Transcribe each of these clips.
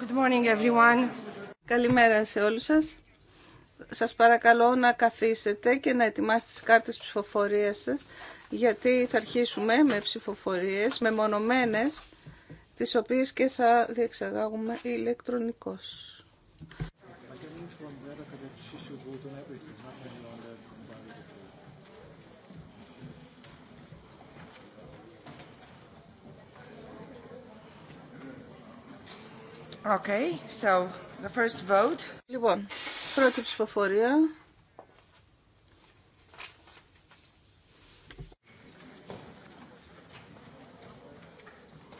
Good morning everyone. Καλημέρα σε όλους σας. Σας παρακαλώ να καθίσετε και να ετοιμάσετε τις κάρτες ψηφοφορίας σας, γιατί θα αρχίσουμε με ψηφοφορίες μεμονωμένες, τις οποίες και θα διεξαγάγουμε ηλεκτρονικώς. Okay, so the first vote. Λοιπόν, πρώτη ψηφοφορία.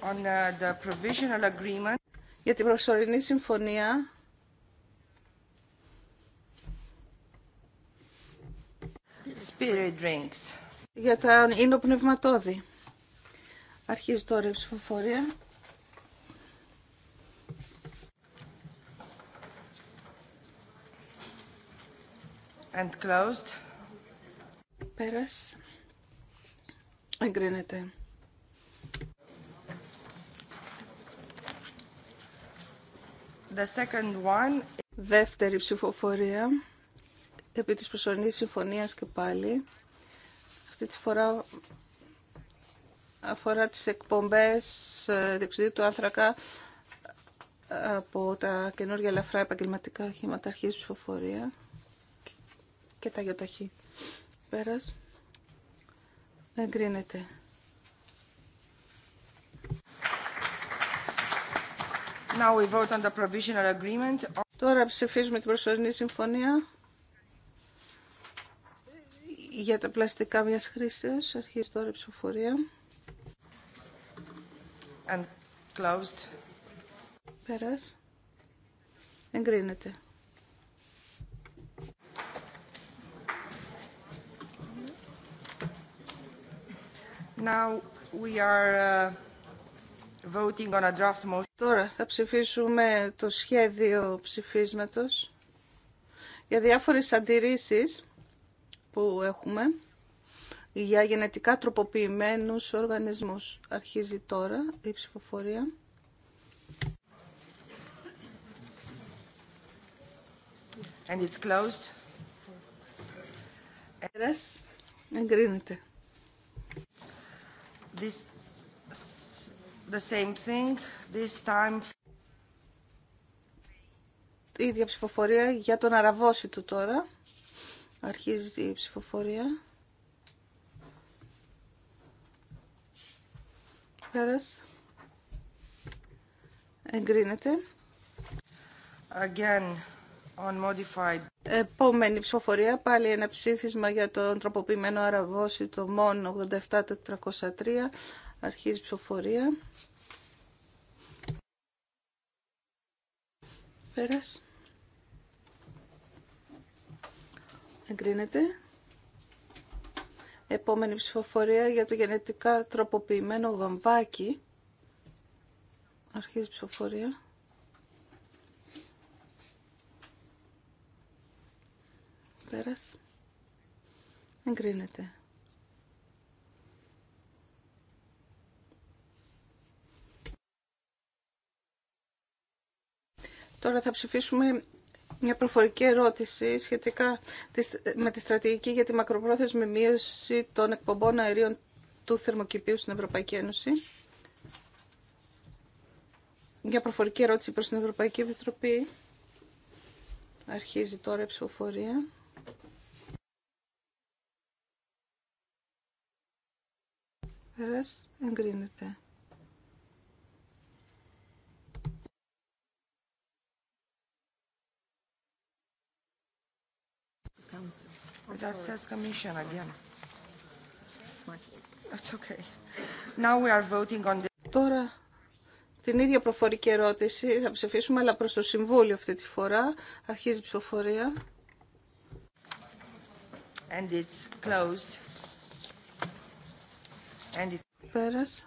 On uh, the provisional agreement. Για την προσωρινή συμφωνία. Spirit drinks. Για τα πνευματόδη. Αρχίζει τώρα η ψηφοφορία. Εγκρίνεται. Δεύτερη ψηφοφορία επί της προσωρινής συμφωνίας και πάλι. Αυτή τη φορά αφορά τις εκπομπές ε, διεξουδίου του άνθρακα ε, από τα καινούργια ελαφρά επαγγελματικά οχήματα αρχής ψηφοφορία και τα ταχύ Πέρας. Εγκρίνεται. Now we vote on the provisional agreement. Τώρα ψηφίζουμε την προσωρινή συμφωνία για τα πλαστικά μια χρήσεως. Αρχίζει τώρα η ψηφοφορία. Πέρα. Εγκρίνεται. Now we are uh, voting on a draft motion. Τώρα θα ψηφίσουμε το σχέδιο ψηφίσματος για διάφορες αντιρρήσεις που έχουμε για γενετικά τροποποιημένους οργανισμούς. Αρχίζει τώρα η ψηφοφορία. And it's closed. εγκρίνεται. This, the same thing, this time... Η ίδια ψηφοφορία για τον αραβόση του τώρα. Αρχίζει η ψηφοφορία. Πέρας. Εγκρίνεται. Again, Επόμενη ψηφοφορία, πάλι ένα ψήφισμα για τον τροποποιημένο ή το μόνο 87403, αρχίζει ψηφοφορία. Πέρας. Εγκρίνεται. Επόμενη ψηφοφορία για το γενετικά τροποποιημένο βαμβάκι. Αρχίζει ψηφοφορία. Τώρα θα ψηφίσουμε μια προφορική ερώτηση σχετικά με τη στρατηγική για τη μακροπρόθεσμη μείωση των εκπομπών αερίων του θερμοκηπίου στην Ευρωπαϊκή Ένωση. Μια προφορική ερώτηση προς την Ευρωπαϊκή Επιτροπή. Αρχίζει τώρα η ψηφοφορία. Πέρας εγκρίνεται. That says commission again. That's okay. Now we are voting on the... Τώρα την ίδια προφορική ερώτηση θα ψηφίσουμε, αλλά προς το Συμβούλιο αυτή τη φορά. Αρχίζει η ψηφοφορία. And it's closed. Πέρας.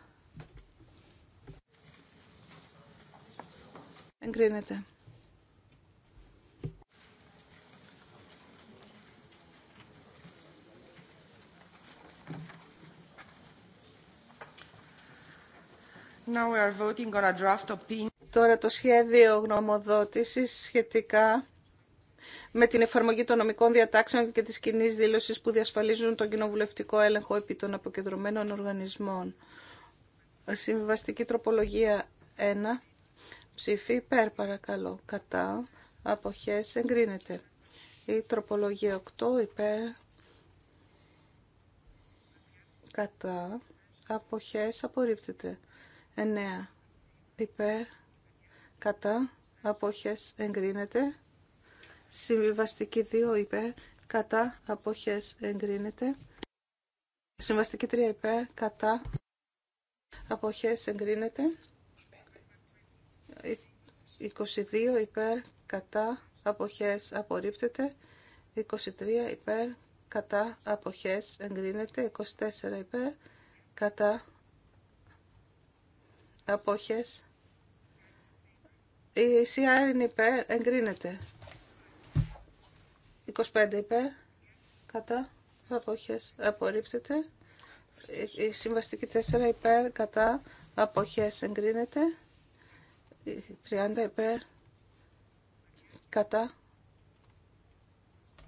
Εγκρίνεται. Now we are voting on a draft opinion. Τώρα το σχέδιο γνωμοδότησης σχετικά με την εφαρμογή των νομικών διατάξεων και της κοινή δήλωση που διασφαλίζουν τον κοινοβουλευτικό έλεγχο επί των αποκεντρωμένων οργανισμών. Συμβαστική τροπολογία 1. Ψήφι υπέρ παρακαλώ. Κατά. Αποχές εγκρίνεται. Η τροπολογία 8 υπέρ. Κατά. Αποχές απορρίπτεται. 9. Υπέρ. Κατά. Αποχές εγκρίνεται. Συμβαστική 2 υπέρ κατά αποχές εγκρίνεται. Συμβαστική 3 υπέρ κατά αποχές εγκρίνεται. 22 υπέρ κατά αποχές απορρίπτεται. 23 υπέρ κατά αποχές εγκρίνεται. 24 υπέρ κατά αποχές η CR είναι υπέρ εγκρίνεται. 25 υπέρ, κατά, αποχές, απορρίπτεται. Η συμβαστική 4 υπέρ, κατά, αποχές, εγκρίνεται. 30 υπέρ, κατά,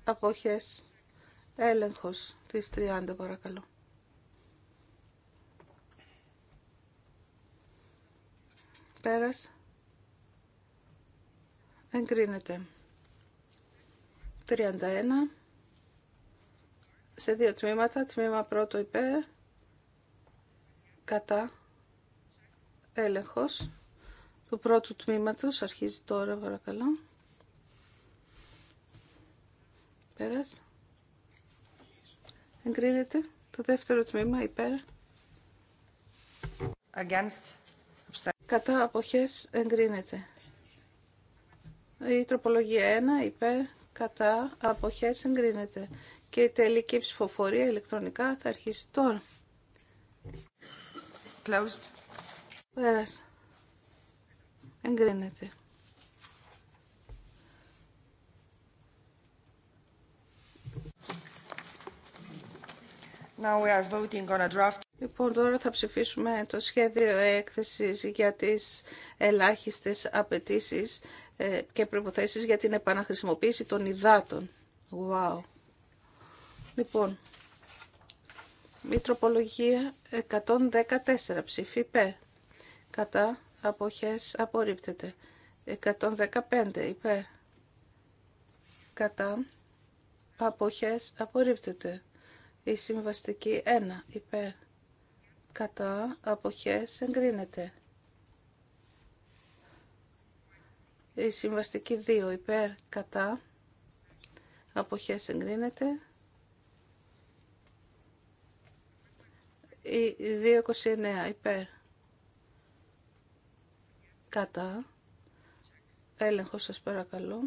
αποχές, έλεγχος της 30 παρακαλώ. Πέρας. Εγκρίνεται. 31 σε δύο τμήματα. Τμήμα πρώτο υπέρ, κατά, έλεγχος του πρώτου τμήματος. Αρχίζει τώρα, παρακαλώ. Πέρας. Εγκρίνεται το δεύτερο τμήμα υπέρ. Against. Κατά αποχές εγκρίνεται. Η τροπολογία 1 υπέρ κατά αποχές εγκρίνεται. Και η τελική ψηφοφορία ηλεκτρονικά θα αρχίσει τώρα. Closed. Πέρασε. Εγκρίνεται. Now we are voting on a draft. Λοιπόν, τώρα θα ψηφίσουμε το σχέδιο έκθεσης για τις ελάχιστες απαιτήσεις ε, και προϋποθέσεις για την επαναχρησιμοποίηση των υδάτων. Wow. Λοιπόν, μητροπολογία 114 ψήφι υπέ. Κατά αποχές απορρίπτεται. 115 υπέ. Κατά αποχές απορρίπτεται. Η συμβαστική 1 υπέ. Κατά αποχές εγκρίνεται. Η συμβαστική 2 υπέρ κατά αποχές εγκρίνεται. Η 229 υπέρ κατά έλεγχο σας παρακαλώ.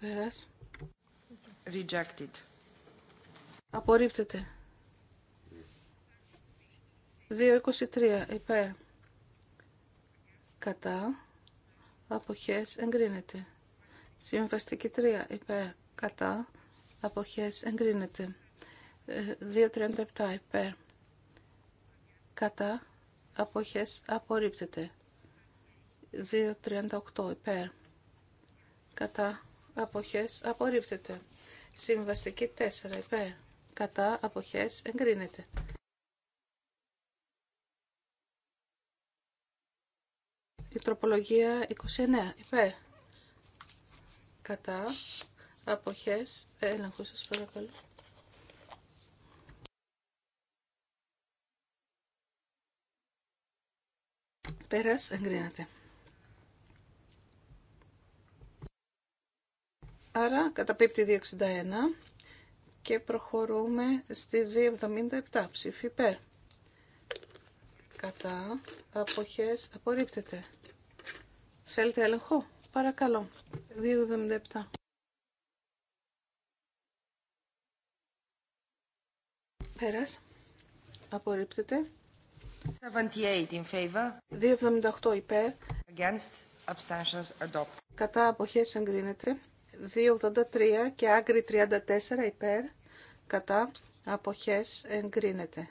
Πέρας. Rejected. Απορρίπτεται. 2.23 υπέρ κατά αποχές εγκρίνεται. Συμβαστική 3 υπέρ κατά αποχές εγκρίνεται. 2.37 ε, υπέρ κατά αποχές απορρίπτεται. 2.38 υπέρ κατά αποχές απορρίπτεται. Συμβαστική 4 υπέρ κατά αποχές εγκρίνεται. Η τροπολογία 29 υπέρ. Κατά αποχές έλεγχο σας παρακαλώ. Πέρας εγκρίνεται. Άρα καταπίπτει 261 και προχωρούμε στη 277 ψήφι υπέρ. Κατά αποχές απορρίπτεται. Θέλετε έλεγχο. Παρακαλώ. 2,77. Πέρας. Απορρίπτεται. 78 in favor. 2,78 υπέρ. Against abstentions adopt. Κατά αποχές εγκρίνεται. 2,83 και άγκρι 34 υπέρ. Κατά αποχές εγκρίνεται.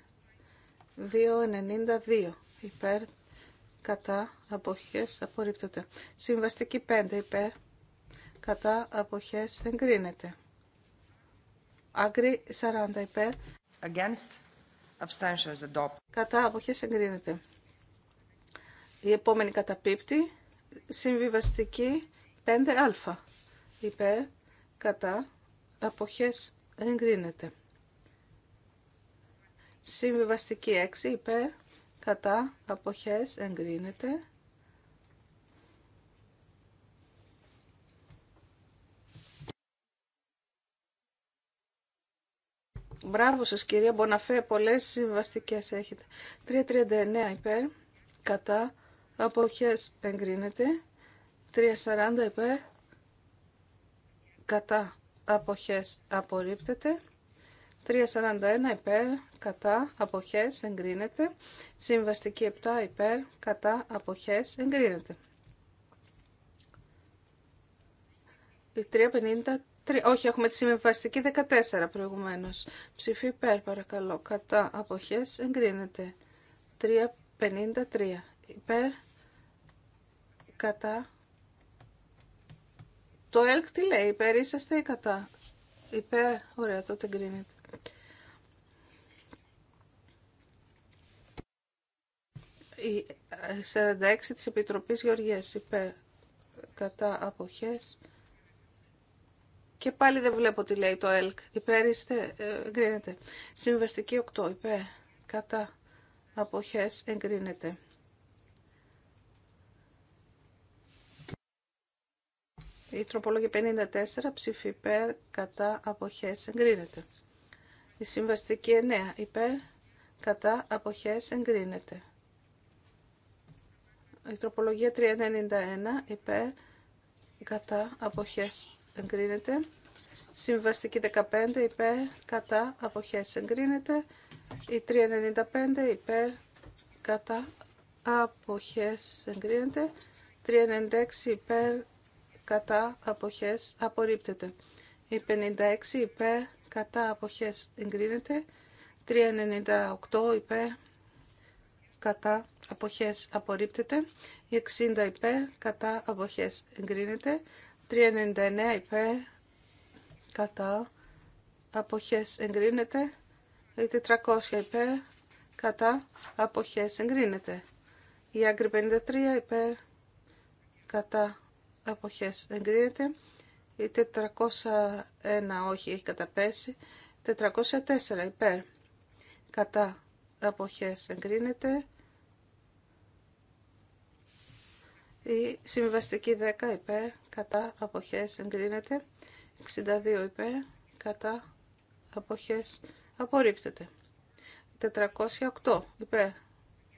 2,92 υπέρ κατά αποχές απορρίπτωται. Συμβαστική 5 υπέρ κατά αποχές εγκρίνεται. Άγκρι 40 υπέρ Against. Abstentions adopt. κατά αποχές εγκρίνεται. Η επόμενη καταπίπτει συμβιβαστική 5α υπέρ κατά αποχές εγκρίνεται. Συμβιβαστική 6 υπέρ κατά αποχές εγκρίνεται. Μπράβο σας κυρία Μποναφέ, πολλές συμβαστικές έχετε. 3.39 υπέρ, κατά, αποχές εγκρίνεται. 3.40 υπέρ, κατά, αποχές απορρίπτεται. 341 υπέρ, κατά, αποχές, εγκρίνεται. Συμβαστική 7 υπέρ, κατά, αποχές, εγκρίνεται. Η 353, όχι, έχουμε τη συμβαστική 14 προηγουμένως. Ψηφί υπέρ, παρακαλώ, κατά, αποχές, εγκρίνεται. 353 υπέρ, κατά. Το ΕΛΚ τι λέει, υπέρ είσαστε ή κατά. Υπέρ, ωραία, τότε εγκρίνεται. Η 46 ε, της Επιτροπής Γεωργίας υπέρ κατά αποχές. Και πάλι δεν βλέπω τι λέει το ΕΛΚ. Υπέρ είστε, ε, εγκρίνεται. Συμβαστική 8 υπέρ κατά αποχές εγκρίνεται. Η τροπολογία 54 ψήφι υπέρ κατά αποχές εγκρίνεται. Η συμβαστική 9 υπέρ κατά αποχές εγκρίνεται. Η τροπολογία 391 υπέρ κατά αποχές εγκρίνεται. Συμβαστική 15 υπέρ κατά αποχές εγκρίνεται. Η 395 υπέρ κατά αποχές εγκρίνεται. 396 υπέρ κατά αποχές απορρίπτεται. Η 56 υπέρ κατά αποχές εγκρίνεται. 398 υπέρ κατά αποχές απορρίπτεται, 60 υπέρ κατά αποχές εγκρίνεται, 399 υπέρ κατά αποχές εγκρίνεται, 400 υπέρ κατά αποχές εγκρίνεται. Η άγκρη 53 υπέρ κατά αποχές εγκρίνεται, η 401 όχι έχει καταπέσει, 404 υπέρ κατά αποχές εγκρίνεται, Η συμβαστική 10 υπε, κατά αποχές εγκρίνεται. 62 υπέρ κατά αποχές απορρίπτεται. 408 υπέρ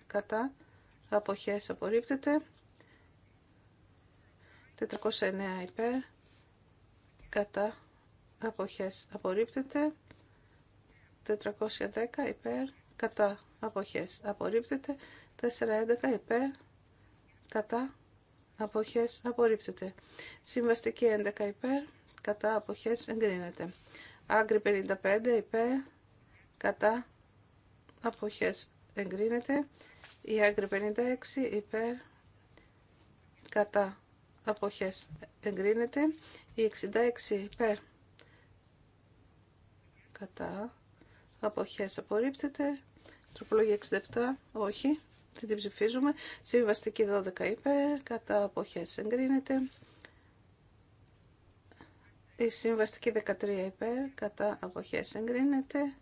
κατά αποχές απορρίπτεται. 409 υπέρ κατά αποχές απορρίπτεται. 410 υπέρ κατά αποχές απορρίπτεται. 411 υπέρ κατά αποχές απορρίπτεται. Συμβαστική 11 υπέρ, κατά αποχές εγκρίνεται. Άγκρι 55 υπέρ, κατά αποχές εγκρίνεται. Η άγκρι 56 υπέρ, κατά αποχές εγκρίνεται. Η 66 υπέρ, κατά αποχές απορρίπτεται. Τροπολογία 67, όχι δεν την ψηφίζουμε. Συμβαστική 12 υπέρ, κατά αποχές εγκρίνεται. Η συμβαστική 13 υπέρ, κατά αποχές εγκρίνεται.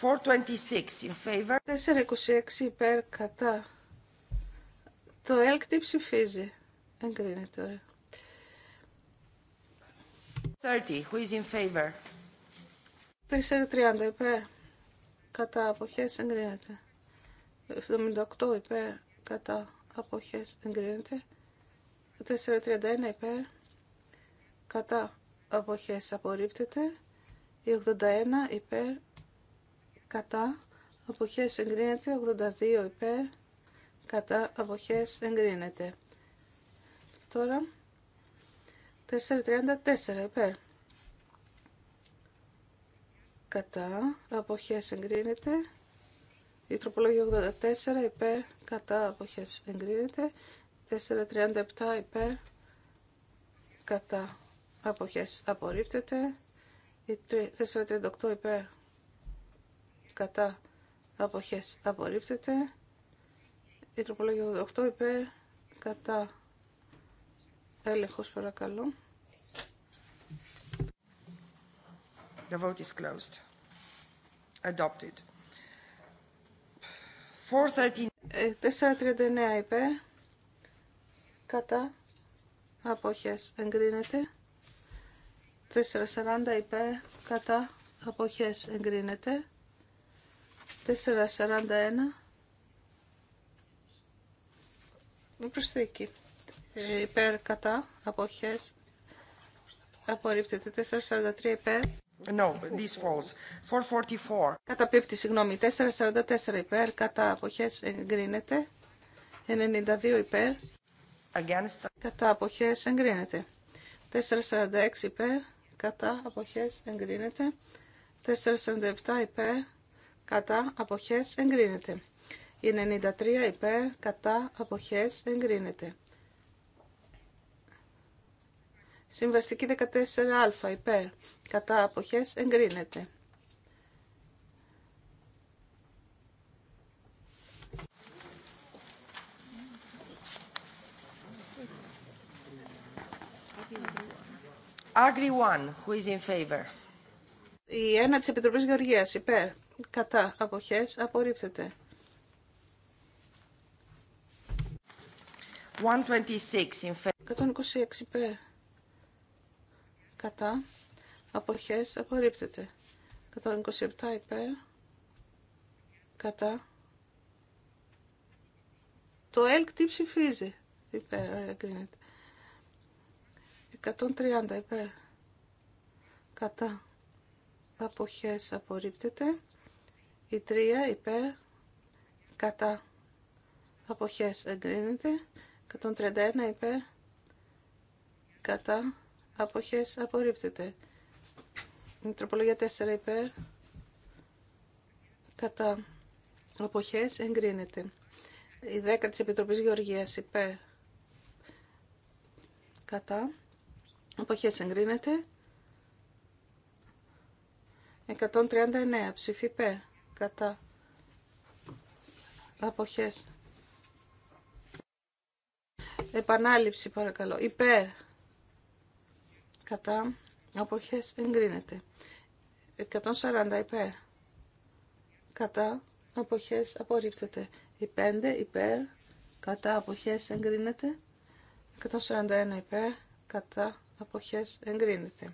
426 in favor. 426 υπέρ, κατά. Το ΕΛΚ τι ψηφίζει. Εγκρίνεται ωραία. 30, who in favor. 430 υπέρ κατά αποχές εγκρίνεται. 78 υπέρ κατά αποχές εγκρίνεται. 431 υπέρ κατά αποχές απορρίπτεται. 81 υπέρ κατά αποχές εγκρίνεται. 82 υπέρ κατά αποχές εγκρίνεται. Τώρα 434 υπέρ κατά αποχές εγκρίνεται. Η τροπολογία 84 υπέρ κατά αποχές εγκρίνεται. 437 υπέρ κατά αποχές απορρίπτεται. Η 438 υπέρ κατά αποχές απορρίπτεται. Η τροπολογία 88 υπέρ κατά έλεγχος παρακαλώ. The vote is closed. Adopted. 439 υπέρ. Ε, κατά. Αποχές. Εγκρίνεται. 440 υπέρ. Κατά. Αποχές. Εγκρίνεται. 441. Μη προσθήκη. Ε, υπέρ. Κατά. Αποχές. Απορρίπτεται. 443 υπέρ. No, this falls. 444. πίπτη, συγγνώμη. 444 υπέρ, κατά αποχές εγκρίνεται. 92 υπέρ. Against. Κατά αποχές εγκρίνεται. 446 υπέρ, κατά αποχές εγκρίνεται. 447 υπέρ, κατά αποχές εγκρίνεται. 93 υπέρ, κατά αποχές εγκρίνεται. Συμβαστική 14α υπέρ κατά αποχές εγκρίνεται. Agri one, who is in favor. Η ένα της Επιτροπής Γεωργίας υπέρ κατά αποχές απορρίπτεται. 126 in 126 υπέρ κατά αποχές απορρίπτεται 127 υπέρ κατά το ΕΛΚ τι ψηφίζει υπέρ κρίνεται. 130 υπέρ κατά αποχές απορρίπτεται η 3 υπέρ κατά αποχές εγκρίνεται 131 υπέρ κατά αποχές απορρίπτεται. Η τροπολογία 4 υπέρ κατά αποχές εγκρίνεται. Η 10 της Επιτροπής Γεωργίας υπέρ κατά αποχές εγκρίνεται. 139 ψηφί υπέρ κατά αποχές. Επανάληψη παρακαλώ. Υπέρ κατά αποχές εγκρίνεται. 140 υπέρ κατά αποχές απορρίπτεται. Η 5 υπέρ κατά αποχές εγκρίνεται. 141 υπέρ κατά αποχές εγκρίνεται.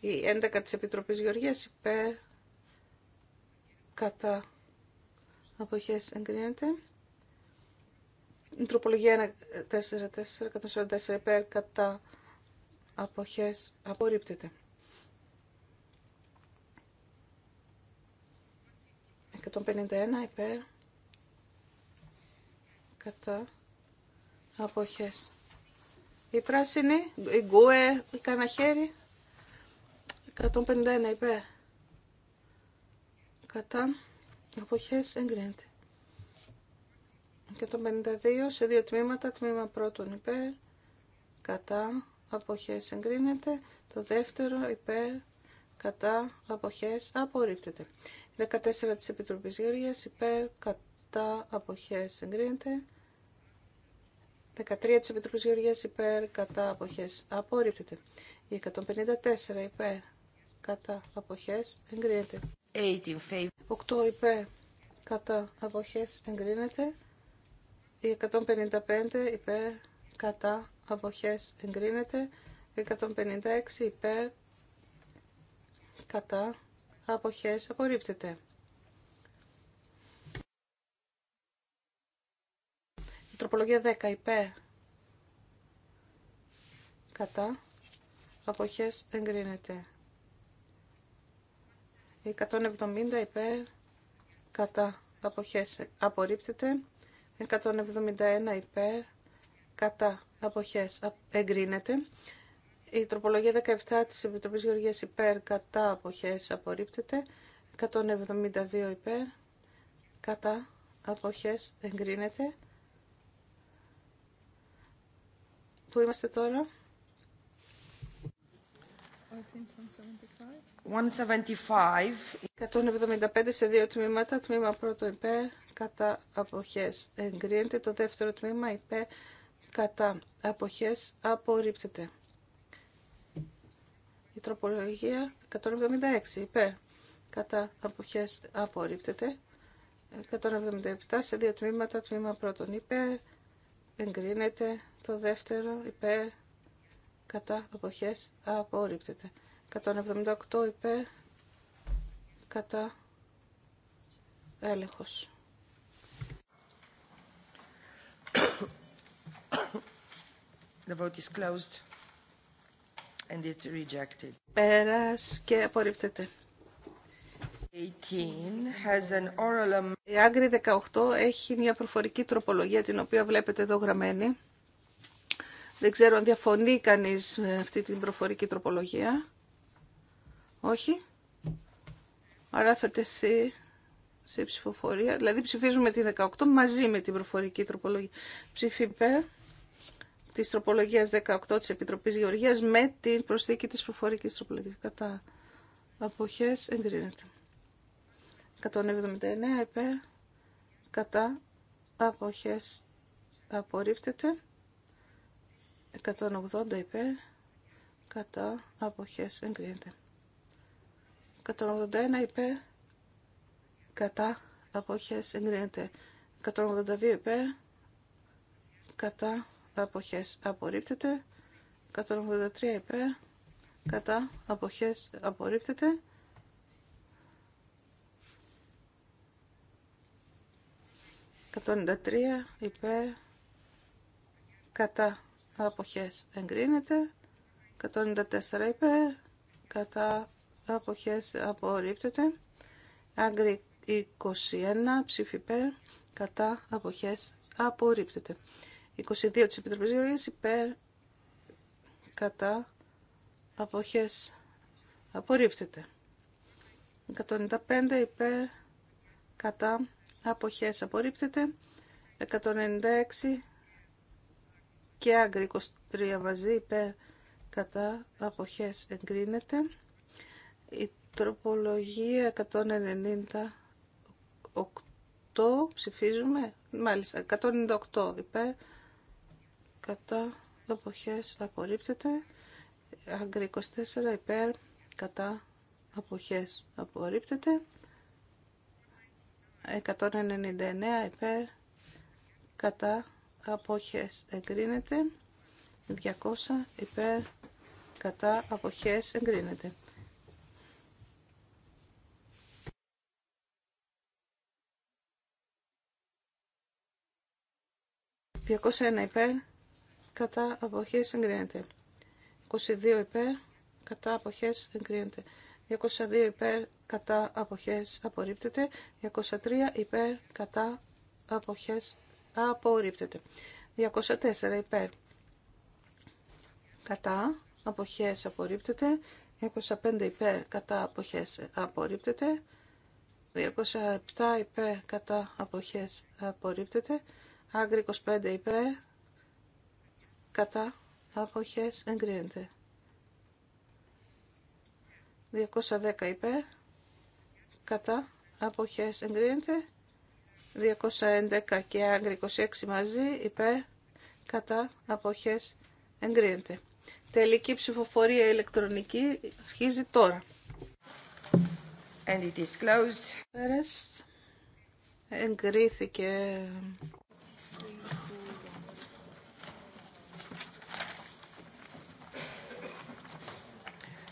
Η 11 της Επιτροπής Γεωργίας υπέρ κατά αποχές εγκρίνεται. Η τροπολογία 4-4, 144 υπέρ κατά αποχές απορρίπτεται. 151 υπέρ κατά αποχές. Η πράσινη, η γκουε, η καναχέρι. 151 υπέρ κατά αποχές εγκρίνεται. 152 σε δύο τμήματα, τμήμα πρώτον υπέρ, κατά αποχές εγκρίνεται. Το δεύτερο υπέρ κατά αποχές απορρίπτεται. 14 της Επιτροπής Γεωργίας υπέρ κατά αποχές εγκρίνεται. 13 της Επιτροπής Γεωργίας υπέρ κατά αποχές απορρίπτεται. Η 154 υπέρ κατά αποχές εγκρίνεται. 8 υπέρ κατά αποχές εγκρίνεται. Η 155 υπέρ κατά αποχές εγκρίνεται 156 υπέρ κατά αποχές απορρίπτεται Η τροπολογία 10 υπέρ κατά αποχές εγκρίνεται 170 υπέρ κατά αποχές απορρίπτεται 171 υπέρ κατά αποχές εγκρίνεται. Η τροπολογία 17 της Επιτροπής Γεωργίας υπέρ κατά αποχές απορρίπτεται. 172 υπέρ κατά αποχές εγκρίνεται. Πού είμαστε τώρα? 175. σε δύο τμήματα. Τμήμα πρώτο υπέρ κατά αποχές εγκρίνεται. Το δεύτερο τμήμα υπέρ κατά αποχές απορρίπτεται. Η τροπολογία 176 υπέρ κατά αποχές απορρίπτεται. 177 σε δύο τμήματα, τμήμα πρώτον υπέρ, εγκρίνεται το δεύτερο υπέρ, κατά αποχές απορρίπτεται. 178 υπέρ, κατά έλεγχος. The Πέρας και απορρίπτεται. 18 Η Άγκρη 18 έχει μια προφορική τροπολογία την οποία βλέπετε εδώ γραμμένη. Δεν ξέρω αν διαφωνεί κανείς με αυτή την προφορική τροπολογία. Όχι. Άρα θα τεθεί σε ψηφοφορία. Δηλαδή ψηφίζουμε τη 18 μαζί με την προφορική τροπολογία. Ψήφι της τροπολογίας 18 της Επιτροπής Γεωργίας με την προσθήκη της προφορικής τροπολογίας. Κατά αποχές εγκρίνεται. 179 ΕΠΕ κατά αποχές απορρίπτεται. 180 ΕΠΕ κατά αποχές εγκρίνεται. 181 ΕΠΕ κατά αποχές εγκρίνεται. 182 ΕΠΕ κατά αποχές απορρίπτεται 183 υπέρ κατά αποχές απορρίπτεται 193 υπέρ κατά αποχές εγκρίνεται 194 υπέρ κατά αποχές απορρίπτεται άγκρι 21 ψήφι υπέρ κατά αποχές απορρίπτεται 22 της Επιτροπής Γεωργίας υπέρ κατά αποχές απορρίπτεται. 195 υπέρ κατά αποχές απορρίπτεται. 196 και άγκρι 23 μαζί υπέρ κατά αποχές εγκρίνεται. Η τροπολογία 198 ψηφίζουμε, μάλιστα 198 υπέρ κατά αποχές απορρίπτεται άγκρι 24 υπέρ κατά αποχές απορρίπτεται 199 υπέρ κατά αποχές εγκρίνεται 200 υπέρ κατά αποχές εγκρίνεται «201 υπέρ, κατά αποχές εγκρίνεται. 22 υπέρ, κατά αποχές εγκρίνεται. 202 υπέρ, κατά αποχές απορρίπτεται. 203 υπέρ, κατά αποχές απορρίπτεται. 204 υπέρ, κατά αποχές απορρίπτεται. 205 υπέρ, κατά αποχές απορρίπτεται. 207 υπέρ, κατά αποχές απορρίπτεται. Άγκρι 25 υπέρ, κατά αποχές εγκρίνεται. 210 υπέρ κατά αποχές εγκρίνεται. 211 και άγκρι 26 μαζί υπέρ κατά αποχές εγκρίνεται. Τελική ψηφοφορία ηλεκτρονική αρχίζει τώρα. And it is closed. Εγκρίθηκε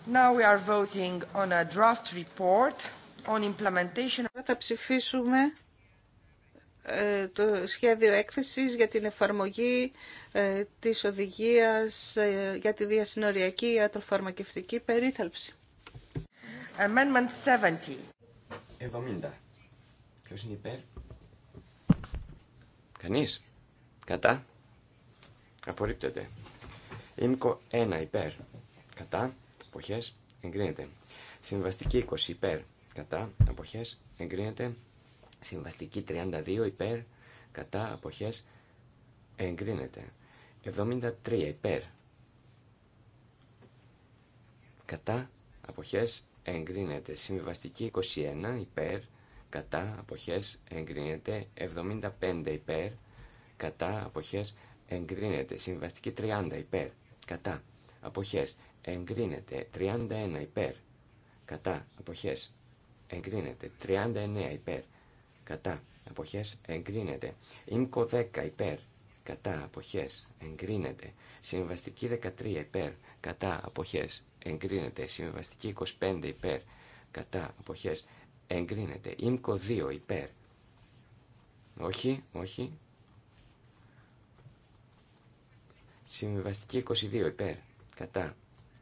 Now we are voting on a draft report on implementation. Θα ψηφίσουμε ε, το σχέδιο έκθεσης για την εφαρμογή ε, της οδηγίας ε, για τη διασυνοριακή ιατροφαρμακευτική περίθαλψη. Amendment 70. 70. Ποιος είναι υπέρ? Κανείς. Κατά. Απορρίπτεται. Ήμκο 1 υπέρ. Κατά αποχές εγκρίνεται. Συμβαστική 20 υπέρ κατά αποχές εγκρίνεται. Συμβαστική 32 υπέρ κατά αποχές εγκρίνεται. 73 υπέρ κατά αποχές εγκρίνεται. Συμβαστική 21 υπέρ κατά αποχές εγκρίνεται. 75 υπέρ κατά αποχές εγκρίνεται. Συμβαστική 30 υπέρ κατά αποχές εγκρίνεται 31 υπέρ κατά αποχές εγκρίνεται 39 υπέρ κατά αποχές εγκρίνεται ΙΜΚΟ 10 υπέρ κατά αποχές εγκρίνεται συμβαστική 13 υπέρ κατά αποχές εγκρίνεται συμβαστική 25 υπέρ κατά αποχές εγκρίνεται ΙΜΚΟ 2 υπέρ όχι, όχι συμβαστική 22 υπέρ κατά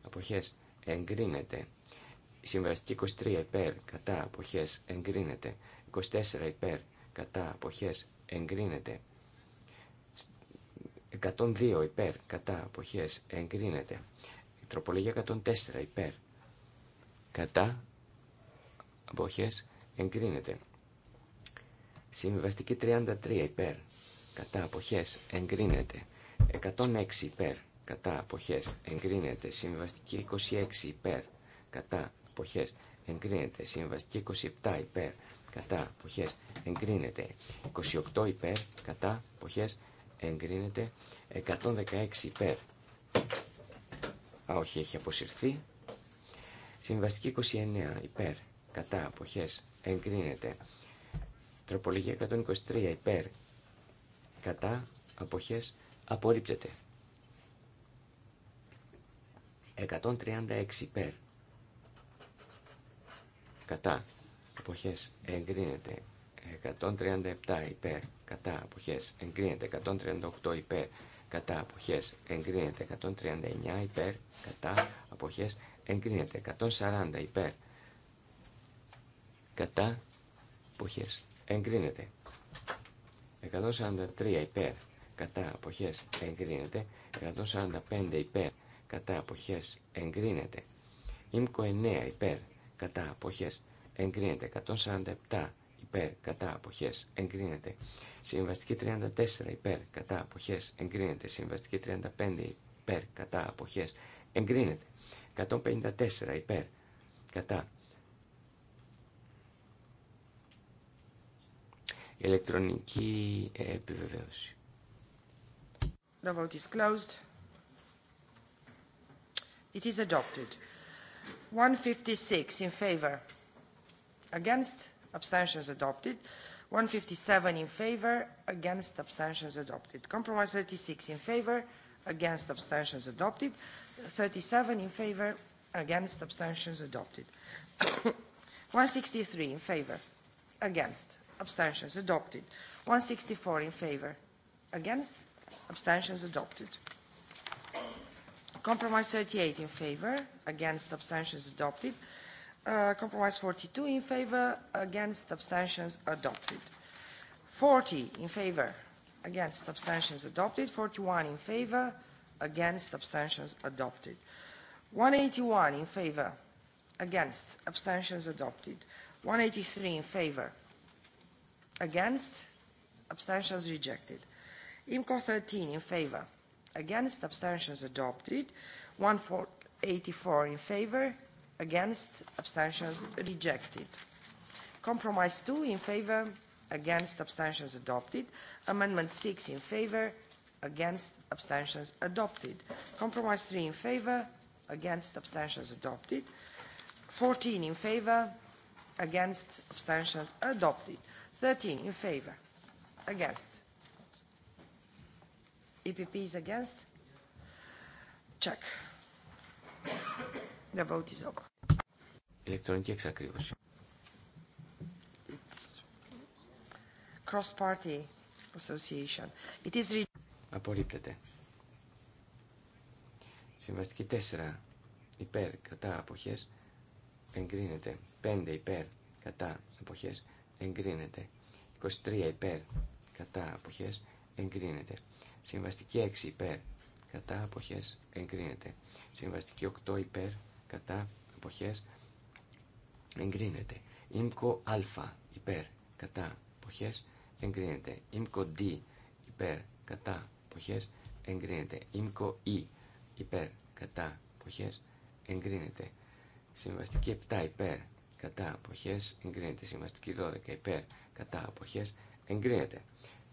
αποχές εγκρίνεται. Συμβαστική 23 υπέρ κατά αποχές εγκρίνεται. 24 υπέρ κατά αποχές εγκρίνεται. 102 υπέρ κατά αποχές εγκρίνεται. Η τροπολογία 104 υπέρ κατά αποχές εγκρίνεται. Συμβαστική 33 υπέρ κατά αποχές εγκρίνεται. 106 υπέρ κατά αποχές εγκρίνεται συμβαστική 26 υπέρ κατά αποχές εγκρίνεται συμβαστική 27 υπέρ κατά αποχές εγκρίνεται 28 υπέρ κατά αποχές εγκρίνεται 116 υπέρ α όχι έχει αποσυρθεί συμβαστική 29 υπέρ κατά αποχές εγκρίνεται τροπολογία 123 υπέρ κατά αποχές απορρίπτεται 136 υπέρ. Κατά. εποχές εγκρίνεται. 137 υπέρ. Κατά. Αποχές εγκρίνεται. 138 υπέρ. Κατά. Αποχές εγκρίνεται. 139 υπέρ. Κατά. Αποχές εγκρίνεται. 140 υπέρ. Κατά. Αποχές εγκρίνεται. 143 υπέρ. Κατά. Αποχές εγκρίνεται. 145 υπέρ κατά αποχές εγκρίνεται. Ήμκο 9 υπέρ κατά αποχές εγκρίνεται. 147 υπέρ κατά αποχές εγκρίνεται. Συμβαστική 34 υπέρ κατά αποχές εγκρίνεται. Συμβαστική 35 υπέρ κατά αποχές εγκρίνεται. 154 υπέρ κατά ηλεκτρονική επιβεβαίωση. The vote is closed. It is adopted. 156 in favor. Against. Abstentions adopted. 157 in favor. Against. Abstentions adopted. Compromise 36 in favor. Against. Abstentions adopted. 37 in favor. Against. Abstentions adopted. 163 in favor. Against. Abstentions adopted. 164 in favor. Against. Abstentions adopted. Compromise 38 in favor, against abstentions adopted. Compromise 42 in favor, against abstentions adopted. 40 in favor, against abstentions adopted. 41 in favor, against abstentions adopted. 181 in favor, against abstentions adopted. 183 in favor, against abstentions rejected. IMCO 13 in favor against abstentions adopted 184 in favor against abstentions rejected compromise 2 in favor against abstentions adopted amendment 6 in favor against abstentions adopted compromise 3 in favor against abstentions adopted 14 in favor against abstentions adopted 13 in favor against EPP is against. Check. The vote is over. εξακριβωση εξακρίβωση. Cross-party association. It is... Απορρίπτεται. Συμβαστική 4. Υπέρ, κατά, αποχές. Εγκρίνεται. 5 υπέρ, κατά, αποχές. Εγκρίνεται. 23 υπέρ, κατά, αποχές. Εγκρίνεται. Συμβαστική 6 υπέρ. Κατά αποχέ εγκρίνεται. Συμβαστική 8 υπέρ. Κατά εποχέ. εγκρίνεται. Ήμκο α υπέρ. Κατά αποχέ εγκρίνεται. Ήμκο d υπέρ. Κατά αποχέ εγκρίνεται. Ήμκο e υπέρ. Κατά αποχέ εγκρίνεται. Συμβαστική 7 υπέρ. Κατά αποχέ εγκρίνεται. Συμβαστική 12 υπέρ. Κατά εποχέ, εγκρίνεται.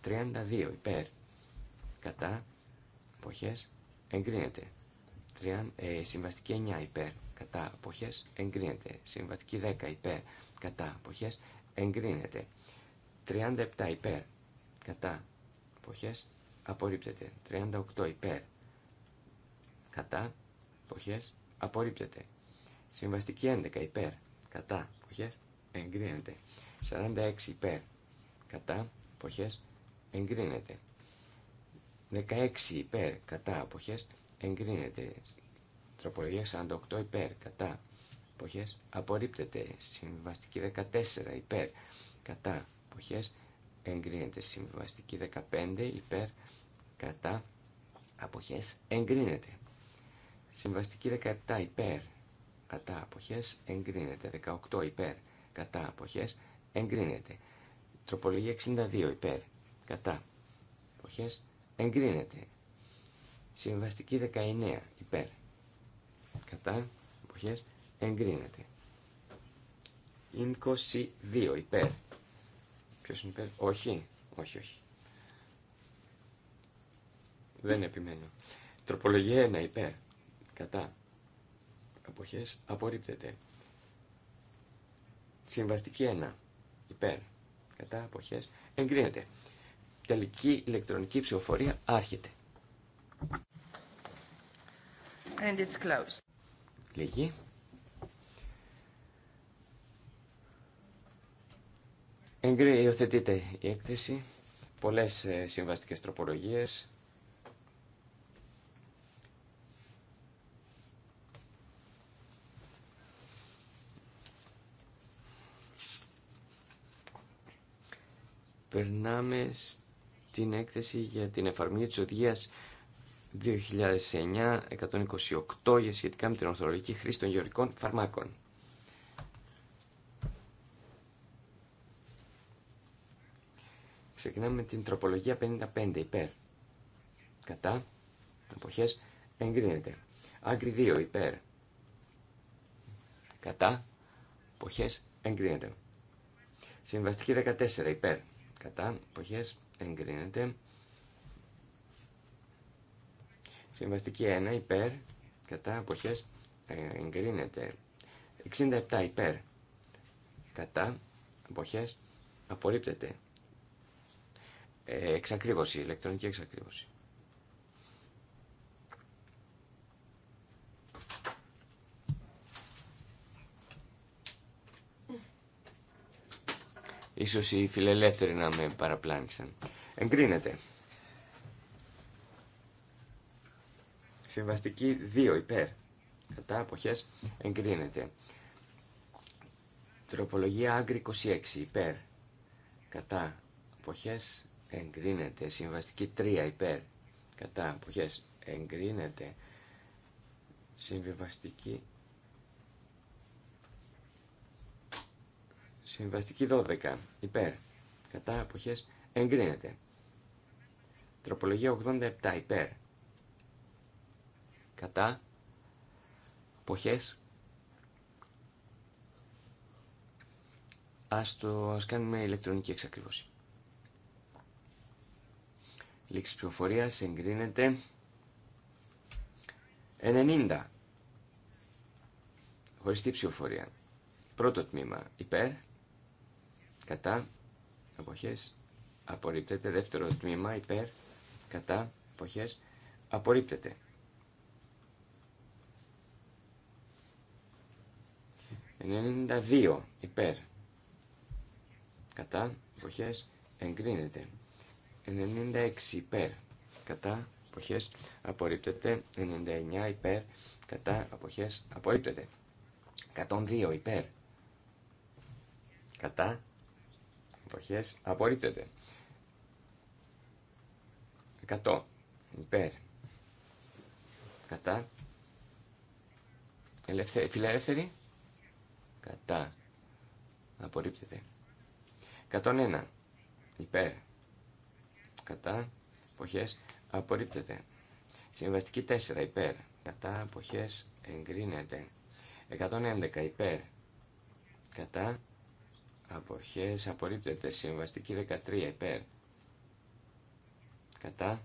32 υπέρ κατά εποχές εγκρίνεται. 3 ε, συμβαστική 9 υπέρ κατά εποχές εγκρίνεται. Συμβαστική 10 υπέρ κατά εποχές εγκρίνεται. 37 υπέρ κατά εποχές απορρίπτεται. 38 υπέρ κατά εποχές απορρίπτεται. Συμβαστική 11 υπέρ κατά εποχές εγκρίνεται. 46 υπέρ κατά εποχές εγκρίνεται. 16 υπέρ κατά αποχές εγκρίνεται. Τροπολογία 48 υπέρ κατά αποχές απορρίπτεται. Συμβαστική 14 υπέρ κατά αποχές εγκρίνεται. Συμβαστική 15 υπέρ κατά αποχές εγκρίνεται. Συμβαστική 17 υπέρ κατά αποχές εγκρίνεται. 18 υπέρ κατά αποχές εγκρίνεται. Τροπολογία 62 υπέρ κατά αποχές εγκρίνεται. Συμβαστική 19 υπέρ. Κατά εποχές εγκρίνεται. 22. 2 υπέρ. Ποιος είναι υπέρ. Όχι. Όχι, όχι. Δεν επιμένω. Τροπολογία 1 υπέρ. Κατά. Εποχές απορρίπτεται. Συμβαστική 1 υπέρ. Κατά εποχές εγκρίνεται τελική ηλεκτρονική ψηφοφορία άρχεται. And it's closed. υιοθετείται η έκθεση. Πολλές ε, συμβαστικές τροπολογίες. Περνάμε την έκθεση για την εφαρμογή της οδηγίας 2009-128 για σχετικά με την ορθολογική χρήση των γεωρικών φαρμάκων. Ξεκινάμε με την τροπολογία 55 υπέρ. Κατά. εποχές Εγκρίνεται. Άγκρι 2 υπέρ. Κατά. εποχές Εγκρίνεται. Συμβαστική 14 υπέρ. Κατά. εγκρίνεται εγκρίνεται. Συμβαστική 1 υπέρ, κατά εποχές ε, εγκρίνεται. 67 υπέρ, κατά εποχές απορρίπτεται. Ε, εξακρίβωση, ηλεκτρονική εξακρίβωση. Ίσως οι φιλελεύθεροι να με παραπλάνησαν. Εγκρίνεται. Συμβαστική 2 υπέρ. Κατά αποχές εγκρίνεται. Τροπολογία άγκρη 26 υπέρ. Κατά αποχές εγκρίνεται. Συμβαστική 3 υπέρ. Κατά αποχές εγκρίνεται. Συμβιβαστική Συμβαστική 12. Υπέρ. Κατά αποχές εγκρίνεται. Τροπολογία 87. Υπέρ. Κατά αποχές Ας το ας κάνουμε ηλεκτρονική εξακρίβωση. Λήξη πληροφορία εγκρίνεται 90. Χωριστή ψηφοφορία. Πρώτο τμήμα υπέρ, κατά, εποχές, απορρίπτεται. Δεύτερο τμήμα, υπέρ, κατά, εποχές, απορρίπτεται. 92 υπέρ, κατά, εποχές, εγκρίνεται. 96 υπέρ, κατά, εποχές, απορρίπτεται. 99 υπέρ, κατά, εποχές, απορρίπτεται. 102 υπέρ, κατά, εποχές απορρίπτεται. 100 υπέρ κατά ελεύθερη, φιλελεύθερη κατά απορρίπτεται. 101 υπέρ κατά εποχές απορρίπτεται. Συμβαστική 4 υπέρ κατά εποχές εγκρίνεται. 111 υπέρ κατά αποχές απορρίπτεται συμβαστική 13 υπέρ κατά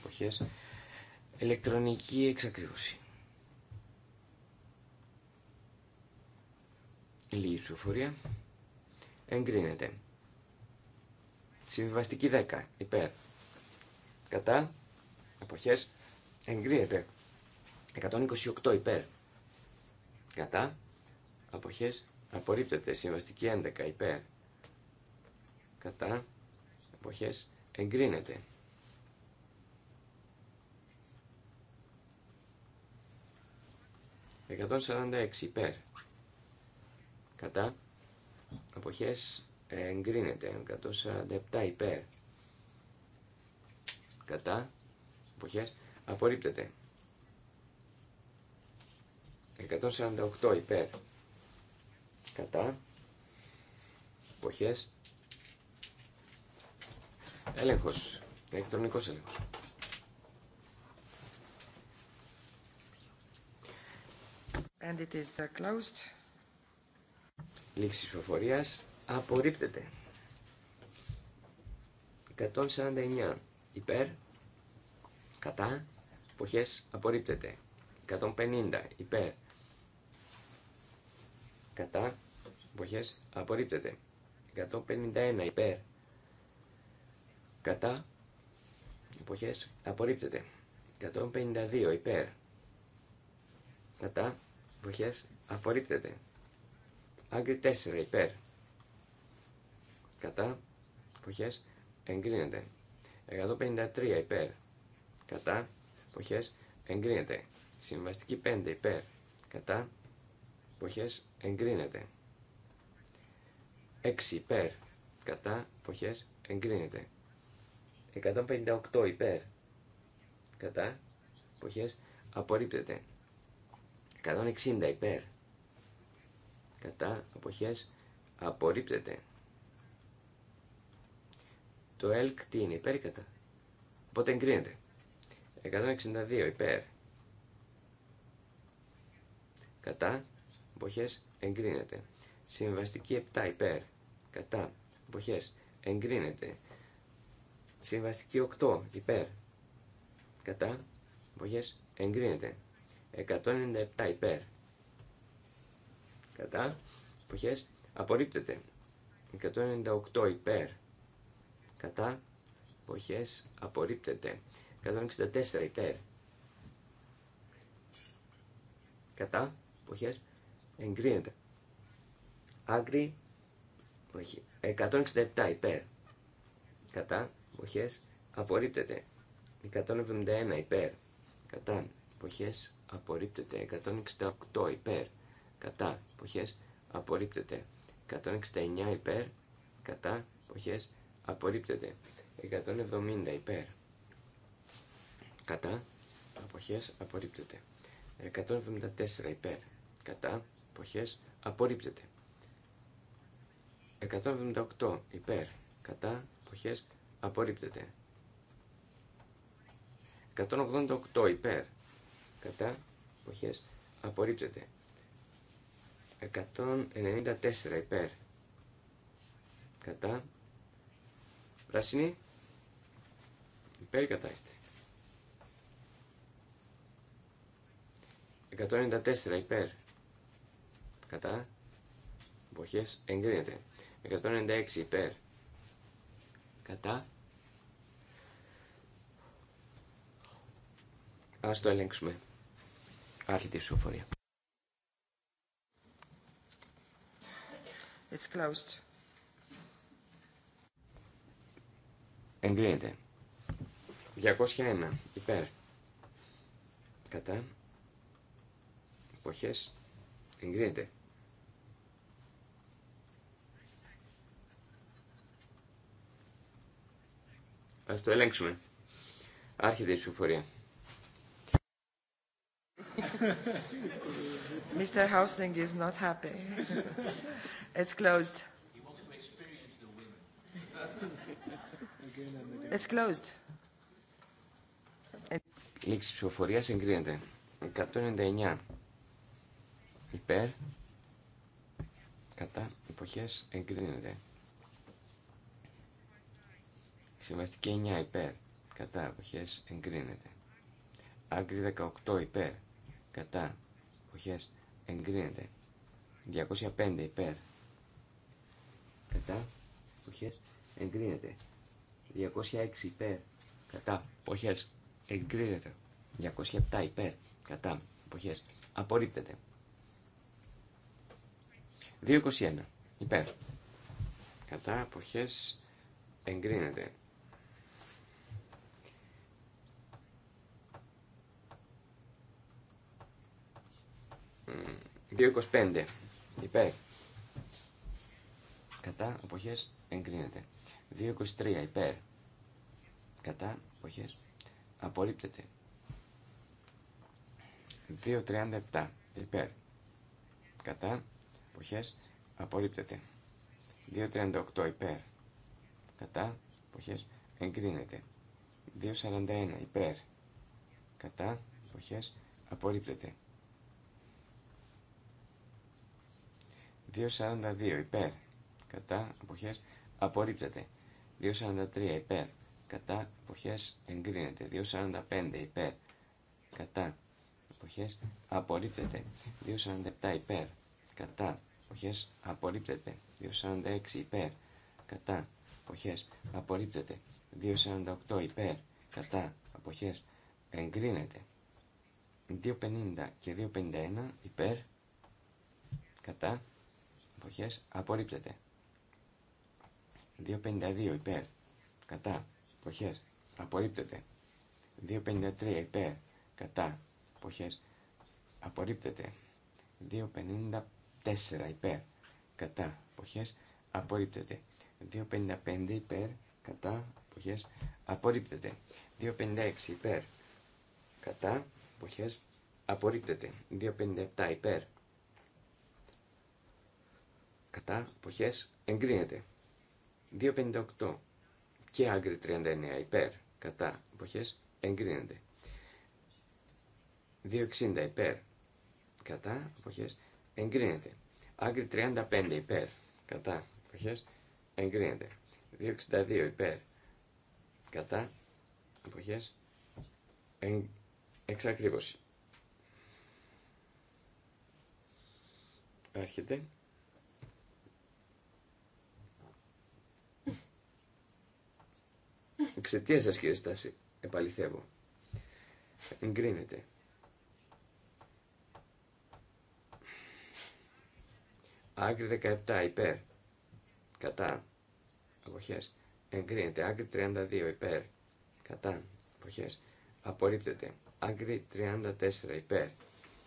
αποχές Ελεκτρονική εξακρίβωση λίγη ψηφοφορία εγκρίνεται συμβαστική 10 υπέρ κατά αποχές εγκρίνεται 128 υπέρ κατά αποχές απορρίπτεται. Συμβαστική 11 υπέρ κατά εποχές εγκρίνεται. ...146 υπέρ... ...κατά... ...αποχές εγκρίνεται... ...147 υπέρ... ...κατά... ...αποχές απορρίπτεται... ...148 υπέρ κατά εποχές έλεγχος ηλεκτρονικός έλεγχος And it is uh, closed. Λήξη ψηφοφορίας απορρίπτεται. 149 υπέρ, κατά, εποχές απορρίπτεται. 150 υπέρ, κατά, Αποχές απορρίπτεται. 151 υπέρ. Κατά. εποχέ, απορρίπτεται. 152 υπέρ. Κατά. Αποχές απορρίπτεται. Άγκρι 4 υπέρ. Κατά. Αποχές εγκρίνεται. 153 υπέρ. Κατά. Αποχές εγκρίνεται. Συμβαστική 5 υπέρ. Κατά. Αποχές εγκρίνεται. 6 υπέρ. Κατά εποχές εγκρίνεται. 158 υπέρ. Κατά εποχές απορρίπτεται. 160 υπέρ. Κατά εποχές απορρίπτεται. Το ΕΛΚ τι είναι υπέρ κατά. Οπότε εγκρίνεται. 162 υπέρ. Κατά εποχές εγκρίνεται. Συμβαστική 7 υπέρ κατά, εποχές, εγκρίνεται. Συμβαστική 8, υπέρ, κατά, εποχές, εγκρίνεται. 197 υπέρ, κατά, εποχές, απορρίπτεται. 198 υπέρ, κατά, εποχές, απορρίπτεται. 164 υπέρ, κατά, εποχές, εγκρίνεται. Άγκρι όχι. 167 υπέρ. Κατά, Εποχέ. απορρίπτεται. 171 υπέρ. Κατά, Εποχέ. απορρίπτεται. 168 υπέρ. Κατά, Εποχέ. απορρίπτεται. 169 υπέρ. Κατά, Εποχέ. απορρίπτεται. 170 υπέρ. Κατά, εποχέ απορρίπτεται. 174 υπέρ. Κατά, Εποχέ. απορρίπτεται. 178 υπέρ κατά εποχές απορρίπτεται. 188 υπέρ κατά εποχές απορρίπτεται. 194 υπέρ κατά πράσινη υπέρ κατά είστε. 194 υπέρ κατά εποχές εγκρίνεται. 196 υπέρ. Κατά. Ας το ελέγξουμε. Άρχιτη η ψηφοφορία. It's closed. Εγκρίνεται. 201 υπέρ. Κατά. Εποχές. Εγκρίνεται. Ας το ελέγξουμε. Άρχεται η ψηφοφορία. Mr. Housing is not happy. It's closed. It's closed. Λήξη ψηφοφορία εγκρίνεται. 199 υπέρ κατά εποχές εγκρίνεται. Συμβαστική 9 υπέρ. Κατά εποχέ εγκρίνεται. Άγκρι 18 υπέρ. Κατά εποχέ εγκρίνεται. 205 υπέρ. Κατά εποχέ εγκρίνεται. 206 υπέρ. Κατά εποχέ εγκρίνεται. 207 υπέρ. Κατά εποχέ απορρίπτεται. 221 υπέρ. Κατά εποχέ εγκρίνεται. 2.25 υπέρ κατά εποχέ, εγκρίνεται 2.23 υπέρ κατά εποχές απορρίπτεται 2.37 υπέρ κατά εποχές απορρίπτεται 2.38 υπέρ κατά εποχές εγκρίνεται 2.41 υπέρ κατά εποχές απορρίπτεται 2.42 υπέρ κατά αποχές απορρίπτεται 2.43 υπέρ κατά αποχές εγκρίνεται 2.45 υπέρ κατά αποχές απορρίπτεται 2.47 υπέρ κατά αποχές απορρίπτεται 2.46 υπέρ κατά αποχές απορρίπτεται 2.48 υπέρ κατά αποχές εγκρίνεται 2.50 και 2.51 υπέρ κατά εποχές απορρίπτεται. 2.52 υπέρ. Κατά. εποχές, απορρίπτεται. 2.53 υπέρ. Κατά. εποχές, απορρίπτεται. 2.54 υπέρ. Κατά. εποχές, απορρίπτεται. 2.55 υπέρ. Κατά. εποχές, απορρίπτεται. 2.56 υπέρ. Κατά. εποχές, απορρίπτεται. 2.57 υπέρ κατά αποχές εγκρίνεται. 2.58 και άγκρι 39 υπέρ κατά αποχές εγκρίνεται. 2.60 υπέρ κατά εποχέ, εγκρίνεται. Άγκρι 35 υπέρ κατά αποχές εγκρίνεται. 2.62 υπέρ κατά εποχέ, εξακρίβωση. Άρχεται. Εξαιτία σα, κύριε Στάση, επαληθεύω. Εγκρίνεται. Άκρη 17 υπέρ. Κατά. Αποχέ. Εγκρίνεται. Άκρη 32 υπέρ. Κατά. Αποχές. Απορρίπτεται. Άκρη 34 υπέρ.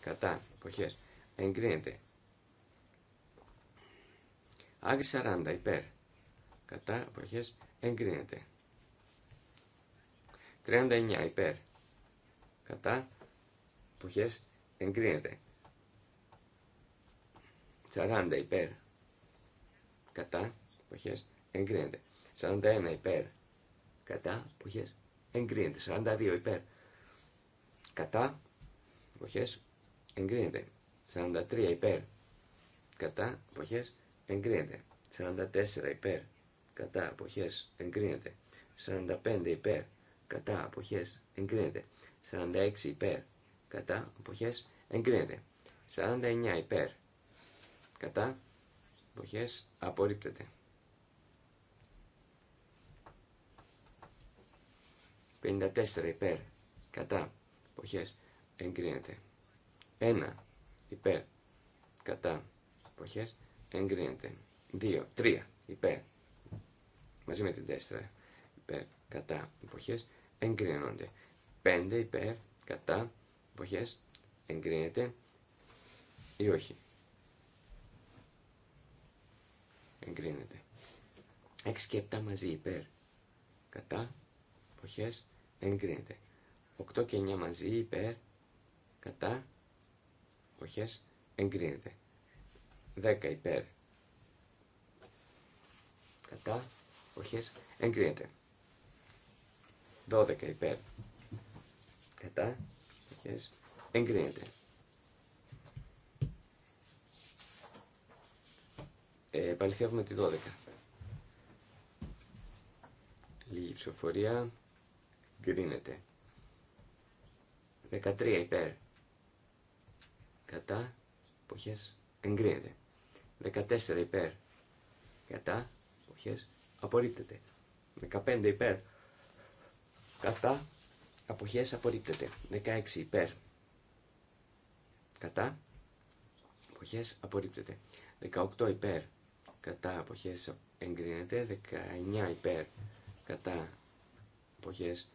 Κατά. Αποχές. Εγκρίνεται. Άκρη 40 υπέρ. Κατά. Αποχές. Εγκρίνεται. 39 υπέρ. Κατά αποχές εγκρίνεται. 40 υπέρ. Κατά αποχές εγκρίνεται. 41 υπέρ. Κατά αποχές εγκρίνεται. 42 υπέρ. Κατά αποχές εγκρίνεται. 43 υπέρ. Κατά αποχές εγκρίνεται. 44 υπέρ. Κατά αποχές εγκρίνεται. 45 υπέρ κατά αποχέ εγκρίνεται. 46 υπέρ κατά αποχέ εγκρίνεται. 49 υπέρ κατά αποχέ απορρίπτεται. 54 υπέρ κατά αποχέ εγκρίνεται. 1 υπέρ κατά αποχέ εγκρίνεται. 2, 3 υπέρ μαζί με την 4 υπέρ κατά εποχές εγκρίνονται. 5 υπέρ, κατά, εποχές, εγκρίνεται ή όχι. Εγκρίνεται. 6 και 7 μαζί υπέρ, κατά, εποχές, εγκρίνεται. 8 και 9 μαζί υπέρ, κατά, εποχές, εγκρίνεται. 10 υπέρ, κατά, εποχές, εγκρίνεται. 12 υπέρ. Κατά. Εγκρίνεται. Ε, τη 12. Λίγη ψηφοφορία. Εγκρίνεται. 13 υπέρ. Κατά. Εποχές. Εγκρίνεται. 14 υπέρ. Κατά. Εποχές. Απορρίπτεται. 15 υπέρ. Κατά. Αποχές απορρίπτεται. 16 υπέρ. Κατά. Αποχές απορρίπτεται. 18 υπέρ. Κατά. Αποχές εγκρίνεται. 19 υπέρ. Κατά. Αποχές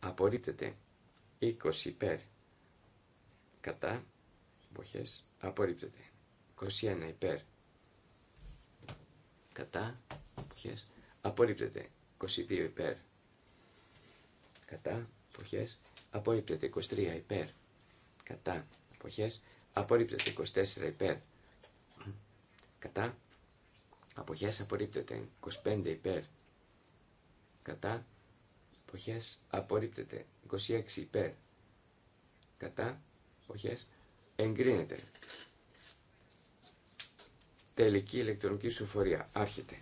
απορρίπτεται. 20 υπέρ. Κατά. Αποχές απορρίπτεται. 21 υπέρ. Κατά. Αποχές απορρίπτεται. 22 υπέρ κατά εποχές, απορρίπτεται 23 υπέρ κατά εποχές, απορρίπτεται 24 υπέρ κατά εποχές, απορρίπτεται 25 υπέρ κατά εποχές, απορρίπτεται 26 υπέρ κατά εποχές, εγκρίνεται τελική ηλεκτρονική ψηφοφορία άρχεται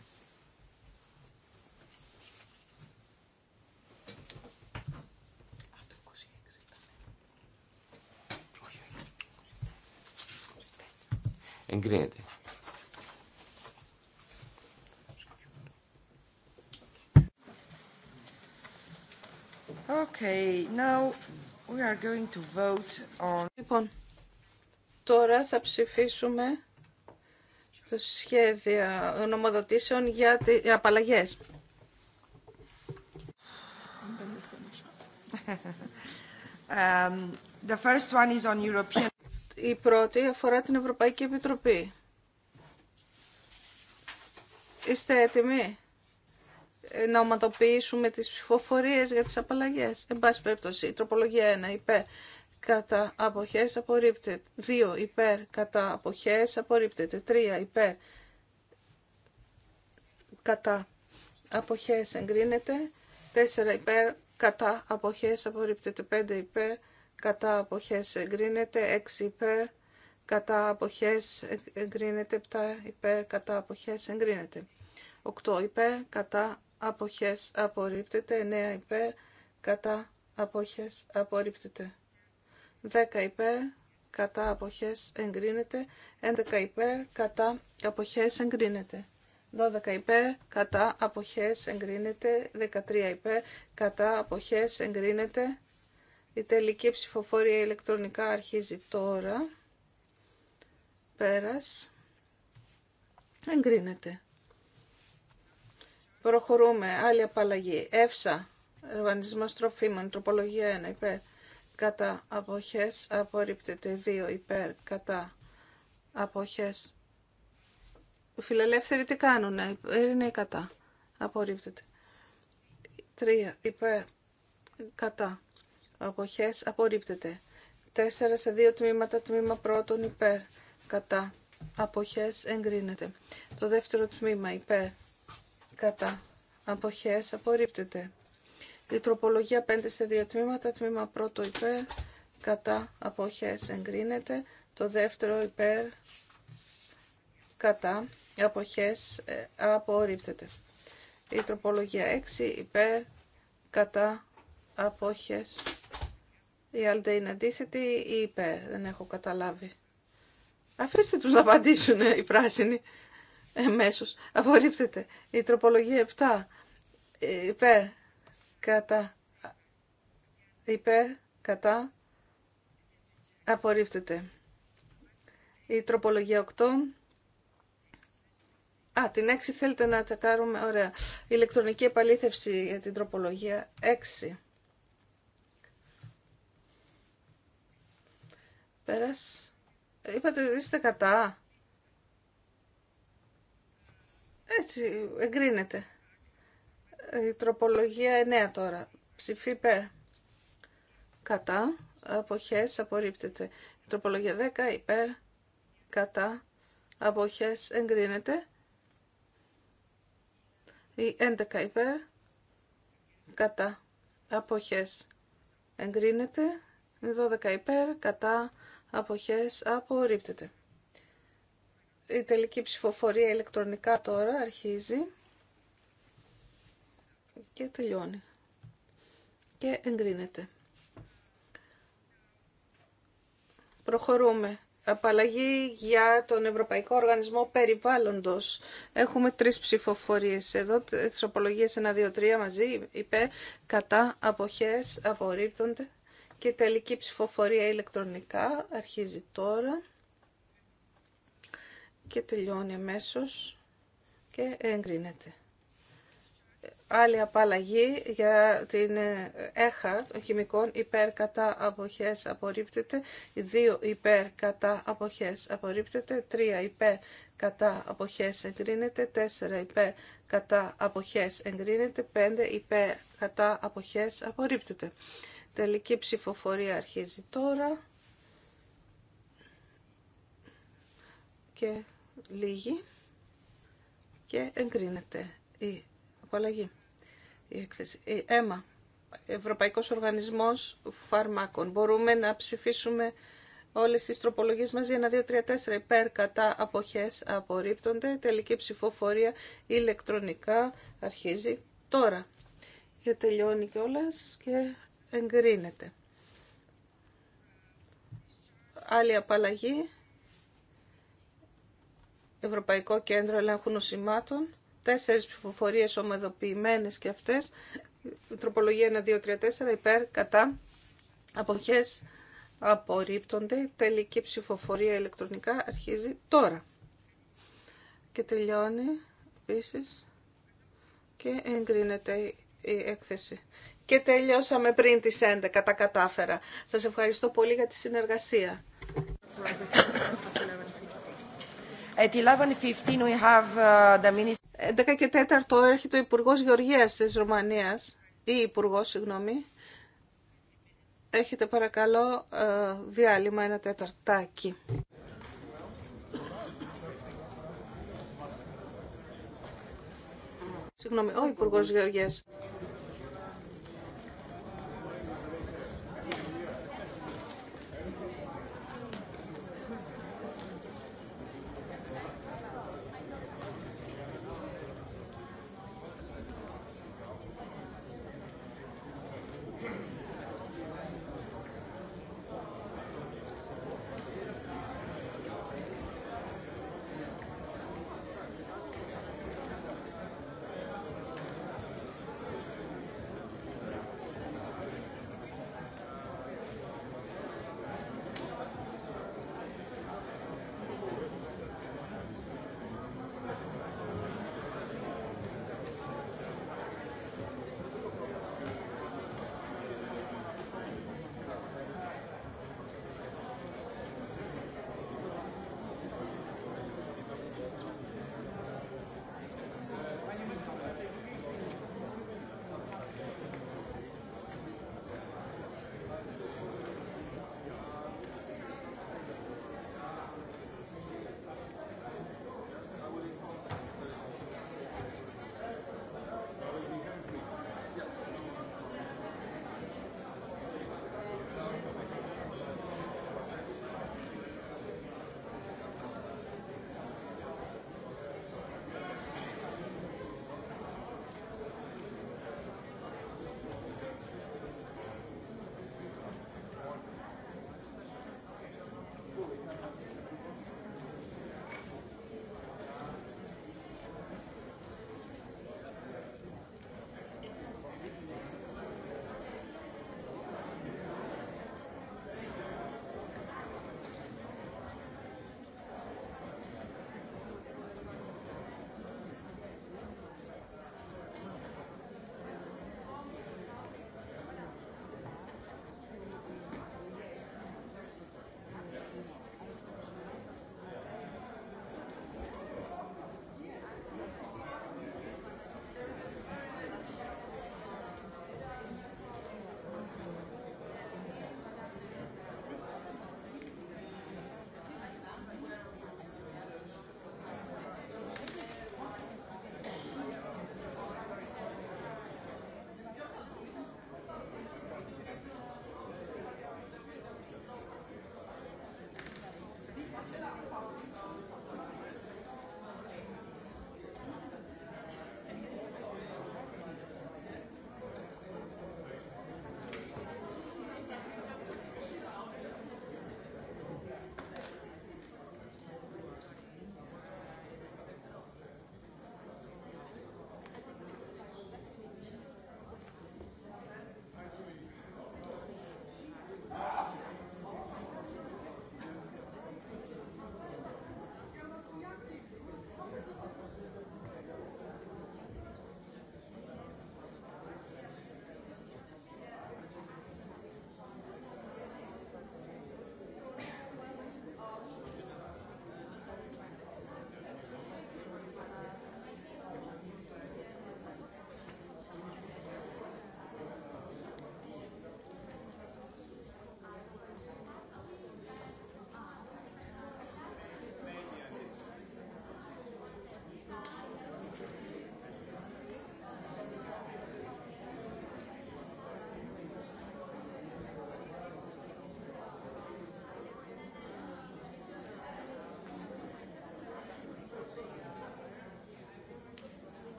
Εγκρίνεται. Okay, now we are going to vote on... Λοιπόν, τώρα θα ψηφίσουμε το σχέδιο νομοδοτήσεων για τις απαλλαγές. um, the first one is on European... Η πρώτη αφορά την Ευρωπαϊκή Επιτροπή. Είστε έτοιμοι να οματοποιήσουμε τις ψηφοφορίες για τις απαλλαγές. Εν πάση περίπτωση, η τροπολογία 1 υπέρ κατά αποχές απορρίπτεται. 2 υπέρ κατά αποχές απορρίπτεται. 3 υπέρ κατά αποχές εγκρίνεται. 4 υπέρ κατά αποχές απορρίπτεται. 5 υπέρ κατά αποχές εγκρίνεται 6 υπέρ, κατά αποχές εγκρίνεται 7 υπέρ, κατά αποχές εγκρίνεται 8 υπέρ, κατά αποχές απορρίπτεται 9 υπέρ, κατά αποχές απορρίπτεται 10 υπέρ, κατά αποχές εγκρίνεται 11 υπέρ, κατά αποχές εγκρίνεται 12 υπέρ, κατά αποχές εγκρίνεται 13 υπέρ, κατά αποχές εγκρίνεται η τελική ψηφοφορία ηλεκτρονικά αρχίζει τώρα. Πέρας. Εγκρίνεται. Προχωρούμε. Άλλη απαλλαγή. Εύσα. Οργανισμός τροφίμων. Τροπολογία 1. Υπέρ. Κατά αποχές. Απορρίπτεται. 2. Υπέρ. Κατά αποχές. Οι φιλελεύθεροι τι κάνουν. Υπέρ είναι κατά. Απορρίπτεται. 3. Υπέρ. Κατά αποχές απορρίπτεται. 4 σε 2 τμήματα, τμήμα πρώτον υπέρ, κατά, αποχές εγκρίνεται. Το δεύτερο τμήμα υπέρ, κατά, αποχές απορρίπτεται. Η τροπολογία 5 σε 2 τμήματα, τμήμα πρώτο υπέρ, κατά, αποχές εγκρίνεται. Το δεύτερο υπέρ, κατά, αποχές ε, απορρίπτεται. Η τροπολογία 6 υπέρ, κατά, απόχες η άλλη είναι αντίθετη ή υπέρ. Δεν έχω καταλάβει. Αφήστε τους να απαντήσουν ε, οι πράσινοι εμέσως. Απορρίπτεται. Η τροπολογία 7. Ε, υπέρ. Κατά. Υπέρ. Κατά. Απορρίπτεται. Η τροπολογία 8. Α, την 6 θέλετε να τσακάρουμε. Ωραία. Ηλεκτρονική επαλήθευση για την τροπολογία 6. Πέρας. Είπατε είστε κατά. Έτσι, εγκρίνεται. Η τροπολογία 9 τώρα. Ψηφί υπέρ. Κατά. Αποχές απορρίπτεται. Η τροπολογία 10 υπέρ. Κατά. Αποχές εγκρίνεται. Η 11 υπέρ. Κατά. Αποχές εγκρίνεται. Η 12 υπέρ. Κατά αποχές απορρίπτεται. Η τελική ψηφοφορία ηλεκτρονικά τώρα αρχίζει και τελειώνει και εγκρίνεται. Προχωρούμε. Απαλλαγή για τον Ευρωπαϊκό Οργανισμό Περιβάλλοντος. Έχουμε τρεις ψηφοφορίες εδώ, τις απολογίες 1, 2, 3 μαζί, Είπε κατά, αποχές, απορρίπτονται και τελική ψηφοφορία ηλεκτρονικά αρχίζει τώρα και τελειώνει αμέσω και εγκρίνεται. Άλλη απαλλαγή για την ε, έχα των χημικών υπέρ κατά αποχές απορρίπτεται, δύο υπέρ κατά αποχές απορρίπτεται, τρία υπέρ κατά αποχές εγκρίνεται, τέσσερα υπέρ κατά αποχές εγκρίνεται, πέντε υπέρ κατά αποχές απορρίπτεται. Τελική ψηφοφορία αρχίζει τώρα και λίγη και εγκρίνεται η απαλλαγή. Η έκθεση. Η ΕΜΑ, Ευρωπαϊκός Οργανισμός Φαρμάκων. Μπορούμε να ψηφίσουμε όλες τις τροπολογίες μαζί. 1, 2, 3, 4 υπέρ κατά αποχές απορρίπτονται. Τελική ψηφοφορία ηλεκτρονικά αρχίζει τώρα. Και τελειώνει κιόλας και εγκρίνεται. Άλλη απαλλαγή. Ευρωπαϊκό Κέντρο Ελέγχου Νοσημάτων. Τέσσερις ψηφοφορίες ομαδοποιημένες και αυτές. Τροπολογία 1, 2, 3, 4. Υπέρ, κατά. Αποχές απορρίπτονται. Τελική ψηφοφορία ηλεκτρονικά αρχίζει τώρα. Και τελειώνει επίσης και εγκρίνεται η έκθεση και τελειώσαμε πριν τις 11, τα κατάφερα. Σας ευχαριστώ πολύ για τη συνεργασία. At 11.15 we have uh, the minister. και έρχεται ο υπουργο Γεωργίας της Ρουμανίας, ή Υπουργό, συγγνώμη. Έχετε παρακαλώ ε, διάλειμμα ένα τέταρτάκι. Συγγνώμη, ο υπουργο Γεωργίας.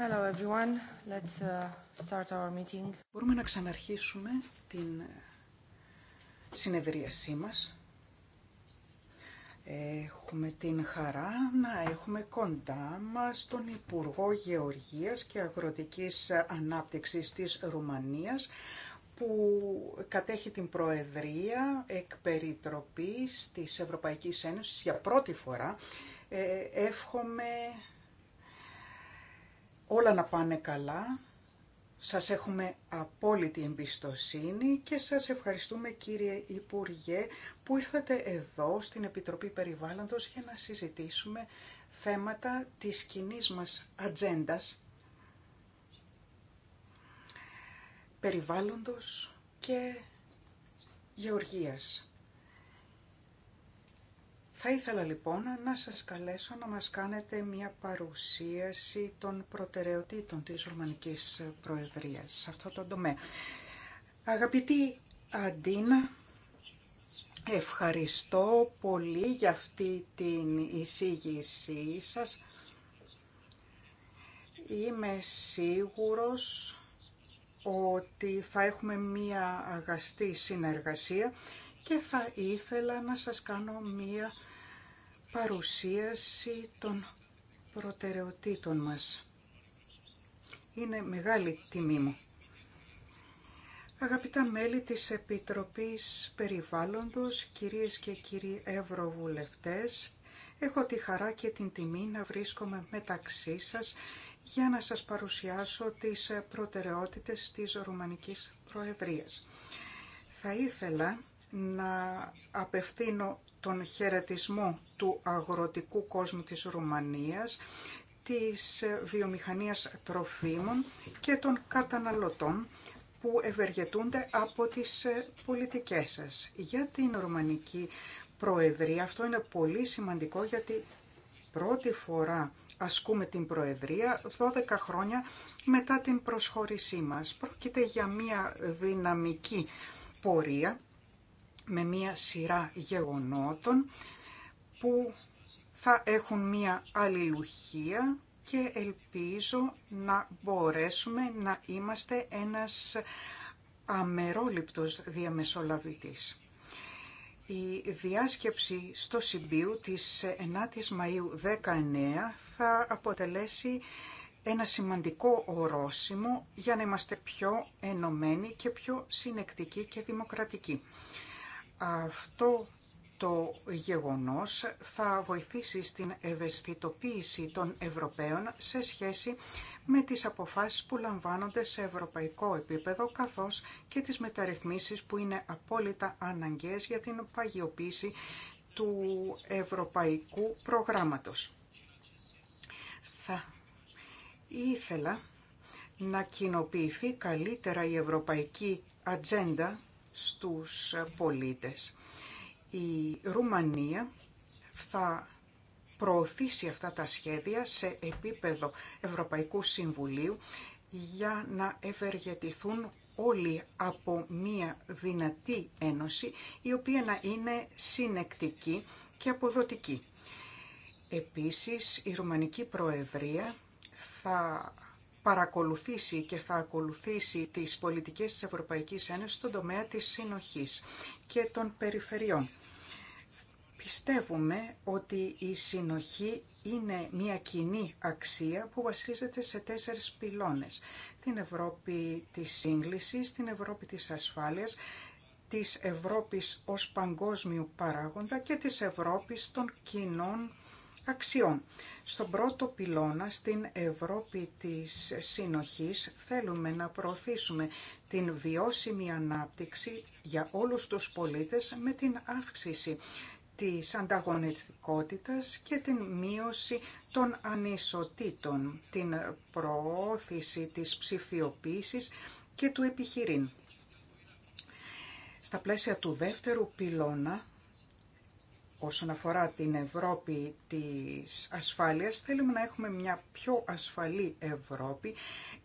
Let's uh, start our Μπορούμε να ξαναρχίσουμε την ε, συνεδρίασή μας. Έχουμε την χαρά να έχουμε κοντά μας τον Υπουργό Γεωργίας και Αγροτικής Ανάπτυξης της Ρουμανίας που κατέχει την Προεδρία Εκπεριτροπής της Ευρωπαϊκής Ένωσης για πρώτη φορά. Έχουμε. εύχομαι όλα να πάνε καλά. Σας έχουμε απόλυτη εμπιστοσύνη και σας ευχαριστούμε κύριε Υπουργέ που ήρθατε εδώ στην Επιτροπή Περιβάλλοντος για να συζητήσουμε θέματα της κοινή μας ατζέντα περιβάλλοντος και γεωργίας. Θα ήθελα λοιπόν να σας καλέσω να μας κάνετε μια παρουσίαση των προτεραιοτήτων της Ρουμανικής Προεδρίας σε αυτό το τομέα. Αγαπητή Αντίνα, ευχαριστώ πολύ για αυτή την εισήγησή σας. Είμαι σίγουρος ότι θα έχουμε μία αγαστή συνεργασία και θα ήθελα να σας κάνω μία παρουσίαση των προτεραιοτήτων μας. Είναι μεγάλη τιμή μου. Αγαπητά μέλη της Επιτροπής Περιβάλλοντος, κυρίες και κύριοι Ευρωβουλευτές, έχω τη χαρά και την τιμή να βρίσκομαι μεταξύ σας για να σας παρουσιάσω τις προτεραιότητες της Ρουμανικής Προεδρίας. Θα ήθελα να απευθύνω τον χαιρετισμό του αγροτικού κόσμου της Ρουμανίας, της βιομηχανίας τροφίμων και των καταναλωτών που ευεργετούνται από τις ε, πολιτικές σας. Για την Ρουμανική Προεδρία αυτό είναι πολύ σημαντικό γιατί πρώτη φορά ασκούμε την Προεδρία 12 χρόνια μετά την προσχώρησή μας. Πρόκειται για μια δυναμική πορεία με μία σειρά γεγονότων που θα έχουν μία αλληλουχία και ελπίζω να μπορέσουμε να είμαστε ένας αμερόληπτος διαμεσολαβητής. Η διάσκεψη στο Συμπίου της 9ης Μαΐου 19 θα αποτελέσει ένα σημαντικό ορόσημο για να είμαστε πιο ενωμένοι και πιο συνεκτικοί και δημοκρατικοί. Αυτό το γεγονός θα βοηθήσει στην ευαισθητοποίηση των Ευρωπαίων σε σχέση με τις αποφάσεις που λαμβάνονται σε ευρωπαϊκό επίπεδο καθώς και τις μεταρρυθμίσεις που είναι απόλυτα αναγκαίες για την παγιοποίηση του ευρωπαϊκού προγράμματος. Θα ήθελα να κοινοποιηθεί καλύτερα η ευρωπαϊκή ατζέντα στους πολίτες. Η Ρουμανία θα προωθήσει αυτά τα σχέδια σε επίπεδο Ευρωπαϊκού Συμβουλίου για να ευεργετηθούν όλοι από μία δυνατή ένωση η οποία να είναι συνεκτική και αποδοτική. Επίσης, η Ρουμανική Προεδρία θα παρακολουθήσει και θα ακολουθήσει τις πολιτικές της Ευρωπαϊκής Ένωσης στον τομέα της συνοχής και των περιφερειών. Πιστεύουμε ότι η συνοχή είναι μια κοινή αξία που βασίζεται σε τέσσερις πυλώνες. Την Ευρώπη της σύγκλησης, την Ευρώπη της ασφάλειας, της Ευρώπης ως παγκόσμιου παράγοντα και της Ευρώπης των κοινών στον πρώτο πυλώνα στην Ευρώπη της Συνοχής θέλουμε να προωθήσουμε την βιώσιμη ανάπτυξη για όλους τους πολίτες με την αύξηση της ανταγωνιστικότητας και την μείωση των ανισοτήτων, την προώθηση της ψηφιοποίησης και του επιχειρήν. Στα πλαίσια του δεύτερου πυλώνα όσον αφορά την Ευρώπη της ασφάλειας, θέλουμε να έχουμε μια πιο ασφαλή Ευρώπη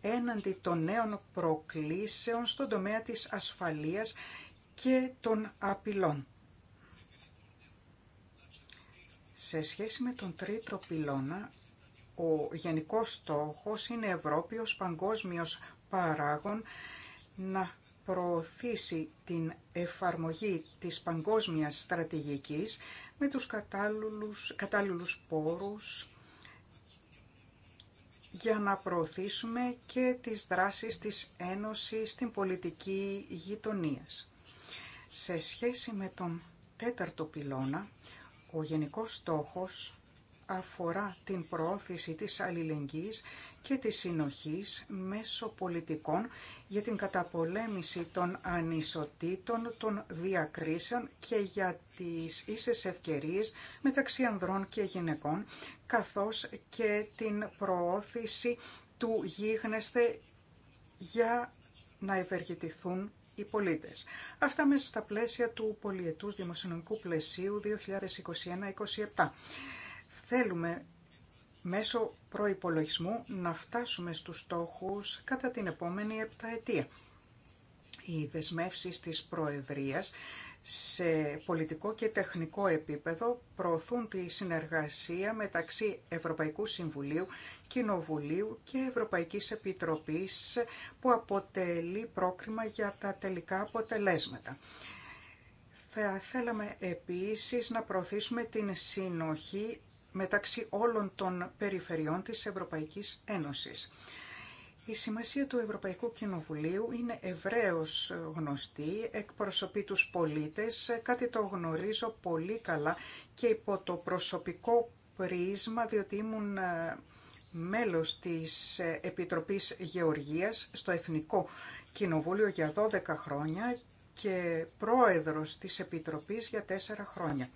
έναντι των νέων προκλήσεων στον τομέα της ασφαλείας και των απειλών. Σε σχέση με τον τρίτο πυλώνα, ο γενικός στόχος είναι Ευρώπη ως παγκόσμιος παράγων να προωθήσει την εφαρμογή της παγκόσμιας στρατηγικής με τους κατάλληλους, κατάλληλους πόρους για να προωθήσουμε και τις δράσεις της Ένωσης στην πολιτική γειτονίας. Σε σχέση με τον τέταρτο πυλώνα, ο γενικός στόχος αφορά την προώθηση της αλληλεγγύης και της συνοχής μέσω πολιτικών για την καταπολέμηση των ανισοτήτων, των διακρίσεων και για τις ίσες ευκαιρίες μεταξύ ανδρών και γυναικών, καθώς και την προώθηση του γίγνεσθε για να ευεργετηθούν οι πολίτες. Αυτά μέσα στα πλαίσια του πολιετούς δημοσιονομικού πλαισίου 2021-2027 θέλουμε μέσω προϋπολογισμού να φτάσουμε στους στόχους κατά την επόμενη επταετία. Οι δεσμεύσει της Προεδρίας σε πολιτικό και τεχνικό επίπεδο προωθούν τη συνεργασία μεταξύ Ευρωπαϊκού Συμβουλίου, Κοινοβουλίου και Ευρωπαϊκής Επιτροπής που αποτελεί πρόκριμα για τα τελικά αποτελέσματα. Θα θέλαμε επίσης να προωθήσουμε την συνοχή μεταξύ όλων των περιφερειών της Ευρωπαϊκής Ένωσης. Η σημασία του Ευρωπαϊκού Κοινοβουλίου είναι ευρέως γνωστή, εκπροσωπεί τους πολίτες, κάτι το γνωρίζω πολύ καλά και υπό το προσωπικό πρίσμα, διότι ήμουν ε, μέλος της ε, Επιτροπής Γεωργίας στο Εθνικό Κοινοβούλιο για 12 χρόνια και πρόεδρος της Επιτροπής για 4 χρόνια.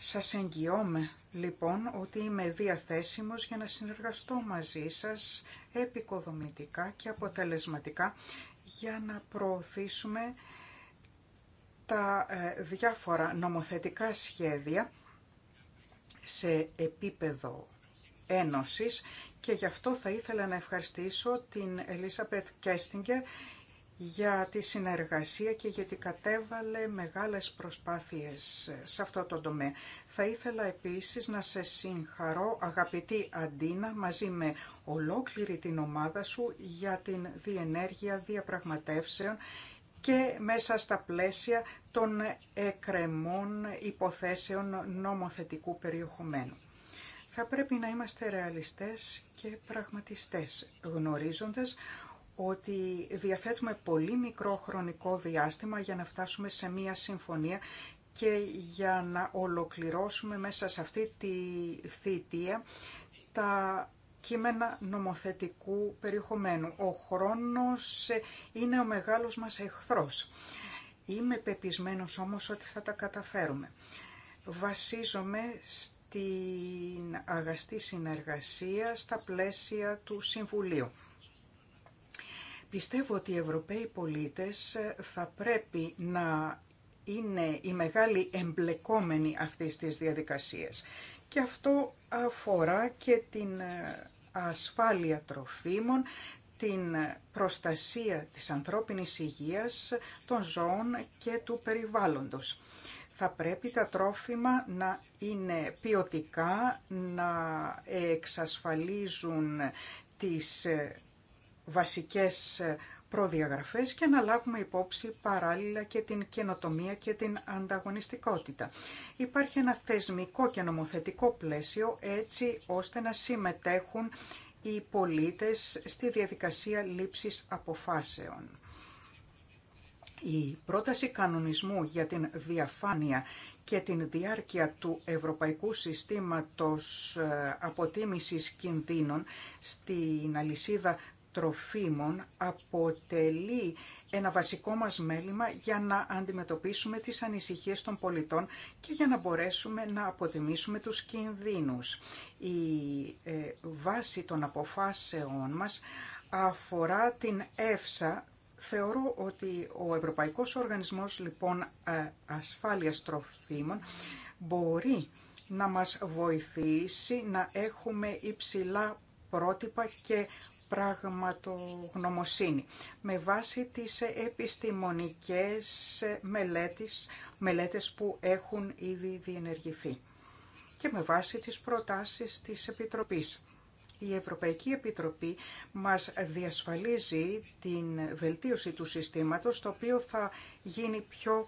Σας εγγυώμαι λοιπόν ότι είμαι διαθέσιμος για να συνεργαστώ μαζί σας επικοδομητικά και αποτελεσματικά για να προωθήσουμε τα ε, διάφορα νομοθετικά σχέδια σε επίπεδο ένωσης και γι' αυτό θα ήθελα να ευχαριστήσω την Ελίσαπεθ Κέστιγκερ για τη συνεργασία και γιατί κατέβαλε μεγάλες προσπάθειες σε αυτό το τομέα. Θα ήθελα επίσης να σε συγχαρώ αγαπητή Αντίνα μαζί με ολόκληρη την ομάδα σου για την διενέργεια διαπραγματεύσεων και μέσα στα πλαίσια των εκρεμών υποθέσεων νομοθετικού περιεχομένου. Θα πρέπει να είμαστε ρεαλιστές και πραγματιστές, γνωρίζοντας ότι διαθέτουμε πολύ μικρό χρονικό διάστημα για να φτάσουμε σε μία συμφωνία και για να ολοκληρώσουμε μέσα σε αυτή τη θητεία τα κείμενα νομοθετικού περιεχομένου. Ο χρόνος ε, είναι ο μεγάλος μας εχθρός. Είμαι πεπισμένος όμως ότι θα τα καταφέρουμε. Βασίζομαι στην αγαστή συνεργασία στα πλαίσια του Συμβουλίου. Πιστεύω ότι οι Ευρωπαίοι πολίτες ε, θα πρέπει να είναι οι μεγάλοι εμπλεκόμενοι αυτής της διαδικασίας. Και αυτό αφορά και την ε, ασφάλεια τροφίμων, την προστασία της ανθρώπινης υγείας, των ζώων και του περιβάλλοντος. Θα πρέπει τα τρόφιμα να είναι ποιοτικά, να εξασφαλίζουν τις ε, βασικές ε, προδιαγραφές και να λάβουμε υπόψη παράλληλα και την καινοτομία και την ανταγωνιστικότητα. Υπάρχει ένα θεσμικό και νομοθετικό πλαίσιο έτσι ώστε να συμμετέχουν οι πολίτες στη διαδικασία λήψης αποφάσεων. Η πρόταση κανονισμού για την διαφάνεια και την διάρκεια του Ευρωπαϊκού Συστήματος ε, Αποτίμησης Κινδύνων στην αλυσίδα τροφίμων αποτελεί ένα βασικό μας μέλημα για να αντιμετωπίσουμε τις ανησυχίες των πολιτών και για να μπορέσουμε να αποτιμήσουμε τους κινδύνους. Η ε, βάση των αποφάσεών μας αφορά την ΕΦΣΑ, Θεωρώ ότι ο Ευρωπαϊκός Οργανισμός λοιπόν ε, Ασφάλειας Τροφίμων μπορεί να μας βοηθήσει να έχουμε υψηλά πρότυπα και πραγματογνωμοσύνη με βάση τις επιστημονικές μελέτες, μελέτες που έχουν ήδη διενεργηθεί και με βάση τις προτάσεις της Επιτροπής. Η Ευρωπαϊκή Επιτροπή μας διασφαλίζει την βελτίωση του συστήματος, το οποίο θα γίνει πιο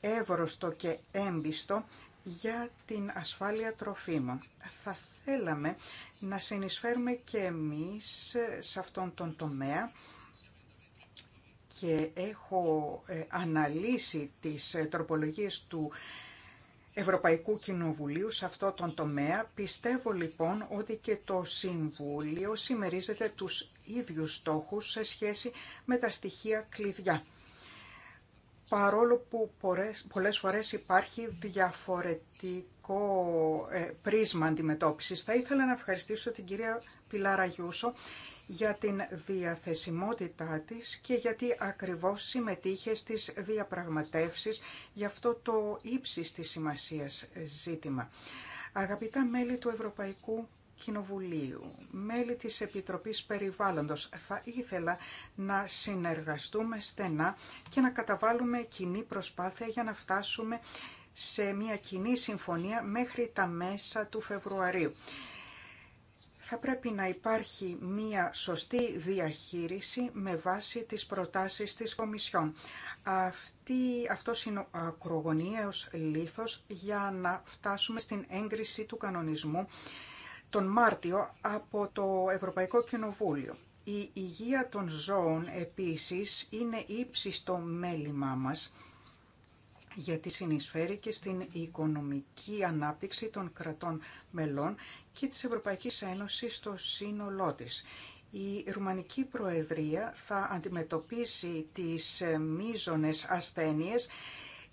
εύρωστο και έμπιστο για την ασφάλεια τροφίμων. Θα θέλαμε να συνεισφέρουμε και εμείς σε αυτόν τον τομέα και έχω ε, αναλύσει τις ε, τροπολογίες του Ευρωπαϊκού Κοινοβουλίου σε αυτό τον τομέα. Πιστεύω λοιπόν ότι και το Συμβούλιο συμμερίζεται τους ίδιους στόχους σε σχέση με τα στοιχεία κλειδιά. Παρόλο που πολλές φορές υπάρχει διαφορετική διαφορετικό ε, πρίσμα αντιμετώπισης. Θα ήθελα να ευχαριστήσω την κυρία Πιλάρα Γιούσο για την διαθεσιμότητά της και γιατί ακριβώς συμμετείχε στις διαπραγματεύσεις για αυτό το ύψης της σημασίας ζήτημα. Αγαπητά μέλη του Ευρωπαϊκού Κοινοβουλίου, μέλη της Επιτροπής Περιβάλλοντος, θα ήθελα να συνεργαστούμε στενά και να καταβάλουμε κοινή προσπάθεια για να φτάσουμε σε μια κοινή συμφωνία μέχρι τα μέσα του Φεβρουαρίου. Θα πρέπει να υπάρχει μια σωστή διαχείριση με βάση τις προτάσεις της Κομισιόν. Αυτή, αυτός είναι ο ακρογωνιαίος λήθος για να φτάσουμε στην έγκριση του κανονισμού τον Μάρτιο από το Ευρωπαϊκό Κοινοβούλιο. Η υγεία των ζώων επίσης είναι ύψιστο μέλημά μας γιατί συνεισφέρει και στην οικονομική ανάπτυξη των κρατών μελών και της Ευρωπαϊκής Ένωσης στο σύνολό της. Η Ρουμανική Προεδρία θα αντιμετωπίσει τις μίζονες ασθένειες,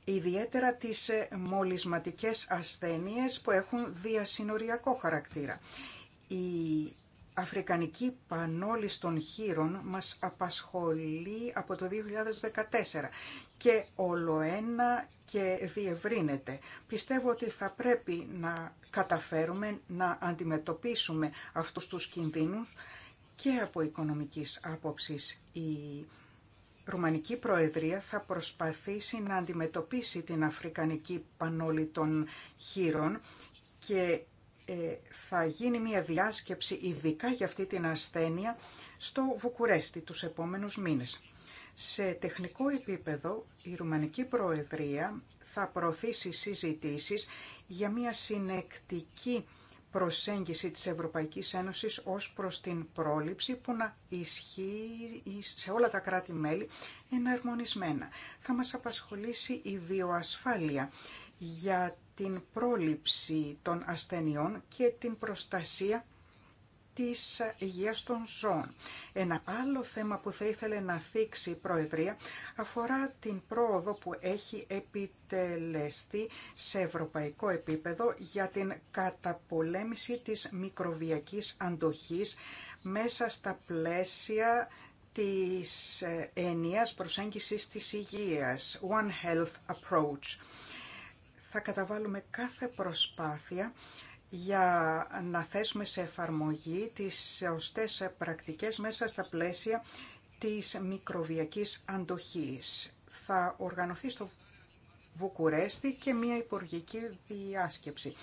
ιδιαίτερα τις μολυσματικές ασθένειες που έχουν διασυνοριακό χαρακτήρα. Η Αφρικανική πανόλη των χείρων μας απασχολεί από το 2014 και ολοένα και διευρύνεται. Πιστεύω ότι θα πρέπει να καταφέρουμε να αντιμετωπίσουμε αυτούς τους κινδύνους και από οικονομικής άποψης. Η Ρουμανική Προεδρία θα προσπαθήσει να αντιμετωπίσει την Αφρικανική Πανόλη των Χείρων και ε, θα γίνει μια διάσκεψη ειδικά για αυτή την ασθένεια στο Βουκουρέστι τους επόμενους μήνες. Σε τεχνικό επίπεδο, η Ρουμανική Προεδρία θα προωθήσει συζητήσεις για μια συνεκτική προσέγγιση της Ευρωπαϊκής Ένωσης ως προς την πρόληψη που να ισχύει σε όλα τα κράτη-μέλη εναρμονισμένα. Θα μας απασχολήσει η βιοασφάλεια για την πρόληψη των ασθενειών και την προστασία της υγείας των ζώων. Ένα άλλο θέμα που θα ήθελε να θίξει η Προεδρία αφορά την πρόοδο που έχει επιτελεστεί σε ευρωπαϊκό επίπεδο για την καταπολέμηση της μικροβιακής αντοχής μέσα στα πλαίσια της ε, ενιαίας προσέγγισης της υγείας, One Health Approach. Θα καταβάλουμε κάθε προσπάθεια για να θέσουμε σε εφαρμογή τις σωστές πρακτικές μέσα στα πλαίσια της μικροβιακής αντοχής. Θα οργανωθεί στο Βουκουρέστι και μια υπουργική διάσκεψη.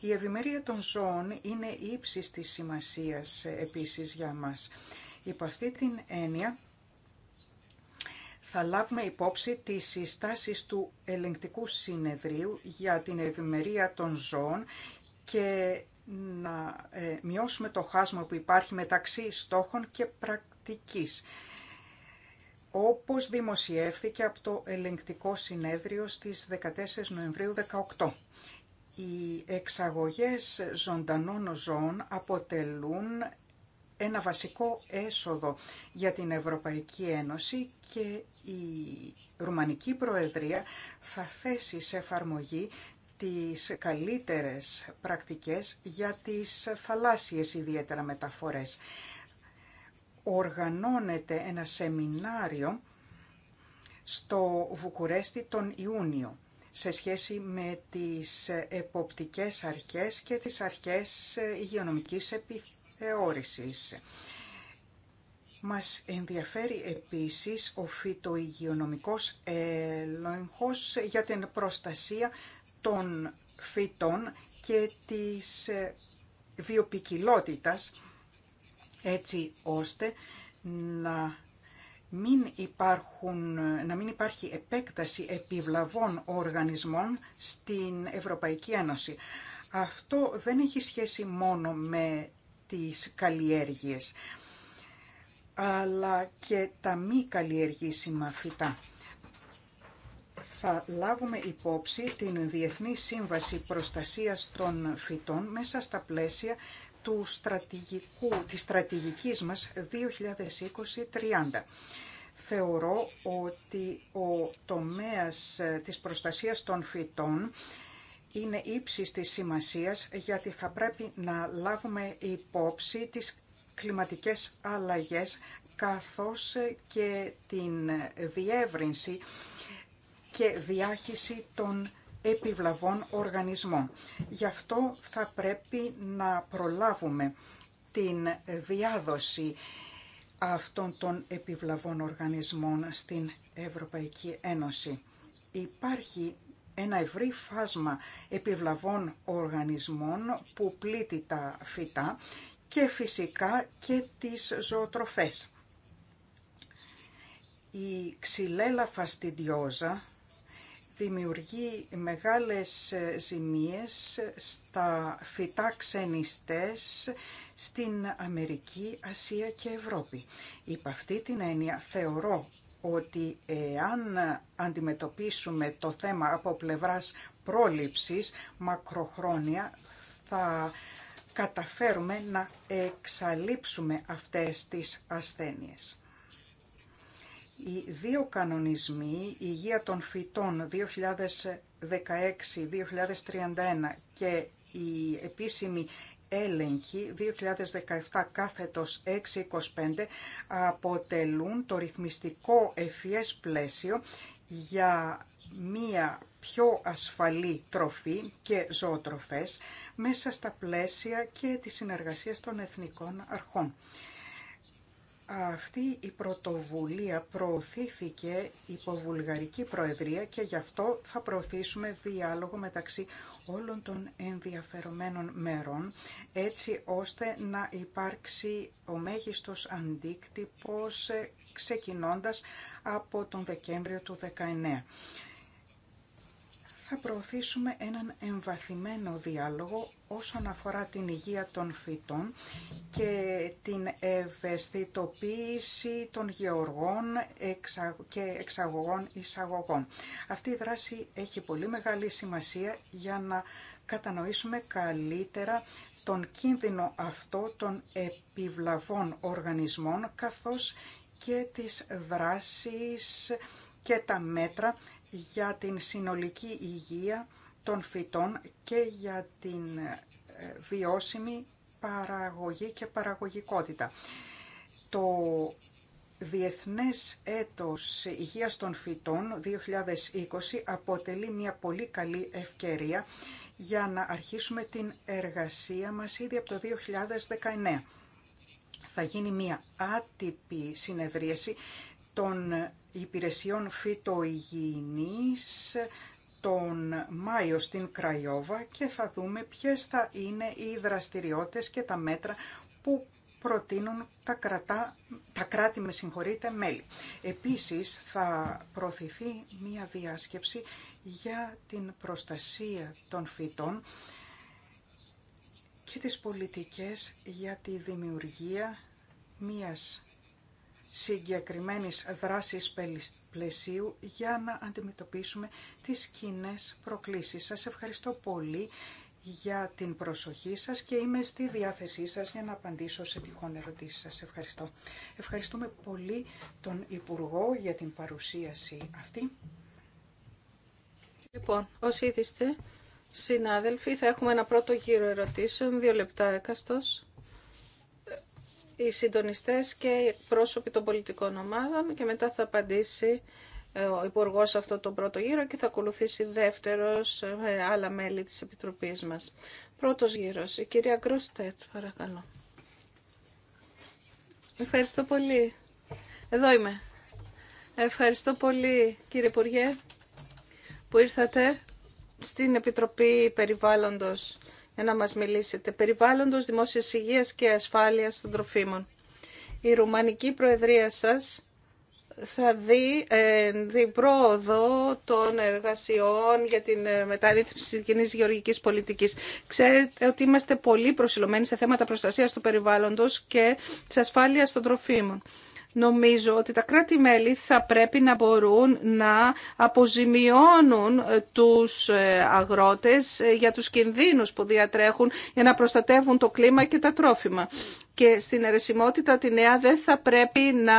Η ευημερία των ζώων είναι ύψης της σημασίας επίσης για μας. Υπό αυτή την έννοια θα λάβουμε υπόψη τις συστάσεις του ελεγκτικού συνεδρίου για την ευημερία των ζώων και να ε, μειώσουμε το χάσμα που υπάρχει μεταξύ στόχων και πρακτικής όπως δημοσιεύθηκε από το ελεγκτικό συνέδριο στις 14 Νοεμβρίου 18. Οι εξαγωγές ζωντανών ζώων αποτελούν ένα βασικό έσοδο για την Ευρωπαϊκή Ένωση και η Ρουμανική Προεδρία θα θέσει σε εφαρμογή τις καλύτερες πρακτικές για τις θαλάσσιες ιδιαίτερα μεταφορές. Οργανώνεται ένα σεμινάριο στο Βουκουρέστι τον Ιούνιο σε σχέση με τις εποπτικές αρχές και τις αρχές υγειονομικής επιθεώρησης. Μας ενδιαφέρει επίσης ο φυτοϊγειονομικός έλεγχος για την προστασία των φυτών και της ε, βιοπικιλότητας έτσι ώστε να μην, υπάρχουν, να μην υπάρχει επέκταση επιβλαβών οργανισμών στην Ευρωπαϊκή Ένωση. Αυτό δεν έχει σχέση μόνο με τις καλλιέργειες, αλλά και τα μη καλλιεργήσιμα φυτά θα λάβουμε υπόψη την Διεθνή Σύμβαση Προστασίας των Φυτών μέσα στα πλαίσια του στρατηγικού, της στρατηγικής μας 2020-30. Θεωρώ ότι ο τομέας της προστασίας των φυτών είναι ύψης της σημασίας γιατί θα πρέπει να λάβουμε υπόψη τις κλιματικές αλλαγές καθώς και την διεύρυνση και διάχυση των επιβλαβών οργανισμών. Γι' αυτό θα πρέπει να προλάβουμε την διάδοση αυτών των επιβλαβών οργανισμών στην Ευρωπαϊκή Ένωση. Υπάρχει ένα ευρύ φάσμα επιβλαβών οργανισμών που πλήττει τα φυτά και φυσικά και τις ζωοτροφές. Η ξυλέλα φαστιντιόζα δημιουργεί μεγάλες ε, ζημίες στα φυτά ξενιστές στην Αμερική, Ασία και Ευρώπη. Υπ' αυτή την έννοια θεωρώ ότι εάν αντιμετωπίσουμε το θέμα από πλευράς πρόληψης μακροχρόνια θα καταφέρουμε να εξαλείψουμε αυτές τις ασθένειες. Οι δύο κανονισμοί, η Υγεία των Φυτών 2016-2031 και η επίσημη έλεγχη 2017 κάθετος 625 αποτελούν το ρυθμιστικό ευφυές πλαίσιο για μία πιο ασφαλή τροφή και ζωοτροφές μέσα στα πλαίσια και τη συνεργασία των εθνικών αρχών. Αυτή η πρωτοβουλία προωθήθηκε υπό βουλγαρική προεδρία και γι' αυτό θα προωθήσουμε διάλογο μεταξύ όλων των ενδιαφερομένων μέρων έτσι ώστε να υπάρξει ο μέγιστος αντίκτυπος ε, ξεκινώντας από τον Δεκέμβριο του 2019 θα προωθήσουμε έναν εμβαθυμένο διάλογο όσον αφορά την υγεία των φυτών και την ευαισθητοποίηση των γεωργών και εξαγωγών εισαγωγών. Αυτή η δράση έχει πολύ μεγάλη σημασία για να κατανοήσουμε καλύτερα τον κίνδυνο αυτό των επιβλαβών οργανισμών καθώς και τις δράσεις και τα μέτρα για την συνολική υγεία των φυτών και για την ε, βιώσιμη παραγωγή και παραγωγικότητα. Το Διεθνές Έτος Υγείας των Φυτών 2020 αποτελεί μια πολύ καλή ευκαιρία για να αρχίσουμε την εργασία μας ήδη από το 2019. Θα γίνει μια άτυπη συνεδρίαση των υπηρεσιών φυτοϊγιεινής τον Μάιο στην Κραϊόβα και θα δούμε ποιες θα είναι οι δραστηριότητες και τα μέτρα που προτείνουν τα, κρατά, τα κράτη με συγχωρείτε μέλη. Επίσης θα προωθηθεί μία διάσκεψη για την προστασία των φυτών και τις πολιτικές για τη δημιουργία μίας συγκεκριμένης δράσης πλαισίου για να αντιμετωπίσουμε τις κοινέ προκλήσεις. Σας ευχαριστώ πολύ για την προσοχή σας και είμαι στη διάθεσή σας για να απαντήσω σε τυχόν ερωτήσεις σας. Ευχαριστώ. Ευχαριστούμε πολύ τον Υπουργό για την παρουσίαση αυτή. Λοιπόν, ως είδηστε, συνάδελφοι, θα έχουμε ένα πρώτο γύρο ερωτήσεων, δύο λεπτά έκαστος οι συντονιστές και οι πρόσωποι των πολιτικών ομάδων και μετά θα απαντήσει ε, ο υπουργό αυτό τον πρώτο γύρο και θα ακολουθήσει δεύτερος με άλλα μέλη της Επιτροπής μας. Πρώτος γύρος, η κυρία Γκροστέτ, παρακαλώ. Ευχαριστώ πολύ. Εδώ είμαι. Ευχαριστώ πολύ κύριε Υπουργέ που ήρθατε στην Επιτροπή Περιβάλλοντος για ε, να μας μιλήσετε. Περιβάλλοντος, δημόσιας υγείας και ασφάλειας των τροφίμων. Η Ρουμανική Προεδρία σας θα δει την ε, πρόοδο των εργασιών για την ε, μεταρρύθμιση της κοινή γεωργικής πολιτικής. Ξέρετε ότι είμαστε πολύ προσιλωμένοι σε θέματα προστασίας του περιβάλλοντος και της ασφάλειας των τροφίμων. Νομίζω ότι τα κράτη-μέλη θα πρέπει να μπορούν να αποζημιώνουν ε, τους ε, αγρότες ε, για τους κινδύνους που διατρέχουν για να προστατεύουν το κλίμα και τα τρόφιμα. Και στην αιρεσιμότητα τη νέα δεν θα πρέπει να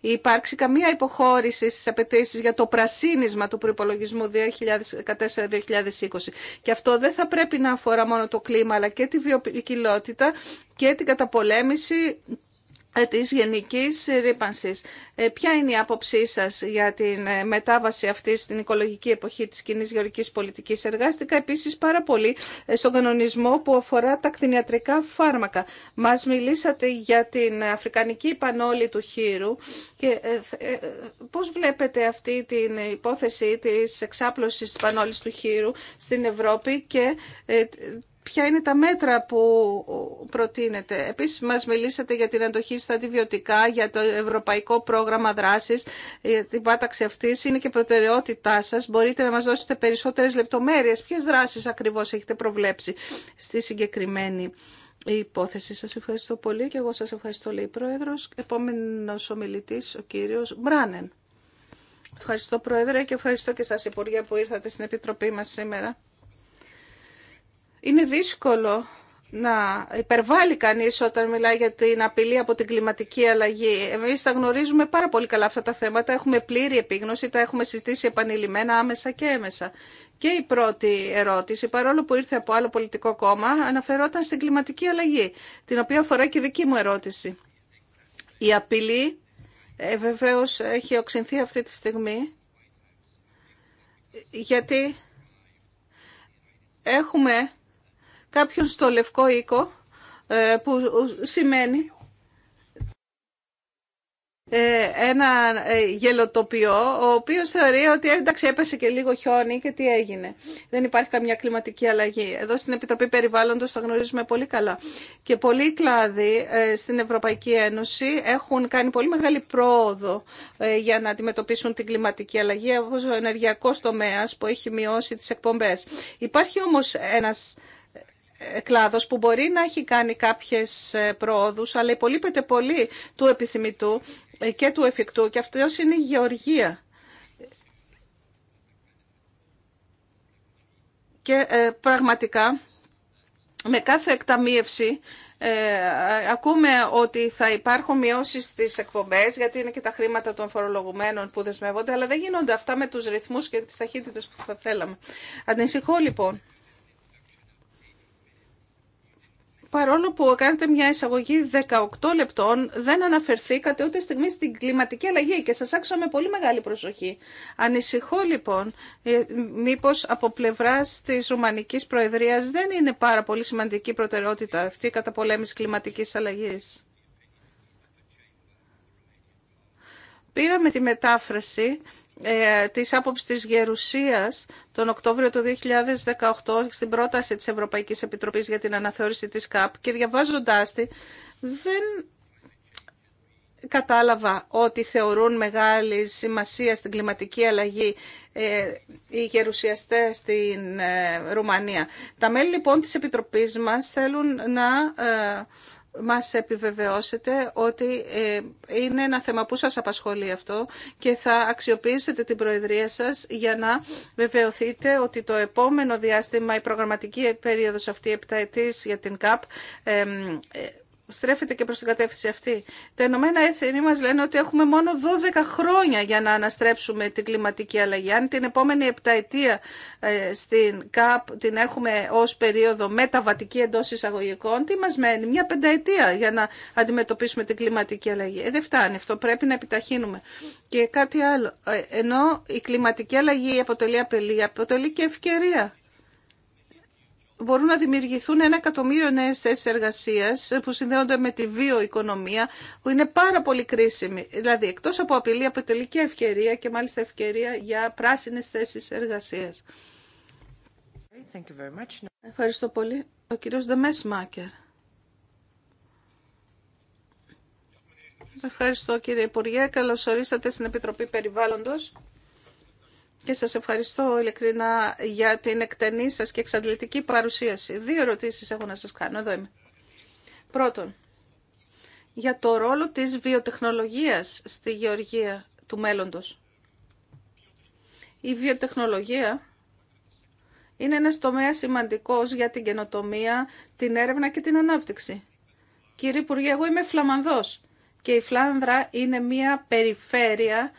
υπάρξει καμία υποχώρηση στις απαιτήσει για το πρασίνισμα του προϋπολογισμού 2014-2020. Και αυτό δεν θα πρέπει να αφορά μόνο το κλίμα αλλά και τη βιοποικιλότητα και την καταπολέμηση της γενικής ρήπανσης. Ε, ποια είναι η άποψή σας για την ε, μετάβαση αυτή στην οικολογική εποχή της κοινή γεωρικής πολιτικής. Εργάστηκα επίσης πάρα πολύ ε, στον κανονισμό που αφορά τα κτηνιατρικά φάρμακα. Μας μιλήσατε για την αφρικανική πανόλη του χείρου και πώς βλέπετε αυτή την υπόθεση της εξάπλωσης της πανόλης του χείρου στην Ευρώπη και ποια είναι τα μέτρα που προτείνετε. Επίσης μας μιλήσατε για την αντοχή στα αντιβιωτικά, για το Ευρωπαϊκό Πρόγραμμα Δράσης, για την πάταξη αυτή είναι και προτεραιότητά σας. Μπορείτε να μας δώσετε περισσότερες λεπτομέρειες, ποιες δράσεις ακριβώς έχετε προβλέψει στη συγκεκριμένη υπόθεση. Σας ευχαριστώ πολύ και εγώ σας ευχαριστώ, λέει η Πρόεδρος. Επόμενος ομιλητής, ο κύριος Μπράνεν. Ευχαριστώ, Πρόεδρε, και ευχαριστώ και σας, Υπουργέ, που ήρθατε στην Επιτροπή μας σήμερα. Είναι δύσκολο να υπερβάλλει κανείς όταν μιλάει για την απειλή από την κλιματική αλλαγή. Εμείς τα γνωρίζουμε πάρα πολύ καλά αυτά τα θέματα, έχουμε πλήρη επίγνωση, τα έχουμε συζητήσει επανειλημμένα άμεσα και έμεσα. Και η πρώτη ερώτηση, παρόλο που ήρθε από άλλο πολιτικό κόμμα, αναφερόταν στην κλιματική αλλαγή, την οποία αφορά και δική μου ερώτηση. Η απειλή ε, βεβαίως έχει οξυνθεί αυτή τη στιγμή, γιατί έχουμε κάποιον στο Λευκό Οίκο, ε, που σημαίνει ε, ένα ε, γελοτοπιό, ο οποίος θεωρεί ότι εντάξει έπεσε και λίγο χιόνι και τι έγινε. Δεν υπάρχει καμιά κλιματική αλλαγή. Εδώ στην Επιτροπή Περιβάλλοντος τα γνωρίζουμε πολύ καλά. Και πολλοί κλάδοι στην Ευρωπαϊκή Ένωση έχουν κάνει πολύ μεγάλη πρόοδο για να αντιμετωπίσουν την κλιματική αλλαγή, όπως ο ενεργειακός τομέας που έχει μειώσει τις εκπομπές. Υπάρχει όμως ένας κλάδος που μπορεί να έχει κάνει κάποιες ε, πρόοδους, αλλά υπολείπεται πολύ του επιθυμητού ε, και του εφικτού και αυτό είναι η γεωργία. Και ε, πραγματικά με κάθε εκταμίευση ε, ακούμε ότι θα υπάρχουν μειώσει στι εκπομπέ, γιατί είναι και τα χρήματα των φορολογουμένων που δεσμεύονται, αλλά δεν γίνονται αυτά με του ρυθμού και τι ταχύτητε που θα θέλαμε. Ανησυχώ λοιπόν Παρόλο που κάνετε μια εισαγωγή 18 λεπτών, δεν αναφερθήκατε ούτε στιγμή στην κλιματική αλλαγή και σας άκουσα με πολύ μεγάλη προσοχή. Ανησυχώ λοιπόν, ε, μήπως από πλευράς της Ρουμανικής Προεδρίας δεν είναι πάρα πολύ σημαντική προτεραιότητα αυτή η καταπολέμηση κλιματικής αλλαγής. Πήραμε τη μετάφραση ε, της άποψης της Γερουσίας τον Οκτώβριο του 2018 στην πρόταση της Ευρωπαϊκής Επιτροπής για την αναθεώρηση της ΚΑΠ και διαβάζοντάς τη δεν κατάλαβα ότι θεωρούν μεγάλη σημασία στην κλιματική αλλαγή ε, οι γερουσιαστές στην ε, Ρουμανία. Τα μέλη λοιπόν της Επιτροπής μας θέλουν να ε, μας επιβεβαιώσετε ότι ε, είναι ένα θέμα που σας απασχολεί αυτό και θα αξιοποιήσετε την Προεδρία σας για να βεβαιωθείτε ότι το επόμενο διάστημα, η προγραμματική περίοδος αυτή επταετής για την ΚΑΠ ε, στρέφεται και προς την κατεύθυνση αυτή. Τα Ηνωμένα Έθνη μας λένε ότι έχουμε μόνο 12 χρόνια για να αναστρέψουμε την κλιματική αλλαγή. Αν την επόμενη επταετία ε, στην ΚΑΠ την έχουμε ως περίοδο μεταβατική εντός εισαγωγικών, τι μας μένει, μια πενταετία για να αντιμετωπίσουμε την κλιματική αλλαγή. Ε, δεν φτάνει αυτό, πρέπει να επιταχύνουμε. Και κάτι άλλο, ε, ενώ η κλιματική αλλαγή αποτελεί απειλή, αποτελεί και ευκαιρία μπορούν να δημιουργηθούν ένα εκατομμύριο νέες θέσεις εργασίας που συνδέονται με τη βιοοικονομία που είναι πάρα πολύ κρίσιμη. Δηλαδή εκτός από απειλή αποτελεί και ευκαιρία και μάλιστα ευκαιρία για πράσινες θέσεις εργασίας. Ευχαριστώ πολύ. Ο κύριος Δεμές Μάκερ. Ευχαριστώ κύριε Υπουργέ. Καλώς ορίσατε στην Επιτροπή Περιβάλλοντος και σας ευχαριστώ ειλικρινά για την εκτενή σας και εξαντλητική παρουσίαση. Δύο ερωτήσεις έχω να σας κάνω. Εδώ είμαι. Πρώτον, για το ρόλο της βιοτεχνολογίας στη γεωργία του μέλλοντος. Η βιοτεχνολογία είναι ένας τομέας σημαντικός για την καινοτομία, την έρευνα και την ανάπτυξη. Κύριε Υπουργέ, εγώ είμαι Φλαμανδός και η Φλάνδρα είναι μια περιφέρεια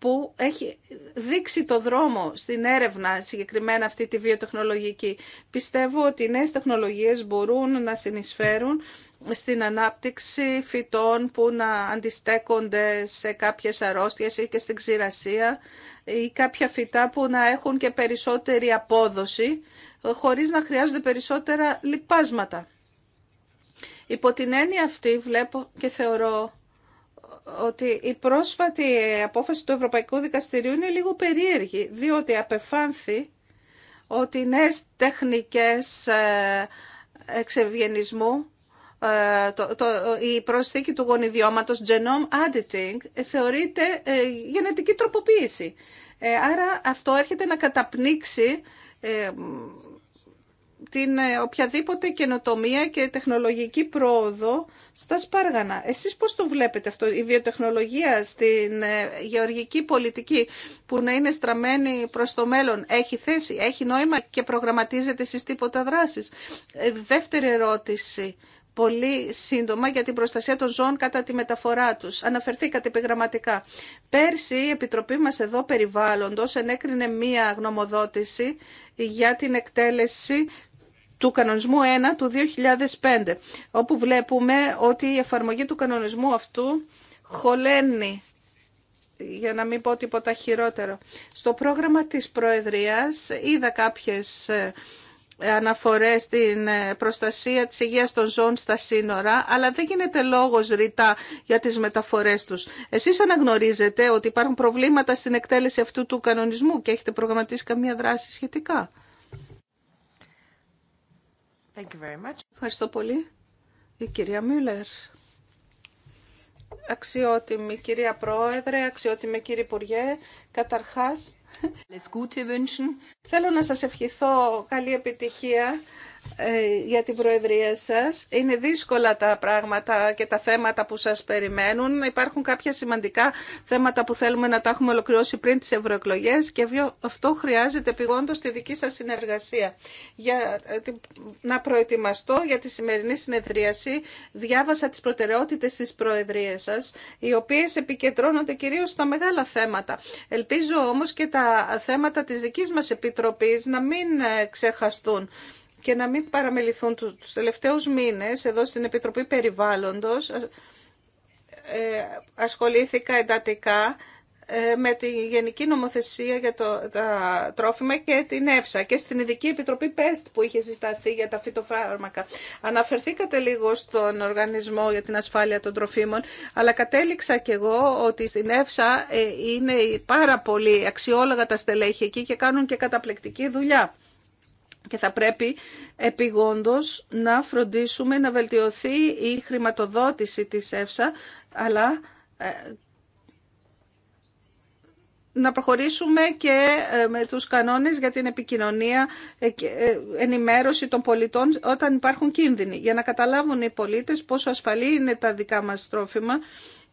που έχει δείξει το δρόμο στην έρευνα συγκεκριμένα αυτή τη βιοτεχνολογική. Πιστεύω ότι οι νέες τεχνολογίες μπορούν να συνεισφέρουν στην ανάπτυξη φυτών που να αντιστέκονται σε κάποιες αρρώστιες ή και στην ξηρασία ή κάποια φυτά που να έχουν και περισσότερη απόδοση χωρίς να χρειάζονται περισσότερα λιπάσματα. Υπό την έννοια αυτή βλέπω και θεωρώ ότι η πρόσφατη απόφαση του Ευρωπαϊκού Δικαστηρίου είναι λίγο περίεργη, διότι απεφάνθη ότι οι νέες τεχνικές ε, εξευγενισμού, ε, το, η προσθήκη του γονιδιώματος genome editing θεωρείται ε, γενετική τροποποίηση. άρα αυτό έρχεται να καταπνίξει την ε, οποιαδήποτε καινοτομία και τεχνολογική πρόοδο στα σπάργανα. Εσείς πώς το βλέπετε αυτό, η βιοτεχνολογία στην ε, γεωργική πολιτική που να είναι στραμμένη προς το μέλλον, έχει θέση, έχει νόημα και προγραμματίζεται στι τίποτα δράσεις. Ε, δεύτερη ερώτηση, πολύ σύντομα για την προστασία των ζώων κατά τη μεταφορά τους. Αναφερθήκατε επιγραμματικά. Πέρσι η Επιτροπή μας εδώ περιβάλλοντος ενέκρινε μία γνωμοδότηση για την εκτέλεση του κανονισμού 1 του 2005, όπου βλέπουμε ότι η εφαρμογή του κανονισμού αυτού χωλαίνει, για να μην πω τίποτα χειρότερο. Στο πρόγραμμα της Προεδρίας είδα κάποιες ε, αναφορές στην ε, προστασία της υγείας των ζώων στα σύνορα, αλλά δεν γίνεται λόγος ρητά για τις μεταφορές τους. Εσείς αναγνωρίζετε ότι υπάρχουν προβλήματα στην εκτέλεση αυτού του κανονισμού και έχετε προγραμματίσει καμία δράση σχετικά. Thank you very much. Ευχαριστώ πολύ. Η κυρία Μιούλερ. Αξιότιμη κυρία Πρόεδρε, αξιότιμη κύριε Υπουργέ, καταρχάς Θέλω να σας ευχηθώ καλή επιτυχία ε, για την Προεδρία σας. Είναι δύσκολα τα πράγματα και τα θέματα που σας περιμένουν. Υπάρχουν κάποια σημαντικά θέματα που θέλουμε να τα έχουμε ολοκληρώσει πριν τις ευρωεκλογέ και αυτό χρειάζεται πηγόντως τη δική σας συνεργασία. Για ε, να προετοιμαστώ για τη σημερινή συνεδρίαση, διάβασα τις προτεραιότητες της Προεδρίας σας, οι οποίες επικεντρώνονται κυρίως στα μεγάλα θέματα. Ελπίζω όμως και τα θέματα της δικής μας Επιτροπής να μην ε, ξεχαστούν και να μην παραμεληθούν τους τελευταίους μήνες εδώ στην Επιτροπή Περιβάλλοντος ε, ασχολήθηκα εντατικά ε, με τη Γενική Νομοθεσία για το, τα τρόφιμα και την ΕΦΣΑ και στην Ειδική Επιτροπή ΠΕΣΤ που είχε συσταθεί για τα φυτοφάρμακα. Αναφερθήκατε λίγο στον Οργανισμό για την Ασφάλεια των Τροφίμων, αλλά κατέληξα κι εγώ ότι στην ΕΦΣΑ ε, είναι πάρα πολύ αξιόλογα τα στελέχη εκεί και κάνουν και καταπληκτική δουλειά και θα πρέπει επιγόντως να φροντίσουμε να βελτιωθεί η χρηματοδότηση της ΕΦΣΑ, αλλά ε, να προχωρήσουμε και ε, με τους κανόνες για την επικοινωνία, ε, ενημέρωση των πολιτών όταν υπάρχουν κίνδυνοι, για να καταλάβουν οι πολίτες πόσο ασφαλή είναι τα δικά μας τρόφιμα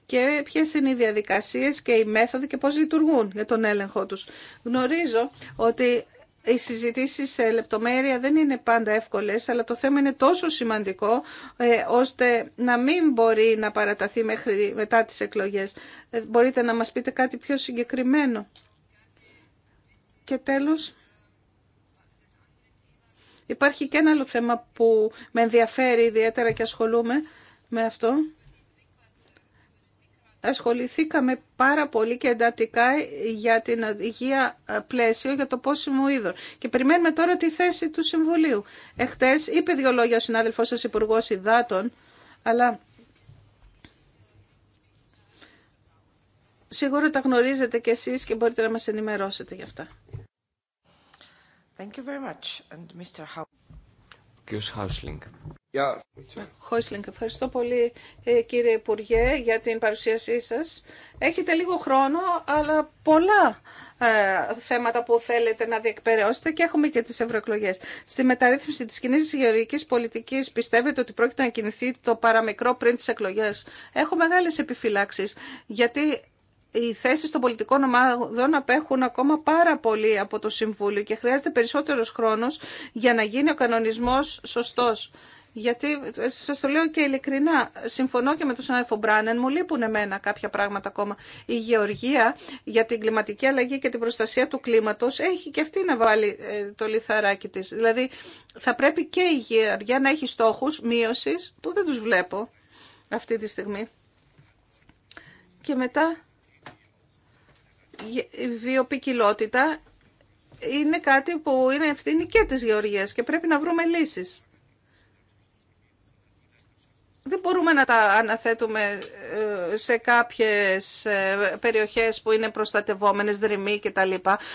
και ποιες είναι οι διαδικασίες και οι μέθοδοι και πώς λειτουργούν για τον έλεγχο τους. Γνωρίζω ότι οι συζητήσει σε λεπτομέρεια δεν είναι πάντα εύκολε, αλλά το θέμα είναι τόσο σημαντικό, ε, ώστε να μην μπορεί να παραταθεί μέχρι μετά τις εκλογές. Ε, μπορείτε να μας πείτε κάτι πιο συγκεκριμένο. Και τέλος, υπάρχει και ένα άλλο θέμα που με ενδιαφέρει ιδιαίτερα και ασχολούμαι με αυτό ασχοληθήκαμε πάρα πολύ και εντατικά για την υγεία ε, πλαίσιο, για το πόσιμο είδο. Και περιμένουμε τώρα τη θέση του Συμβουλίου. Εχθέ είπε δύο λόγια ο συνάδελφο σα υπουργό Ιδάτων, αλλά σίγουρα τα γνωρίζετε κι εσείς και μπορείτε να μας ενημερώσετε γι' αυτά. Thank you very And Mr. How... Χόισλινγκ, ευχαριστώ πολύ ε, κύριε Υπουργέ για την παρουσίασή σας. Έχετε λίγο χρόνο, αλλά πολλά ε, θέματα που θέλετε να διεκπαιρεώσετε και έχουμε και τις ευρωεκλογέ. Στη μεταρρύθμιση της κοινή γεωργικής πολιτικής πιστεύετε ότι πρόκειται να κινηθεί το παραμικρό πριν τις εκλογές. Έχω μεγάλες επιφυλάξεις, γιατί οι θέσεις των πολιτικών ομάδων απέχουν ακόμα πάρα πολύ από το Συμβούλιο και χρειάζεται περισσότερος χρόνος για να γίνει ο κανονισμός σωστός. Γιατί ε, σα το λέω και ειλικρινά, συμφωνώ και με τον Σνάιφο Μπράνεν, μου λείπουν εμένα κάποια πράγματα ακόμα. Η γεωργία για την κλιματική αλλαγή και την προστασία του κλίματο έχει και αυτή να βάλει ε, το λιθαράκι τη. Δηλαδή, θα πρέπει και η γεωργία να έχει στόχου μείωση που δεν του βλέπω αυτή τη στιγμή. Και μετά η βιοπικιλότητα είναι κάτι που είναι ευθύνη και της γεωργίας και πρέπει να βρούμε λύσεις δεν μπορούμε να τα αναθέτουμε ε, σε κάποιες ε, περιοχές που είναι προστατευόμενες, δρυμή κτλ.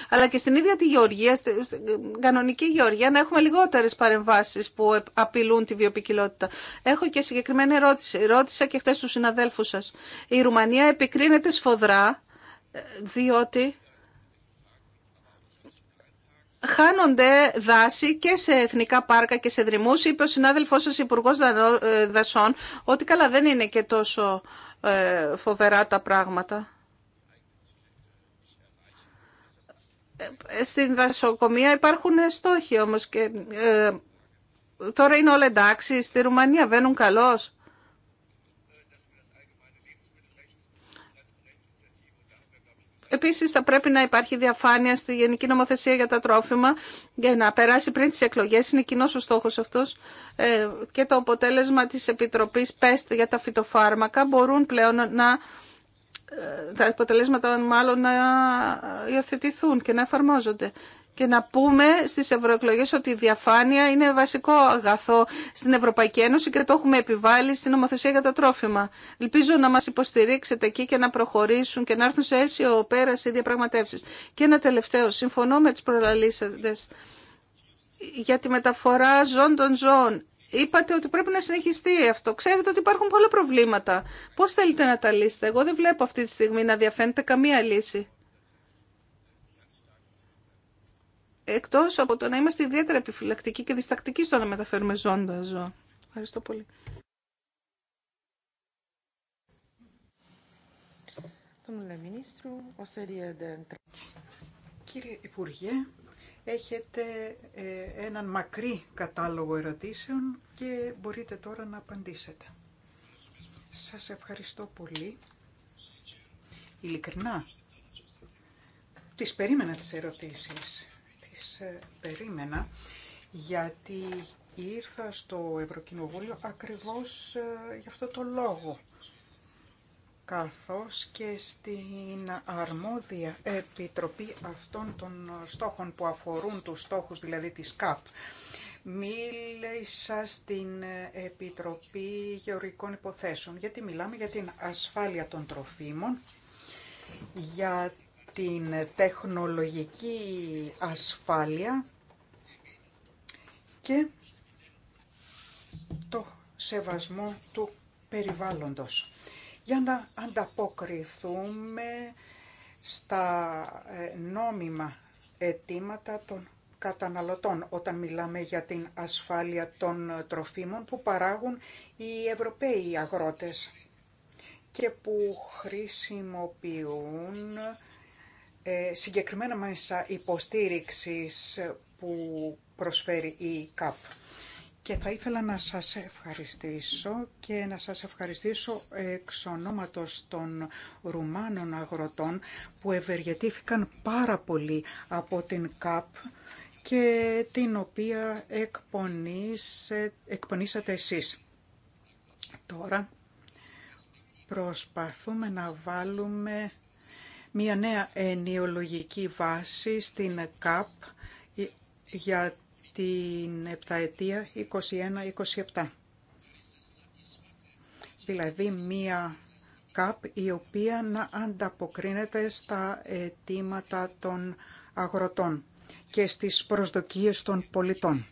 Αλλά και στην ίδια τη γεωργία, στην κανονική γεωργία, να έχουμε λιγότερες παρεμβάσεις που απειλούν τη βιοπικιλότητα. Έχω και συγκεκριμένη ερώτηση. Ρώτησα και χθε τους συναδέλφους σας. Η Ρουμανία επικρίνεται σφοδρά, ε, διότι χάνονται δάση και σε εθνικά πάρκα και σε δρυμούς. Είπε ο συνάδελφός σας Υπουργό ε, Δασών ότι καλά δεν είναι και τόσο ε, φοβερά τα πράγματα. Ε, στην δασοκομεία υπάρχουν στόχοι όμως και τώρα είναι όλα εντάξει. Στη Ρουμανία βαίνουν καλώς. Επίσης θα πρέπει να υπάρχει διαφάνεια στη Γενική Νομοθεσία για τα τρόφιμα για να περάσει πριν τις εκλογές. Είναι κοινό ο στόχος αυτός ε, και το αποτέλεσμα της Επιτροπής ΠΕΣΤ για τα φυτοφάρμακα μπορούν πλέον να ε, τα αποτελέσματα μάλλον να ε, υιοθετηθούν και να εφαρμόζονται και να πούμε στις ευρωεκλογές ότι η διαφάνεια είναι βασικό αγαθό στην Ευρωπαϊκή Ένωση και το έχουμε επιβάλει στην νομοθεσία για τα τρόφιμα. Ελπίζω να μας υποστηρίξετε εκεί και να προχωρήσουν και να έρθουν σε αίσιο πέραση οι διαπραγματεύσεις. Και ένα τελευταίο, συμφωνώ με τις προλαλήσαντες για τη μεταφορά ζών των ζώων. Είπατε ότι πρέπει να συνεχιστεί αυτό. Ξέρετε ότι υπάρχουν πολλά προβλήματα. Πώς θέλετε να τα λύσετε. Εγώ δεν βλέπω αυτή τη στιγμή να διαφαίνεται καμία λύση. εκτός από το να είμαστε ιδιαίτερα επιφυλακτικοί και διστακτικοί στο να μεταφέρουμε ζώντα ζώα. Ευχαριστώ πολύ. Κύριε Υπουργέ, έχετε ε, έναν μακρύ κατάλογο ερωτήσεων και μπορείτε τώρα να απαντήσετε. Σας ευχαριστώ πολύ. Ειλικρινά, τις περίμενα τις ερωτήσεις περίμενα γιατί ήρθα στο Ευρωκοινοβούλιο ακριβώς ε, γι' αυτό το λόγο καθώς και στην αρμόδια επιτροπή αυτών των στόχων που αφορούν τους στόχους δηλαδή της ΚΑΠ. Μίλησα στην Επιτροπή Γεωργικών Υποθέσεων γιατί μιλάμε για την ασφάλεια των τροφίμων, για την τεχνολογική ασφάλεια και το σεβασμό του περιβάλλοντος για να ανταποκριθούμε στα ε, νόμιμα αιτήματα των καταναλωτών όταν μιλάμε για την ασφάλεια των τροφίμων που παράγουν οι Ευρωπαίοι αγρότες και που χρησιμοποιούν ε, συγκεκριμένα μέσα υποστήριξης που προσφέρει η ΚΑΠ. Και θα ήθελα να σας ευχαριστήσω και να σας ευχαριστήσω εξ ονόματος των Ρουμάνων αγροτών που ευεργετήθηκαν πάρα πολύ από την ΚΑΠ και την οποία εκπονήσατε εσείς. Τώρα προσπαθούμε να βάλουμε μια νέα ενιολογική βάση στην ΚΑΠ για την επταετία 21-27. Δηλαδή μια ΚΑΠ η οποία να ανταποκρίνεται στα αιτήματα των αγροτών και στις προσδοκίες των πολιτών.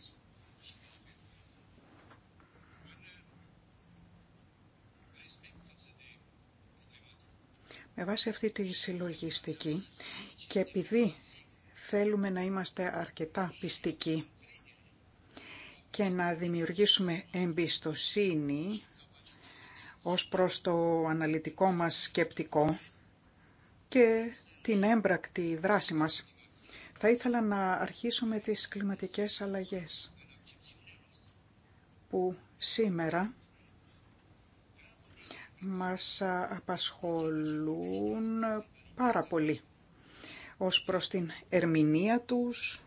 Με βάση αυτή τη συλλογιστική και επειδή θέλουμε να είμαστε αρκετά πιστικοί και να δημιουργήσουμε εμπιστοσύνη ως προς το αναλυτικό μας σκεπτικό και την έμπρακτη δράση μας. Θα ήθελα να αρχίσουμε τις κλιματικές αλλαγές που σήμερα μας απασχολούν πάρα πολύ ως προς την ερμηνεία τους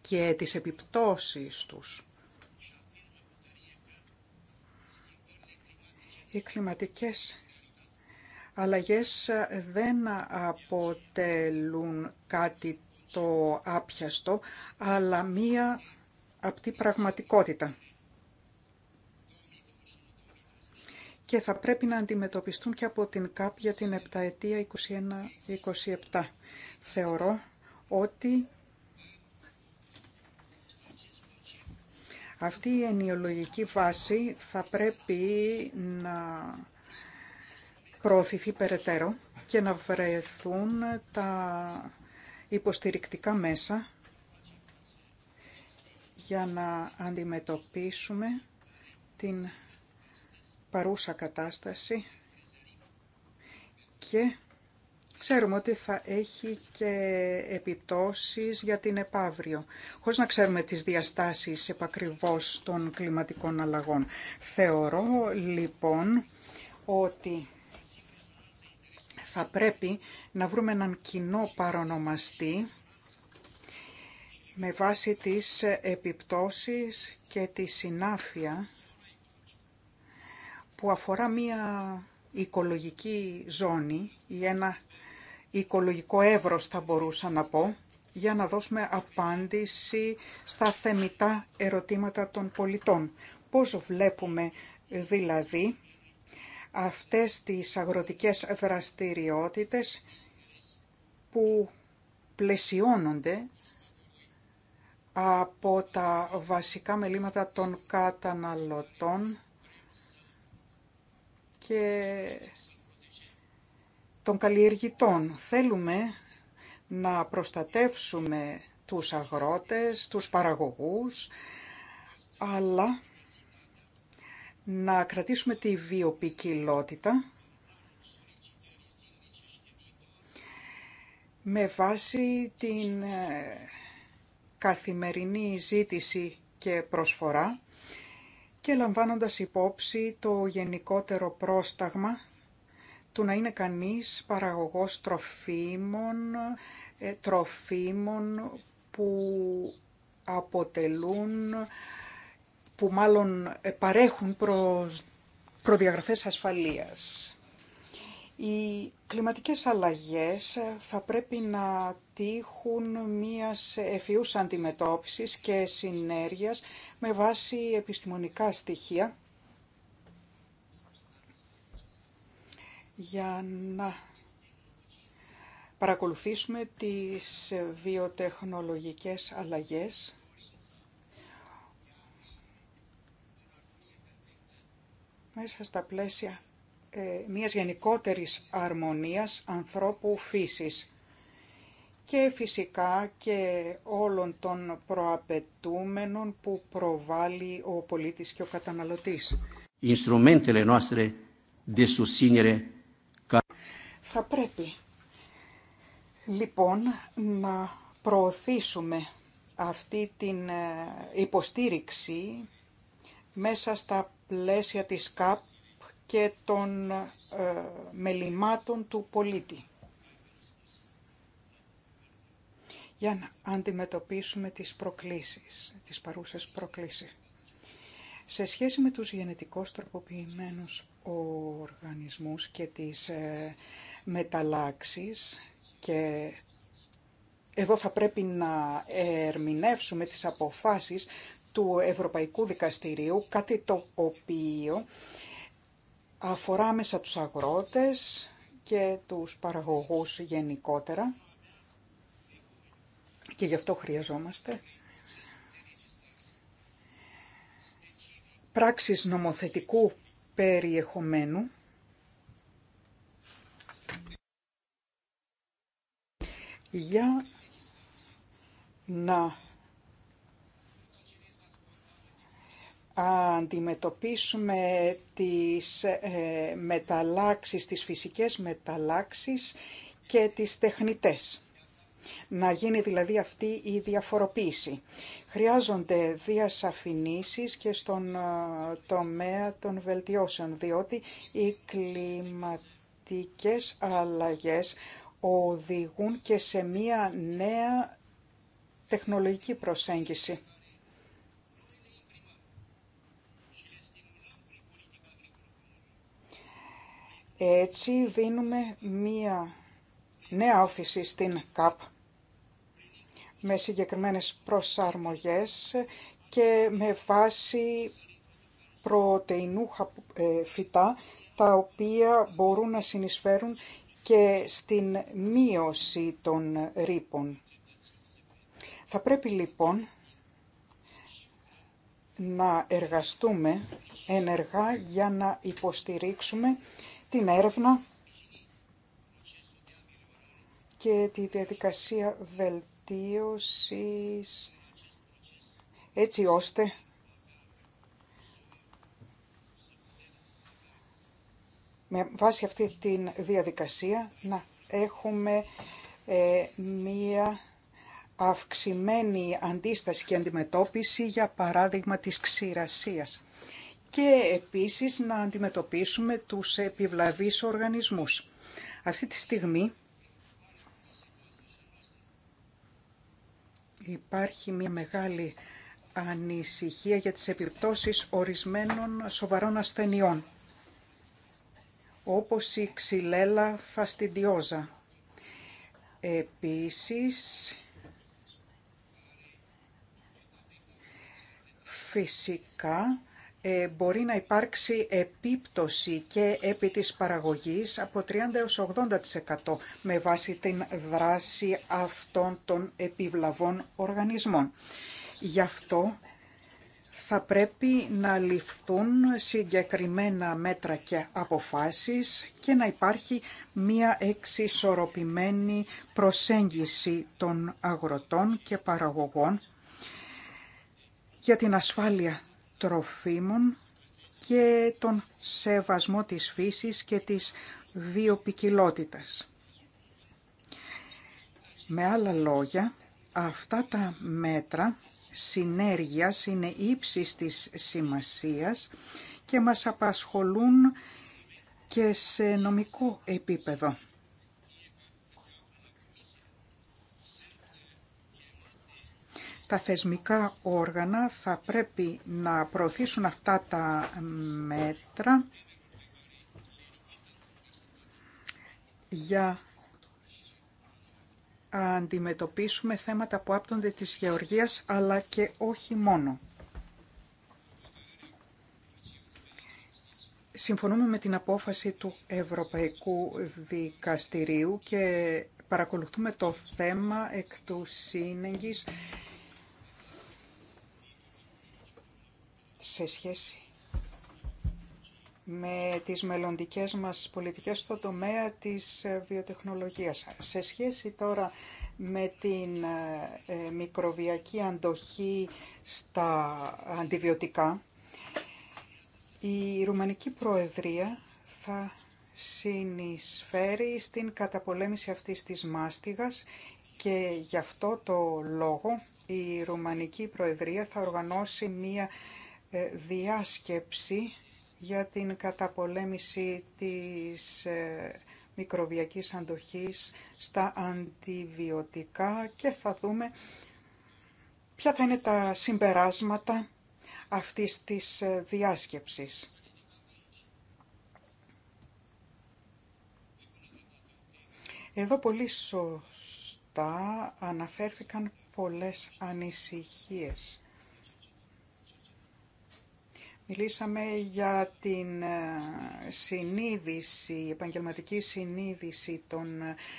και τις επιπτώσεις τους. Οι κλιματικές αλλαγές δεν αποτελούν κάτι το άπιαστο, αλλά μία απτή πραγματικότητα. και θα πρέπει να αντιμετωπιστούν και από την ΚΑΠ για την επταετία 21-27. Θεωρώ ότι αυτή η ενιολογική βάση θα πρέπει να προωθηθεί περαιτέρω και να βρεθούν τα υποστηρικτικά μέσα για να αντιμετωπίσουμε την παρούσα κατάσταση και ξέρουμε ότι θα έχει και επιπτώσεις για την επαύριο, χωρίς να ξέρουμε τις διαστάσεις επακριβώς των κλιματικών αλλαγών. Θεωρώ λοιπόν ότι θα πρέπει να βρούμε έναν κοινό παρονομαστή με βάση τις επιπτώσεις και τη συνάφεια που αφορά μία οικολογική ζώνη ή ένα οικολογικό εύρος θα μπορούσα να πω, για να δώσουμε απάντηση στα θεμητά ερωτήματα των πολιτών. Πώς βλέπουμε δηλαδή αυτές τις αγροτικές δραστηριότητες που πλαισιώνονται από τα βασικά μελήματα των καταναλωτών και των καλλιεργητών. Θέλουμε να προστατεύσουμε τους αγρότες, τους παραγωγούς, αλλά να κρατήσουμε τη βιοπικιλότητα με βάση την ε, καθημερινή ζήτηση και προσφορά και λαμβάνοντας υπόψη το γενικότερο πρόσταγμα του να είναι κανείς παραγωγός τροφίμων, ε, τροφίμων που αποτελούν, που μάλλον παρέχουν προς προδιαγραφές ασφαλείας. Οι κλιματικές αλλαγές θα πρέπει να τύχουν μιας ευφυούς αντιμετώπισης και συνέργειας με βάση επιστημονικά στοιχεία για να παρακολουθήσουμε τις βιοτεχνολογικές αλλαγές μέσα στα πλαίσια ε, μιας γενικότερης αρμονίας ανθρώπου φύσης και φυσικά και όλων των προαπαιτούμενων που προβάλλει ο πολίτης και ο καταναλωτής. Θα πρέπει λοιπόν να προωθήσουμε αυτή την ε, υποστήριξη μέσα στα πλαίσια της ΚΑΠ και των ε, μελημάτων του πολίτη. για να αντιμετωπίσουμε τις προκλήσεις, τις παρούσες προκλήσεις. Σε σχέση με τους γενετικώς τροποποιημένους οργανισμούς και τις ε, μεταλλάξεις και εδώ θα πρέπει να ερμηνεύσουμε τις αποφάσεις του Ευρωπαϊκού Δικαστηρίου, κάτι το οποίο αφορά μέσα τους αγρότες και τους παραγωγούς γενικότερα και γι' αυτό χρειαζόμαστε πράξεις νομοθετικού περιεχομένου για να αντιμετωπίσουμε τις ε, τις φυσικές μεταλάξεις και τις τεχνητές. Να γίνει δηλαδή αυτή η διαφοροποίηση. Χρειάζονται διασαφηνίσεις και στον ε, τομέα των βελτιώσεων, διότι οι κλιματικές αλλαγές οδηγούν και σε μία νέα τεχνολογική προσέγγιση. Έτσι δίνουμε μία νέα όθηση στην ΚΑΠ με συγκεκριμένες προσαρμογές και με βάση πρωτεϊνούχα ε, φυτά τα οποία μπορούν να συνεισφέρουν και στην μείωση των ρήπων. Θα πρέπει λοιπόν να εργαστούμε ενεργά για να υποστηρίξουμε την έρευνα και τη διαδικασία βελτίωσης έτσι ώστε με βάση αυτή τη διαδικασία να έχουμε ε, μία αυξημένη αντίσταση και αντιμετώπιση για παράδειγμα της ξηρασίας και επίσης να αντιμετωπίσουμε τους επιβλαβείς οργανισμούς. Αυτή τη στιγμή υπάρχει μια μεγάλη ανησυχία για τις επιπτώσεις ορισμένων σοβαρών ασθενειών, όπως η ξυλέλα φαστιντιόζα. Επίσης, φυσικά ε, μπορεί να υπάρξει επίπτωση και επί της παραγωγής από 30 έως 80% με βάση την δράση αυτών των επιβλαβών οργανισμών. Γι' αυτό θα πρέπει να ληφθούν συγκεκριμένα μέτρα και αποφάσεις και να υπάρχει μία εξισορροπημένη προσέγγιση των αγροτών και παραγωγών για την ασφάλεια τροφίμων και τον σεβασμό της φύσης και της βιοπικιλότητας. Με άλλα λόγια, αυτά τα μέτρα συνέργειας είναι ύψης της σημασίας και μας απασχολούν και σε νομικό επίπεδο. τα θεσμικά όργανα θα πρέπει να προωθήσουν αυτά τα μέτρα για να αντιμετωπίσουμε θέματα που άπτονται της γεωργίας αλλά και όχι μόνο. Συμφωνούμε με την απόφαση του Ευρωπαϊκού Δικαστηρίου και παρακολουθούμε το θέμα εκ του σύνεγγης σε σχέση με τις μελλοντικές μας πολιτικές στο τομέα της ε, βιοτεχνολογίας. Σε σχέση τώρα με την ε, ε, μικροβιακή αντοχή στα αντιβιωτικά, η Ρουμανική Προεδρία θα συνεισφέρει στην καταπολέμηση αυτής της μάστιγας και γι' αυτό το λόγο η Ρουμανική Προεδρία θα οργανώσει μία ε, διάσκεψη για την καταπολέμηση της ε, μικροβιακής αντοχής στα αντιβιωτικά και θα δούμε ποια θα είναι τα συμπεράσματα αυτής της ε, διάσκεψης. Εδώ πολύ σωστά αναφέρθηκαν πολλές ανησυχίες Μιλήσαμε για την ε, συνείδηση, επαγγελματική συνείδηση των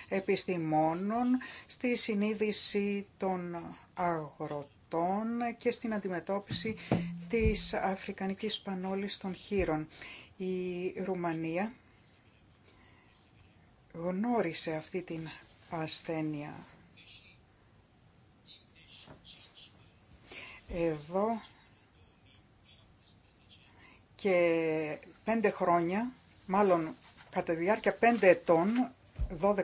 επιστημόνων, στη συνείδηση των αγροτών και στην αντιμετώπιση της αφρικανικής πανόλης των χείρων. Η Ρουμανία γνώρισε αυτή την ασθένεια. Εδώ και πέντε χρόνια, μάλλον κατά διάρκεια πέντε ετών, 12-17,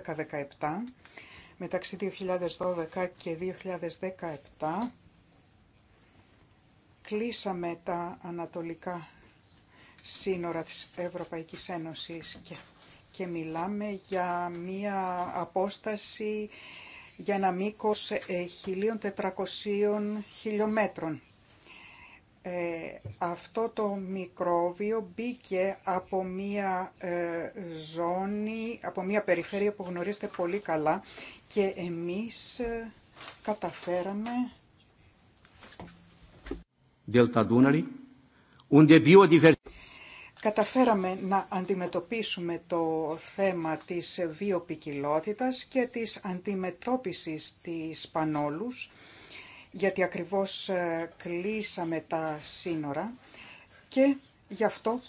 μεταξύ 2012 και 2017, κλείσαμε τα ανατολικά σύνορα της Ευρωπαϊκής Ένωσης και, και μιλάμε για μία απόσταση για ένα μήκος 1.400 χιλιόμετρων. Ε, αυτό το μικρόβιο μπήκε από μία ε, ζώνη, από μία περιφέρεια που γνωρίζετε πολύ καλά και εμείς ε, καταφέραμε... Delta Καταφέραμε να αντιμετωπίσουμε το θέμα της βιοπικιλότητας και της αντιμετώπισης της πανόλους γιατί ακριβώς ε, κλείσαμε τα σύνορα και γι' αυτό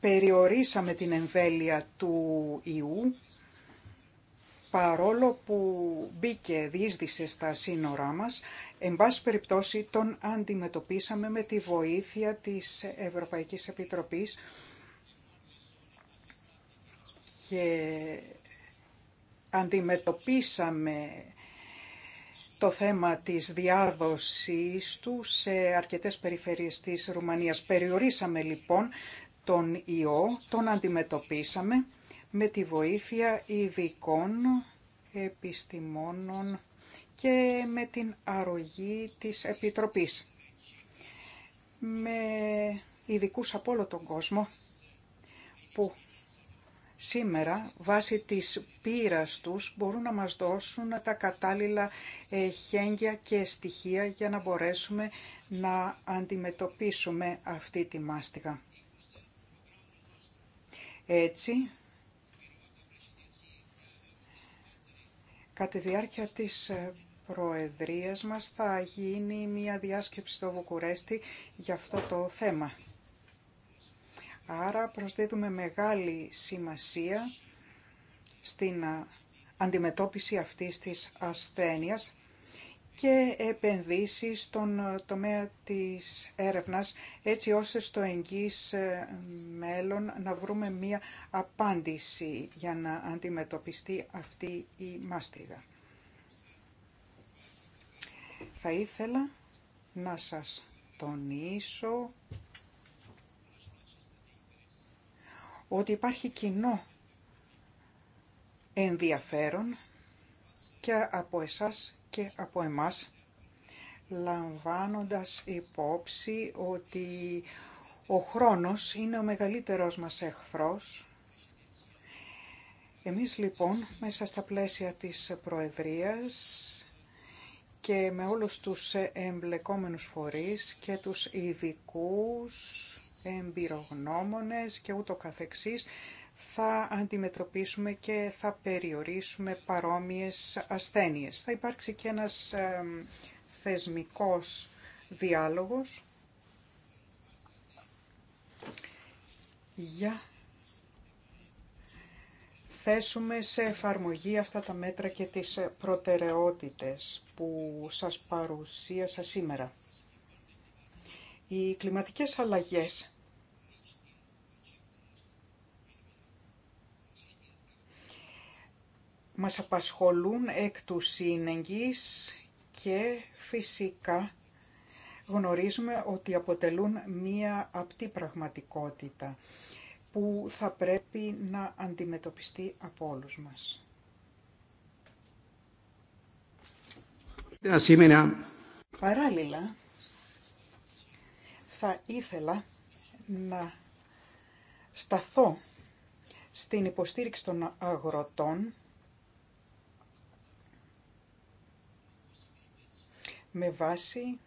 περιορίσαμε την εμβέλεια του ιού παρόλο που μπήκε, διείσδησε στα σύνορά μας, εν πάση περιπτώσει τον αντιμετωπίσαμε με τη βοήθεια της Ευρωπαϊκής Επιτροπής και αντιμετωπίσαμε το θέμα της διάδοσης του σε αρκετές περιφέρειες της Ρουμανίας. Περιορίσαμε λοιπόν τον ιό, τον αντιμετωπίσαμε με τη βοήθεια ειδικών επιστημόνων και με την αρρωγή της Επιτροπής. Με ειδικού από όλο τον κόσμο που σήμερα βάσει της πείρας τους μπορούν να μας δώσουν τα κατάλληλα ε, χέγγια και στοιχεία για να μπορέσουμε να αντιμετωπίσουμε αυτή τη μάστιγα. Έτσι, κατά τη διάρκεια της ε, Προεδρίας μας θα γίνει μια διάσκεψη στο Βουκουρέστι για αυτό το θέμα. Άρα προσδίδουμε μεγάλη σημασία στην αντιμετώπιση αυτής της ασθένειας και επενδύσει στον τομέα της έρευνας έτσι ώστε στο εγγύς ε, μέλλον να βρούμε μία απάντηση για να αντιμετωπιστεί αυτή η μάστιγα. Θα ήθελα να σας τονίσω ότι υπάρχει κοινό ενδιαφέρον και από εσάς και από εμάς, λαμβάνοντας υπόψη ότι ο χρόνος είναι ο μεγαλύτερος μας εχθρός. Εμείς λοιπόν, μέσα στα πλαίσια της Προεδρίας και με όλους τους εμπλεκόμενους φορείς και τους ειδικούς εμπειρογνώμονες και ούτω καθεξής, θα αντιμετωπίσουμε και θα περιορίσουμε παρόμοιες ασθένειες. Θα υπάρξει και ένας θεσμικός διάλογος για θέσουμε σε εφαρμογή αυτά τα μέτρα και τις προτεραιότητες που σας παρουσίασα σήμερα. Οι κλιματικές αλλαγές μας απασχολούν εκ του σύνεγγυς και φυσικά γνωρίζουμε ότι αποτελούν μία απτή πραγματικότητα που θα πρέπει να αντιμετωπιστεί από όλους μας. Παράλληλα, θα ήθελα να σταθώ στην υποστήριξη των αγροτών με βάση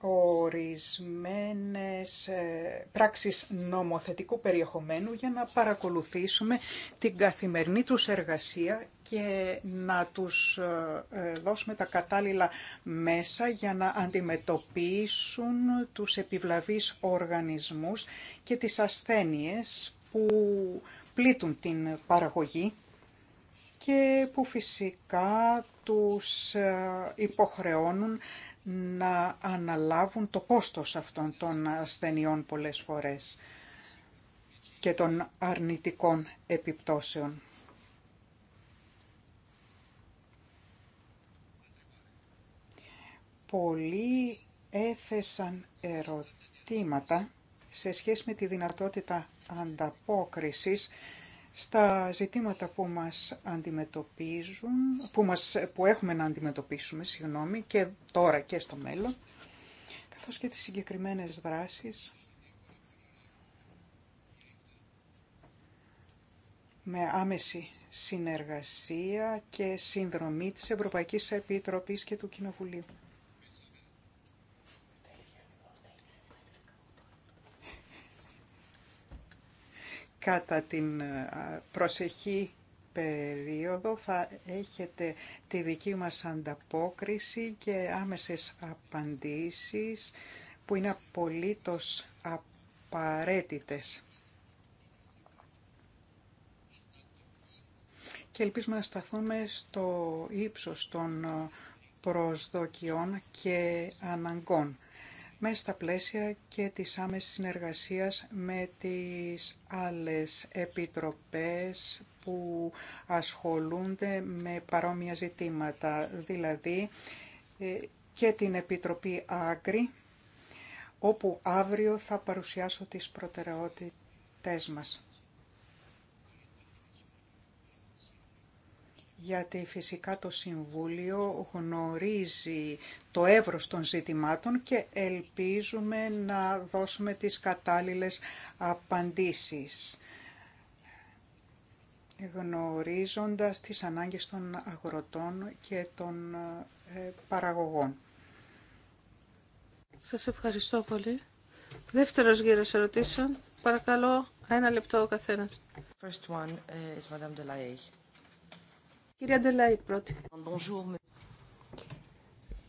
ορισμένες ε, πράξεις νομοθετικού περιεχομένου για να παρακολουθήσουμε την καθημερινή τους εργασία και να τους ε, ε, δώσουμε τα κατάλληλα μέσα για να αντιμετωπίσουν τους επιβλαβείς οργανισμούς και τις ασθένειες που πλήττουν την παραγωγή και που φυσικά τους υποχρεώνουν να αναλάβουν το κόστος αυτών των ασθενειών πολλές φορές και των αρνητικών επιπτώσεων. Πολλοί έθεσαν ερωτήματα σε σχέση με τη δυνατότητα ανταπόκρισης στα ζητήματα που μας αντιμετωπίζουν, που, μας, που έχουμε να αντιμετωπίσουμε, συγγνώμη, και τώρα και στο μέλλον, καθώς και τις συγκεκριμένες δράσεις με άμεση συνεργασία και συνδρομή της Ευρωπαϊκής Επιτροπής και του Κοινοβουλίου. Κατά την προσεχή περίοδο θα έχετε τη δική μας ανταπόκριση και άμεσες απαντήσεις που είναι απολύτως απαραίτητες. Και ελπίζουμε να σταθούμε στο ύψος των προσδοκιών και αναγκών μέσα στα πλαίσια και της άμεσης συνεργασίας με τις άλλες επιτροπές που ασχολούνται με παρόμοια ζητήματα, δηλαδή ε, και την Επιτροπή Άγκρη, όπου αύριο θα παρουσιάσω τις προτεραιότητες μας. γιατί φυσικά το Συμβούλιο γνωρίζει το εύρος των ζητημάτων και ελπίζουμε να δώσουμε τις κατάλληλες απαντήσεις γνωρίζοντας τις ανάγκες των αγροτών και των ε, παραγωγών. Σας ευχαριστώ πολύ. Δεύτερος γύρος ερωτήσεων. Παρακαλώ, ένα λεπτό ο καθένας. First one ε, is Madame Κυρία πρώτη.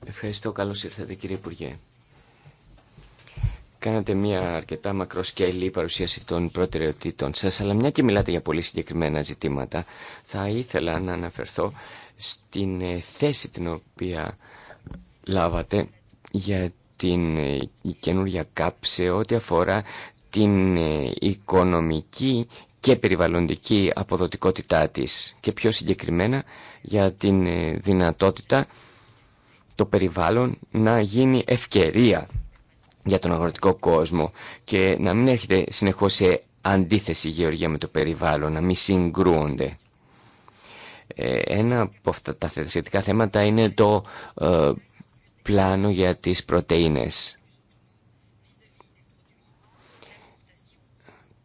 Ευχαριστώ. καλώ ήρθατε, κύριε Υπουργέ. Κάνατε μια αρκετά μακροσκελή παρουσίαση των προτεραιοτήτων σας, αλλά μια και μιλάτε για πολύ συγκεκριμένα ζητήματα, θα ήθελα να αναφερθώ στην ε, θέση την οποία λάβατε για την ε, καινούργια ΚΑΠ σε ό,τι αφορά την ε, οικονομική και περιβαλλοντική αποδοτικότητά της και πιο συγκεκριμένα για την ε, δυνατότητα το περιβάλλον να γίνει ευκαιρία για τον αγροτικό κόσμο και να μην έρχεται συνεχώς σε αντίθεση η γεωργία με το περιβάλλον, να μην συγκρούονται. Ε, ένα από αυτά τα θετικά θέματα είναι το ε, πλάνο για τις πρωτεΐνες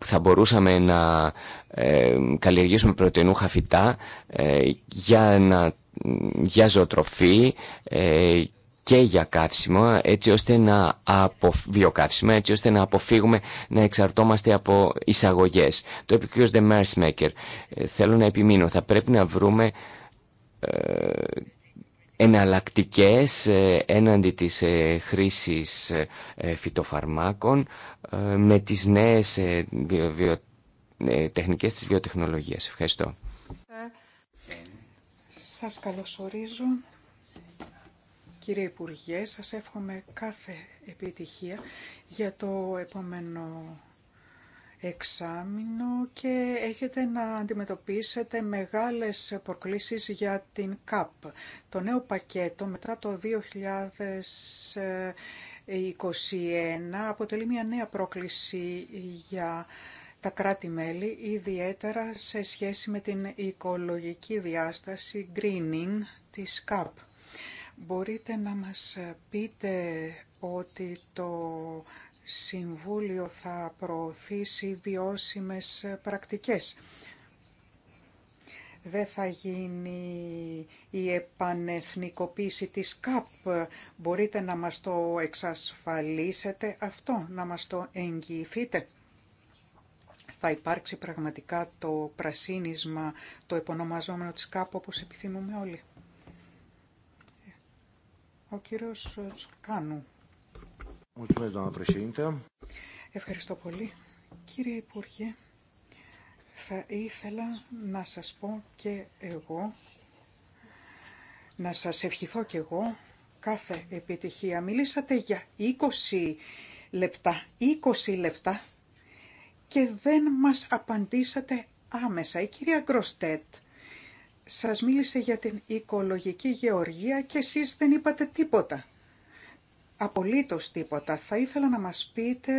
θα μπορούσαμε να ε, καλλιεργήσουμε πρωτεϊνούχα φυτά ε, για, να, για ζωοτροφή ε, και για καύσιμο, έτσι ώστε να απο... έτσι ώστε να αποφύγουμε να εξαρτώμαστε από εισαγωγές. Το είπε και ο ε, Θέλω να επιμείνω. Θα πρέπει να βρούμε εναλλακτικές ε, έναντι της ε, χρήσης ε, φυτοφαρμάκων με τις νέες βιο... τεχνικές της βιοτεχνολογίας. Ευχαριστώ. Σας καλωσορίζω. Κύριε Υπουργέ, σας εύχομαι κάθε επιτυχία για το επόμενο εξάμεινο και έχετε να αντιμετωπίσετε μεγάλες προκλήσεις για την ΚΑΠ. Το νέο πακέτο μετά το 2021 αποτελεί μια νέα πρόκληση για τα κράτη-μέλη, ιδιαίτερα σε σχέση με την οικολογική διάσταση greening της ΚΑΠ. Μπορείτε να μας πείτε ότι το Συμβούλιο θα προωθήσει βιώσιμες πρακτικές. Δεν θα γίνει η επανεθνικοποίηση της ΚΑΠ. Μπορείτε να μας το εξασφαλίσετε αυτό, να μας το εγγυηθείτε. Θα υπάρξει πραγματικά το πρασίνισμα, το επωνομαζόμενο της ΚΑΠ όπως επιθυμούμε όλοι. Ο κύριος Σκάνου. Ευχαριστώ πολύ. Κύριε Υπουργέ, θα ήθελα να σας πω και εγώ, να σας ευχηθώ και εγώ κάθε επιτυχία. Μιλήσατε για 20 λεπτά, 20 λεπτά και δεν μας απαντήσατε άμεσα. Η κυρία Γκροστέτ σας μίλησε για την οικολογική γεωργία και εσείς δεν είπατε τίποτα απολύτως τίποτα. Θα ήθελα να μας πείτε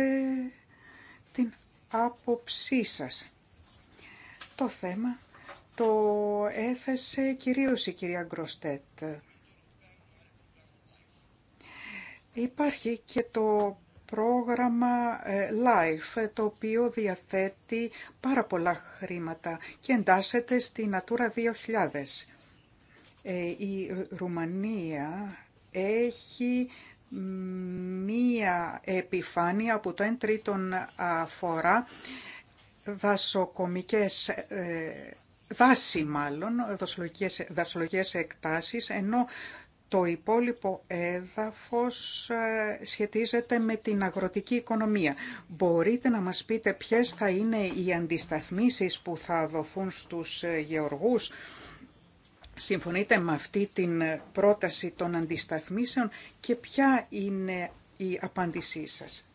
την άποψή σας. Το θέμα το έθεσε κυρίως η κυρία Γκροστέτ. Υπάρχει και το πρόγραμμα ε, LIFE, το οποίο διαθέτει πάρα πολλά χρήματα και εντάσσεται στη Natura 2000. Ε, η Ρουμανία έχει μία επιφάνεια που το 1 τρίτον αφορά δασοκομικές ε, δάση μάλλον, δασολογικές, δασολογικές εκτάσεις, ενώ το υπόλοιπο έδαφος ε, σχετίζεται με την αγροτική οικονομία. Μπορείτε να μας πείτε ποιες θα είναι οι αντισταθμίσεις που θα δοθούν στους ε, γεωργούς Συμφωνείτε με αυτή την πρόταση των αντισταθμίσεων και ποια είναι η απάντησή σας.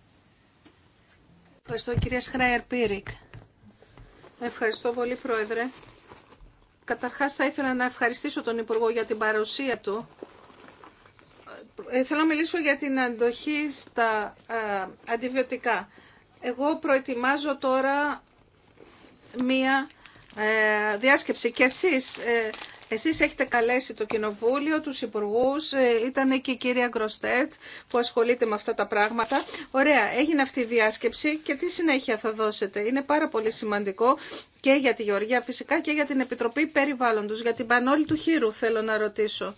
Ευχαριστώ κυρία Σχράιερ Πύρικ. Ευχαριστώ πολύ Πρόεδρε. Καταρχάς θα ήθελα να ευχαριστήσω τον Υπουργό για την παρουσία του. Ε, θέλω να μιλήσω για την αντοχή στα ε, αντιβιωτικά. Εγώ προετοιμάζω τώρα μία ε, διάσκεψη και εσείς εσείς έχετε καλέσει το Κοινοβούλιο, τους Υπουργούς, ε, ήταν και η κυρία Γκροστέτ που ασχολείται με αυτά τα πράγματα. Ωραία, έγινε αυτή η διάσκεψη και τι συνέχεια θα δώσετε. Είναι πάρα πολύ σημαντικό και για τη Γεωργία φυσικά και για την Επιτροπή Περιβάλλοντος, για την Πανόλη του Χείρου θέλω να ρωτήσω.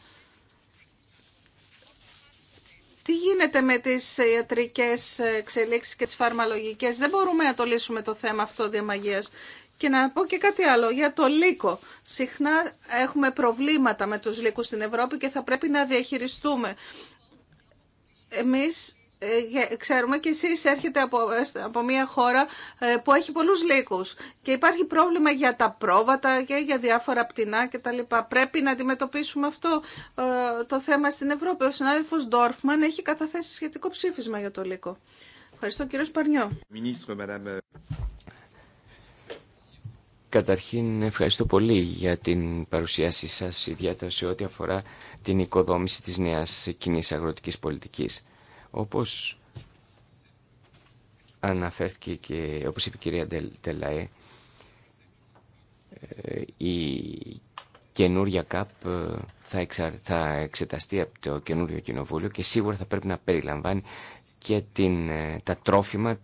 Τι γίνεται με τις ιατρικές εξελίξεις και τις φαρμαλογικές. Δεν μπορούμε να το λύσουμε το θέμα αυτό διαμαγείας. Και να πω και κάτι άλλο για το λύκο. Συχνά έχουμε προβλήματα με τους λύκους στην Ευρώπη και θα πρέπει να διαχειριστούμε. Εμείς ε, ξέρουμε και εσείς έρχεται από, ε, από μια χώρα ε, που έχει πολλούς λύκους και υπάρχει πρόβλημα για τα πρόβατα και για διάφορα πτηνά και τα λοιπά. Πρέπει να αντιμετωπίσουμε αυτό το θέμα στην Ευρώπη. Ο συνάδελφος Ντόρφμαν έχει καταθέσει σχετικό ψήφισμα για το λύκο. Ευχαριστώ κύριο Σπαρνιό. Καταρχήν ευχαριστώ πολύ για την παρουσίασή σας, ιδιαίτερα σε ό,τι αφορά την οικοδόμηση της νέας κοινή αγροτικής πολιτικής. Όπως αναφέρθηκε και όπως είπε η κυρία Τελαέ, ε, η καινούρια ΚΑΠ ε, θα, θα εξεταστεί από το καινούριο κοινοβούλιο και σίγουρα θα πρέπει να περιλαμβάνει και την... Ε, τα τρόφιμα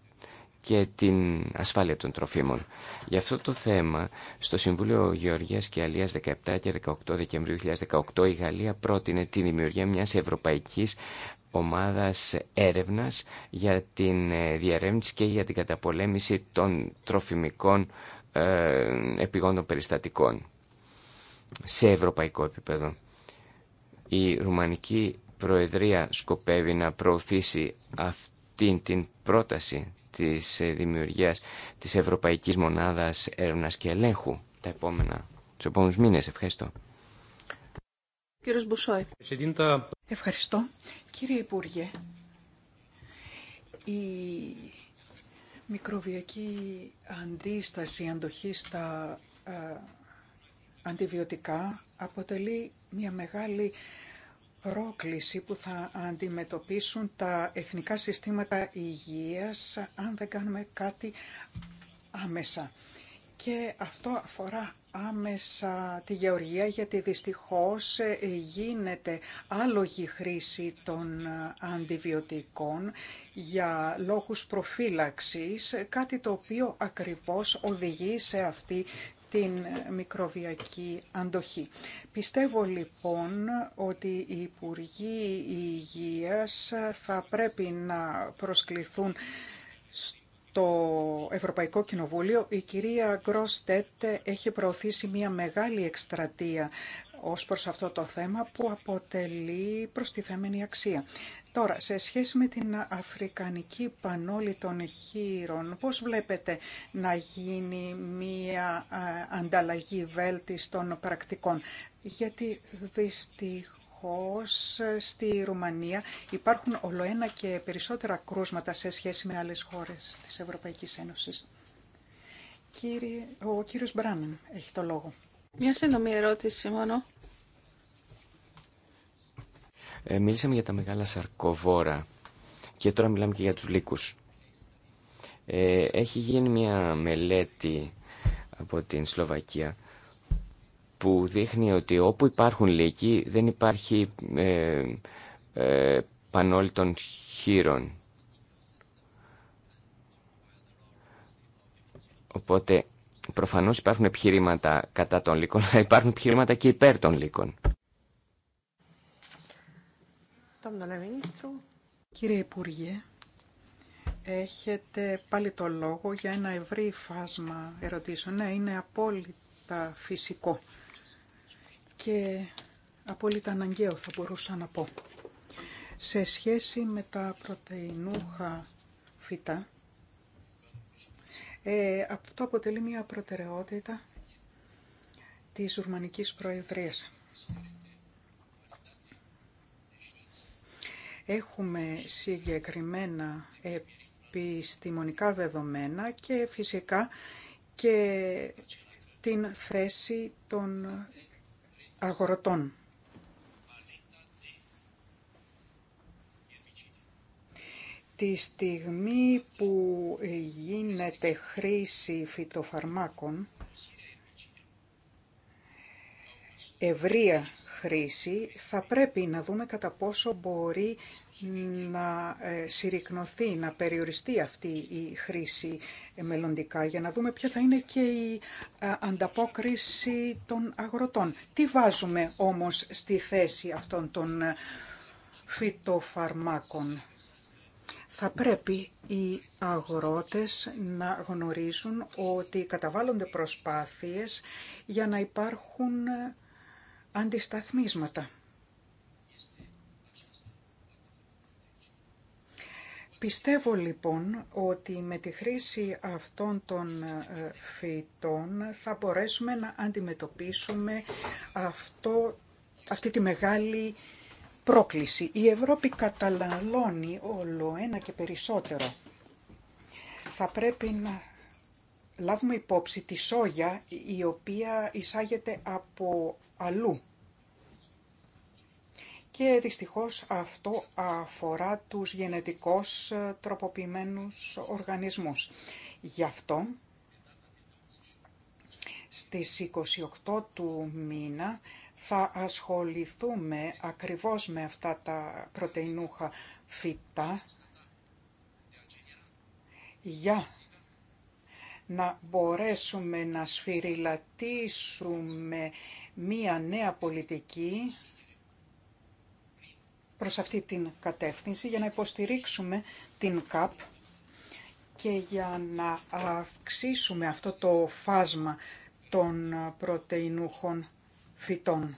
και την ασφάλεια των τροφίμων. Γι' αυτό το θέμα, στο Συμβούλιο Γεωργίας και Αλίας 17 και 18 Δεκεμβρίου 2018, η Γαλλία πρότεινε τη δημιουργία μιας ευρωπαϊκής ομάδας έρευνας για την ε, διαρεύνηση και για την καταπολέμηση των τροφιμικών ε, επιγόντων περιστατικών σε ευρωπαϊκό επίπεδο. Η Ρουμανική Προεδρία σκοπεύει να προωθήσει αυτή την πρόταση της ε, δημιουργίας της Ευρωπαϊκής Μονάδας Έρευνας και Ελέγχου τα επόμενα, τους επόμενους μήνες. Ευχαριστώ. Ευχαριστώ. Κύριε Υπουργέ, η μικροβιακή αντίσταση, αντοχή στα α, ε, αντιβιωτικά αποτελεί μια μεγάλη πρόκληση που θα αντιμετωπίσουν τα εθνικά συστήματα υγείας αν δεν κάνουμε κάτι άμεσα. Και αυτό αφορά άμεσα τη γεωργία γιατί δυστυχώς ε, γίνεται άλογη χρήση των ε, αντιβιωτικών για λόγους προφύλαξης, κάτι το οποίο ακριβώς οδηγεί σε αυτή την μικροβιακή αντοχή. Πιστεύω λοιπόν ότι οι Υπουργοί Υγείας θα πρέπει να προσκληθούν στο Ευρωπαϊκό Κοινοβούλιο. Η κυρία Γκροστέτ έχει προωθήσει μια μεγάλη εκστρατεία ως προς αυτό το θέμα που αποτελεί προστιθέμενη αξία. Τώρα, σε σχέση με την Αφρικανική Πανόλη των Χείρων, πώς βλέπετε να γίνει μία ε, ανταλλαγή βέλτιστων πρακτικών. Γιατί δυστυχώς ε, στη Ρουμανία υπάρχουν ολοένα και περισσότερα κρούσματα σε σχέση με άλλες χώρες της Ευρωπαϊκής Ένωσης. Ο κύριος Μπράνεν έχει το λόγο. Μια σύντομη ερώτηση μόνο ε, μίλησαμε για τα μεγάλα σαρκοβόρα και τώρα μιλάμε και για τους λύκους. Ε, έχει γίνει μια μελέτη από την Σλοβακία που δείχνει ότι όπου υπάρχουν λύκοι δεν υπάρχει ε, ε πανόλη χείρων. Οπότε προφανώς υπάρχουν επιχειρήματα κατά των λύκων, αλλά υπάρχουν επιχειρήματα και υπέρ των λύκων. Κύριε Υπουργέ, έχετε πάλι το λόγο για ένα ευρύ φάσμα ερωτήσεων. Ναι, είναι απόλυτα φυσικό και απόλυτα αναγκαίο θα μπορούσα να πω. Σε σχέση με τα πρωτεϊνούχα φυτά, ε, αυτό αποτελεί μια προτεραιότητα της Ουρμανικής Προεδρίας. Έχουμε συγκεκριμένα επιστημονικά δεδομένα και φυσικά και την θέση των αγορωτών. Τη στιγμή που γίνεται χρήση φυτοφαρμάκων, ευρεία χρήση, θα πρέπει να δούμε κατά πόσο μπορεί να ε, συρρυκνωθεί, να περιοριστεί αυτή η χρήση μελλοντικά, για να δούμε ποια θα είναι και η ε, ανταπόκριση των αγροτών. Τι βάζουμε όμως στη θέση αυτών των ε, φυτοφαρμάκων. Θα πρέπει οι αγρότες να γνωρίζουν ότι καταβάλλονται προσπάθειες για να υπάρχουν αντισταθμίσματα. Πιστεύω λοιπόν ότι με τη χρήση αυτών των ε, φυτών θα μπορέσουμε να αντιμετωπίσουμε αυτό, αυτή τη μεγάλη πρόκληση. Η Ευρώπη καταναλώνει όλο ένα και περισσότερο. Θα πρέπει να λάβουμε υπόψη τη σόγια η οποία εισάγεται από αλλού. Και δυστυχώς αυτό αφορά τους γενετικώς ε, τροποποιημένους οργανισμούς. Γι' αυτό στις 28 του μήνα θα ασχοληθούμε ακριβώς με αυτά τα πρωτεϊνούχα φυτά για να μπορέσουμε να σφυριλατήσουμε μία νέα πολιτική προς αυτή την κατεύθυνση για να υποστηρίξουμε την ΚΑΠ και για να αυξήσουμε αυτό το φάσμα των πρωτεϊνούχων φυτών.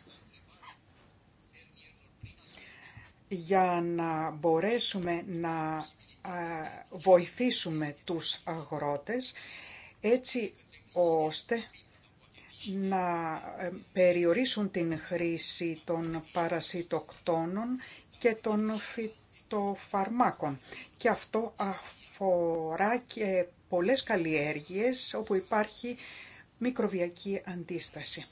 Για να μπορέσουμε να βοηθήσουμε τους αγρότες έτσι ώστε να ε, περιορίσουν την χρήση των παρασιτοκτόνων και των φυτοφαρμάκων. Και αυτό αφορά και πολλές καλλιέργειες όπου υπάρχει μικροβιακή αντίσταση.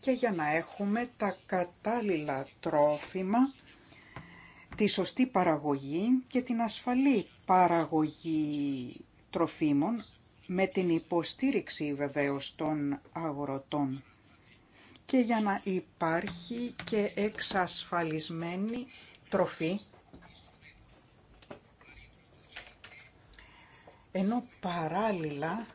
Και για να έχουμε τα κατάλληλα τρόφιμα, τη σωστή παραγωγή και την ασφαλή παραγωγή τροφίμων με την υποστήριξη βεβαίως των αγροτών και για να υπάρχει και εξασφαλισμένη τροφή ενώ παράλληλα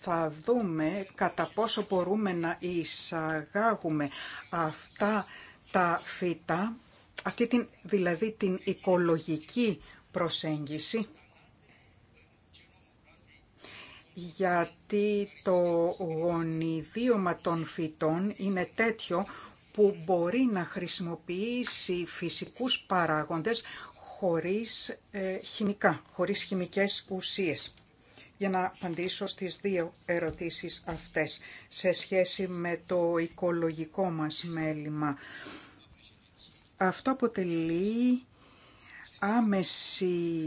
θα δούμε κατά πόσο μπορούμε να εισαγάγουμε αυτά τα φύτα, αυτή την, δηλαδή την οικολογική προσέγγιση γιατί το γονιδίωμα των φυτών είναι τέτοιο που μπορεί να χρησιμοποιήσει φυσικούς παράγοντες χωρίς ε, χημικά, χωρίς χημικές ουσίες. Για να απαντήσω στις δύο ερωτήσεις αυτές σε σχέση με το οικολογικό μας μέλημα. Αυτό αποτελεί άμεση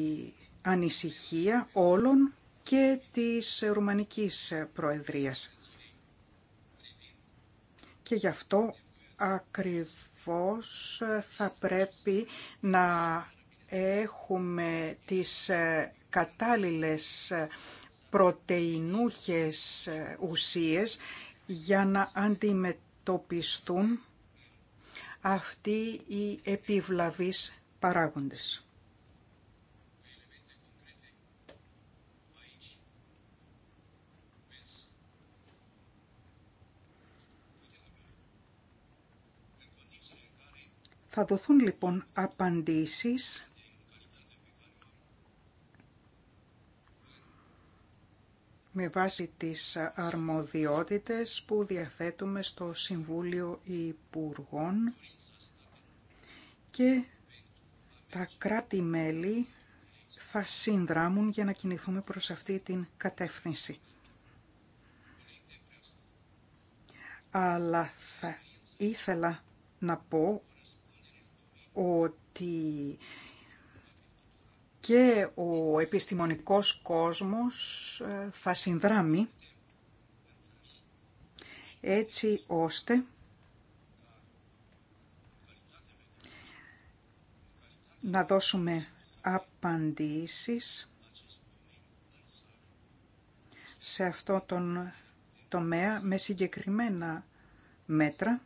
ανησυχία όλων και της Ρουμανικής Προεδρίας. Και γι' αυτό ακριβώς θα πρέπει να έχουμε τις κατάλληλες πρωτεϊνούχες ουσίες για να αντιμετωπιστούν αυτοί οι επιβλαβείς παράγοντες. Θα δοθούν λοιπόν απαντήσεις με βάση τις αρμοδιότητες που διαθέτουμε στο Συμβούλιο Υπουργών και τα κράτη-μέλη θα συνδράμουν για να κινηθούμε προς αυτή την κατεύθυνση. Αλλά θα ήθελα να πω ότι και ο επιστημονικός κόσμος ε, θα συνδράμει έτσι ώστε να δώσουμε απαντήσεις σε αυτό τον τομέα με συγκεκριμένα μέτρα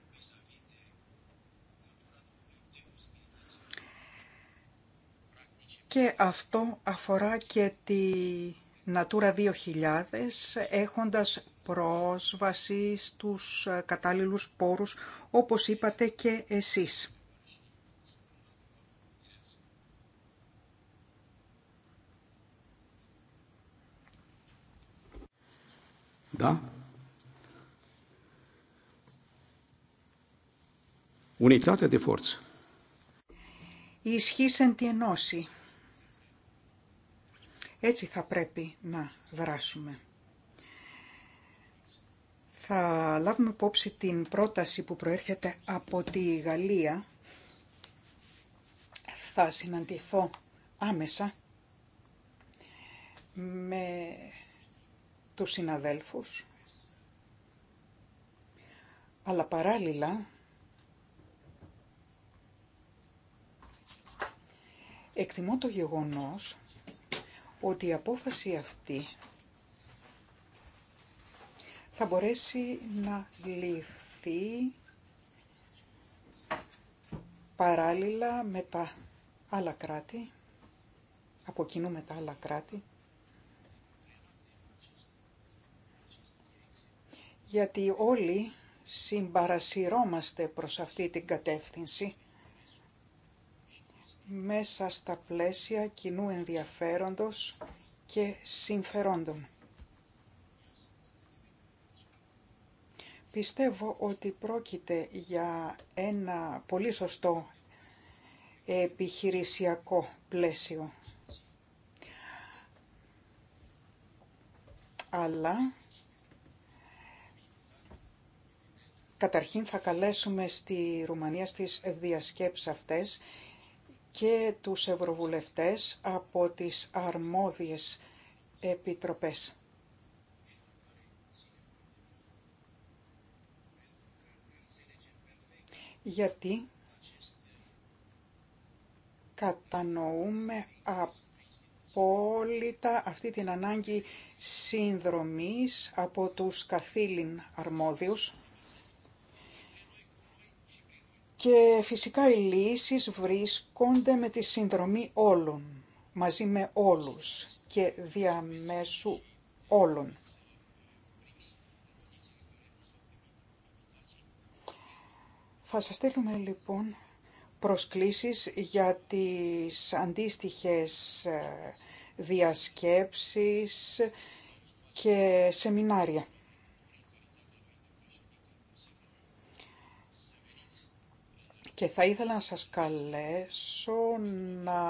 Και αυτό αφορά και τη Natura 2000, έχοντας πρόσβαση στους ε, κατάλληλους πόρους, όπως είπατε και εσείς. Da? Unitate de forță. Ισχύσεν τη ενώση. Έτσι θα πρέπει να δράσουμε. Θα λάβουμε υπόψη την πρόταση που προέρχεται από τη Γαλλία. Θα συναντηθώ άμεσα με τους συναδέλφους, αλλά παράλληλα εκτιμώ το γεγονός ότι η απόφαση αυτή θα μπορέσει να ληφθεί παράλληλα με τα άλλα κράτη, από κοινού με τα άλλα κράτη, γιατί όλοι συμπαρασυρώμαστε προς αυτή την κατεύθυνση μέσα στα πλαίσια κοινού ενδιαφέροντος και συμφερόντων. Πιστεύω ότι πρόκειται για ένα πολύ σωστό επιχειρησιακό πλαίσιο. Αλλά καταρχήν θα καλέσουμε στη Ρουμανία στις διασκέψεις αυτές και τους ευρωβουλευτές από τις αρμόδιες επιτροπές. Γιατί κατανοούμε απόλυτα αυτή την ανάγκη συνδρομής από τους καθήλυν αρμόδιους και φυσικά οι λύσεις βρίσκονται με τη συνδρομή όλων, μαζί με όλους και διαμέσου όλων. Θα σας στείλουμε λοιπόν προσκλήσεις για τις αντίστοιχες ε, διασκέψεις και σεμινάρια. και θα ήθελα να σας καλέσω να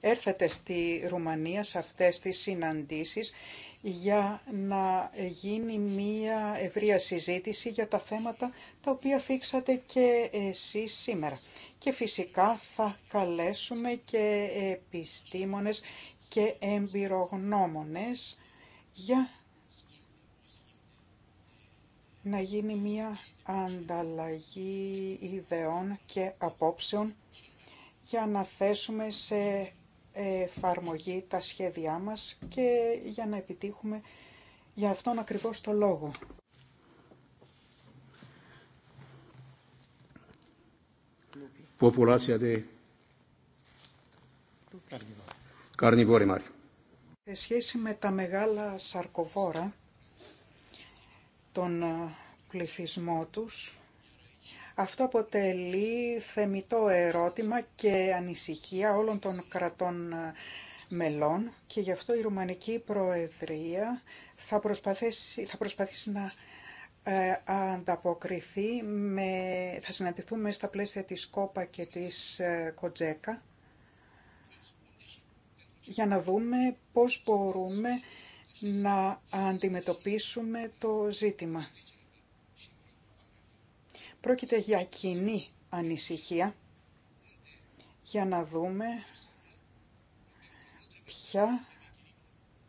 έρθετε στη Ρουμανία σε αυτές τις συναντήσεις για να γίνει μία ευρεία συζήτηση για τα θέματα τα οποία φίξατε και εσείς σήμερα. Και φυσικά θα καλέσουμε και επιστήμονες και εμπειρογνώμονες για να γίνει μία ανταλλαγή ιδεών και απόψεων για να θέσουμε σε εφαρμογή τα σχέδιά μας και για να επιτύχουμε για αυτόν ακριβώς το λόγο. de Καρνιβόρη Σε σχέση με τα μεγάλα σαρκοβόρα, των πληθυσμό τους. Αυτό αποτελεί θεμητό ερώτημα και ανησυχία όλων των κρατών ε, μελών και γι' αυτό η Ρουμανική Προεδρία θα προσπαθήσει, θα προσπαθήσει να ε, ανταποκριθεί, με, θα συναντηθούμε στα πλαίσια της ΚΟΠΑ και της ε, ΚΟΤΖΕΚΑ για να δούμε πώς μπορούμε να αντιμετωπίσουμε το ζήτημα. Πρόκειται για κοινή ανησυχία για να δούμε ποια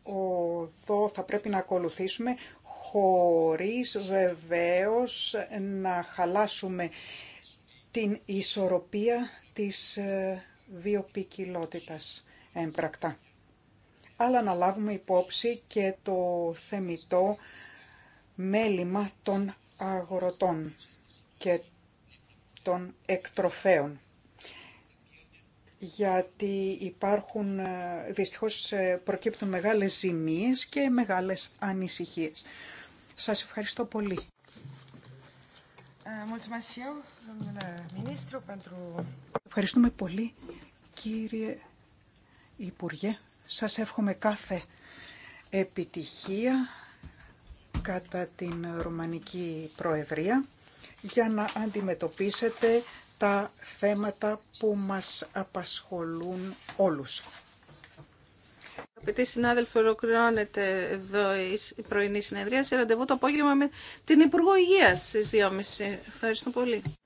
οδό θα πρέπει να ακολουθήσουμε χωρίς βεβαίως να χαλάσουμε την ισορροπία της ε, βιοπικιλότητας έμπρακτα. Αλλά να λάβουμε υπόψη και το θεμητό μέλημα των αγροτών και των εκτροφέων. Γιατί υπάρχουν, ε, δυστυχώς ε, προκύπτουν μεγάλες ζημίες και μεγάλες ανησυχίες. Σας ευχαριστώ πολύ. Ε, Ευχαριστούμε πολύ κύριε Υπουργέ. Σας εύχομαι κάθε επιτυχία κατά την Ρουμανική Προεδρία για να αντιμετωπίσετε τα θέματα που μας απασχολούν όλους. Αγαπητοί συνάδελφοι, ολοκληρώνεται εδώ η πρωινή συνεδρία. Σε ραντεβού το απόγευμα με την Υπουργό Υγείας στις 2.30. Ευχαριστώ πολύ.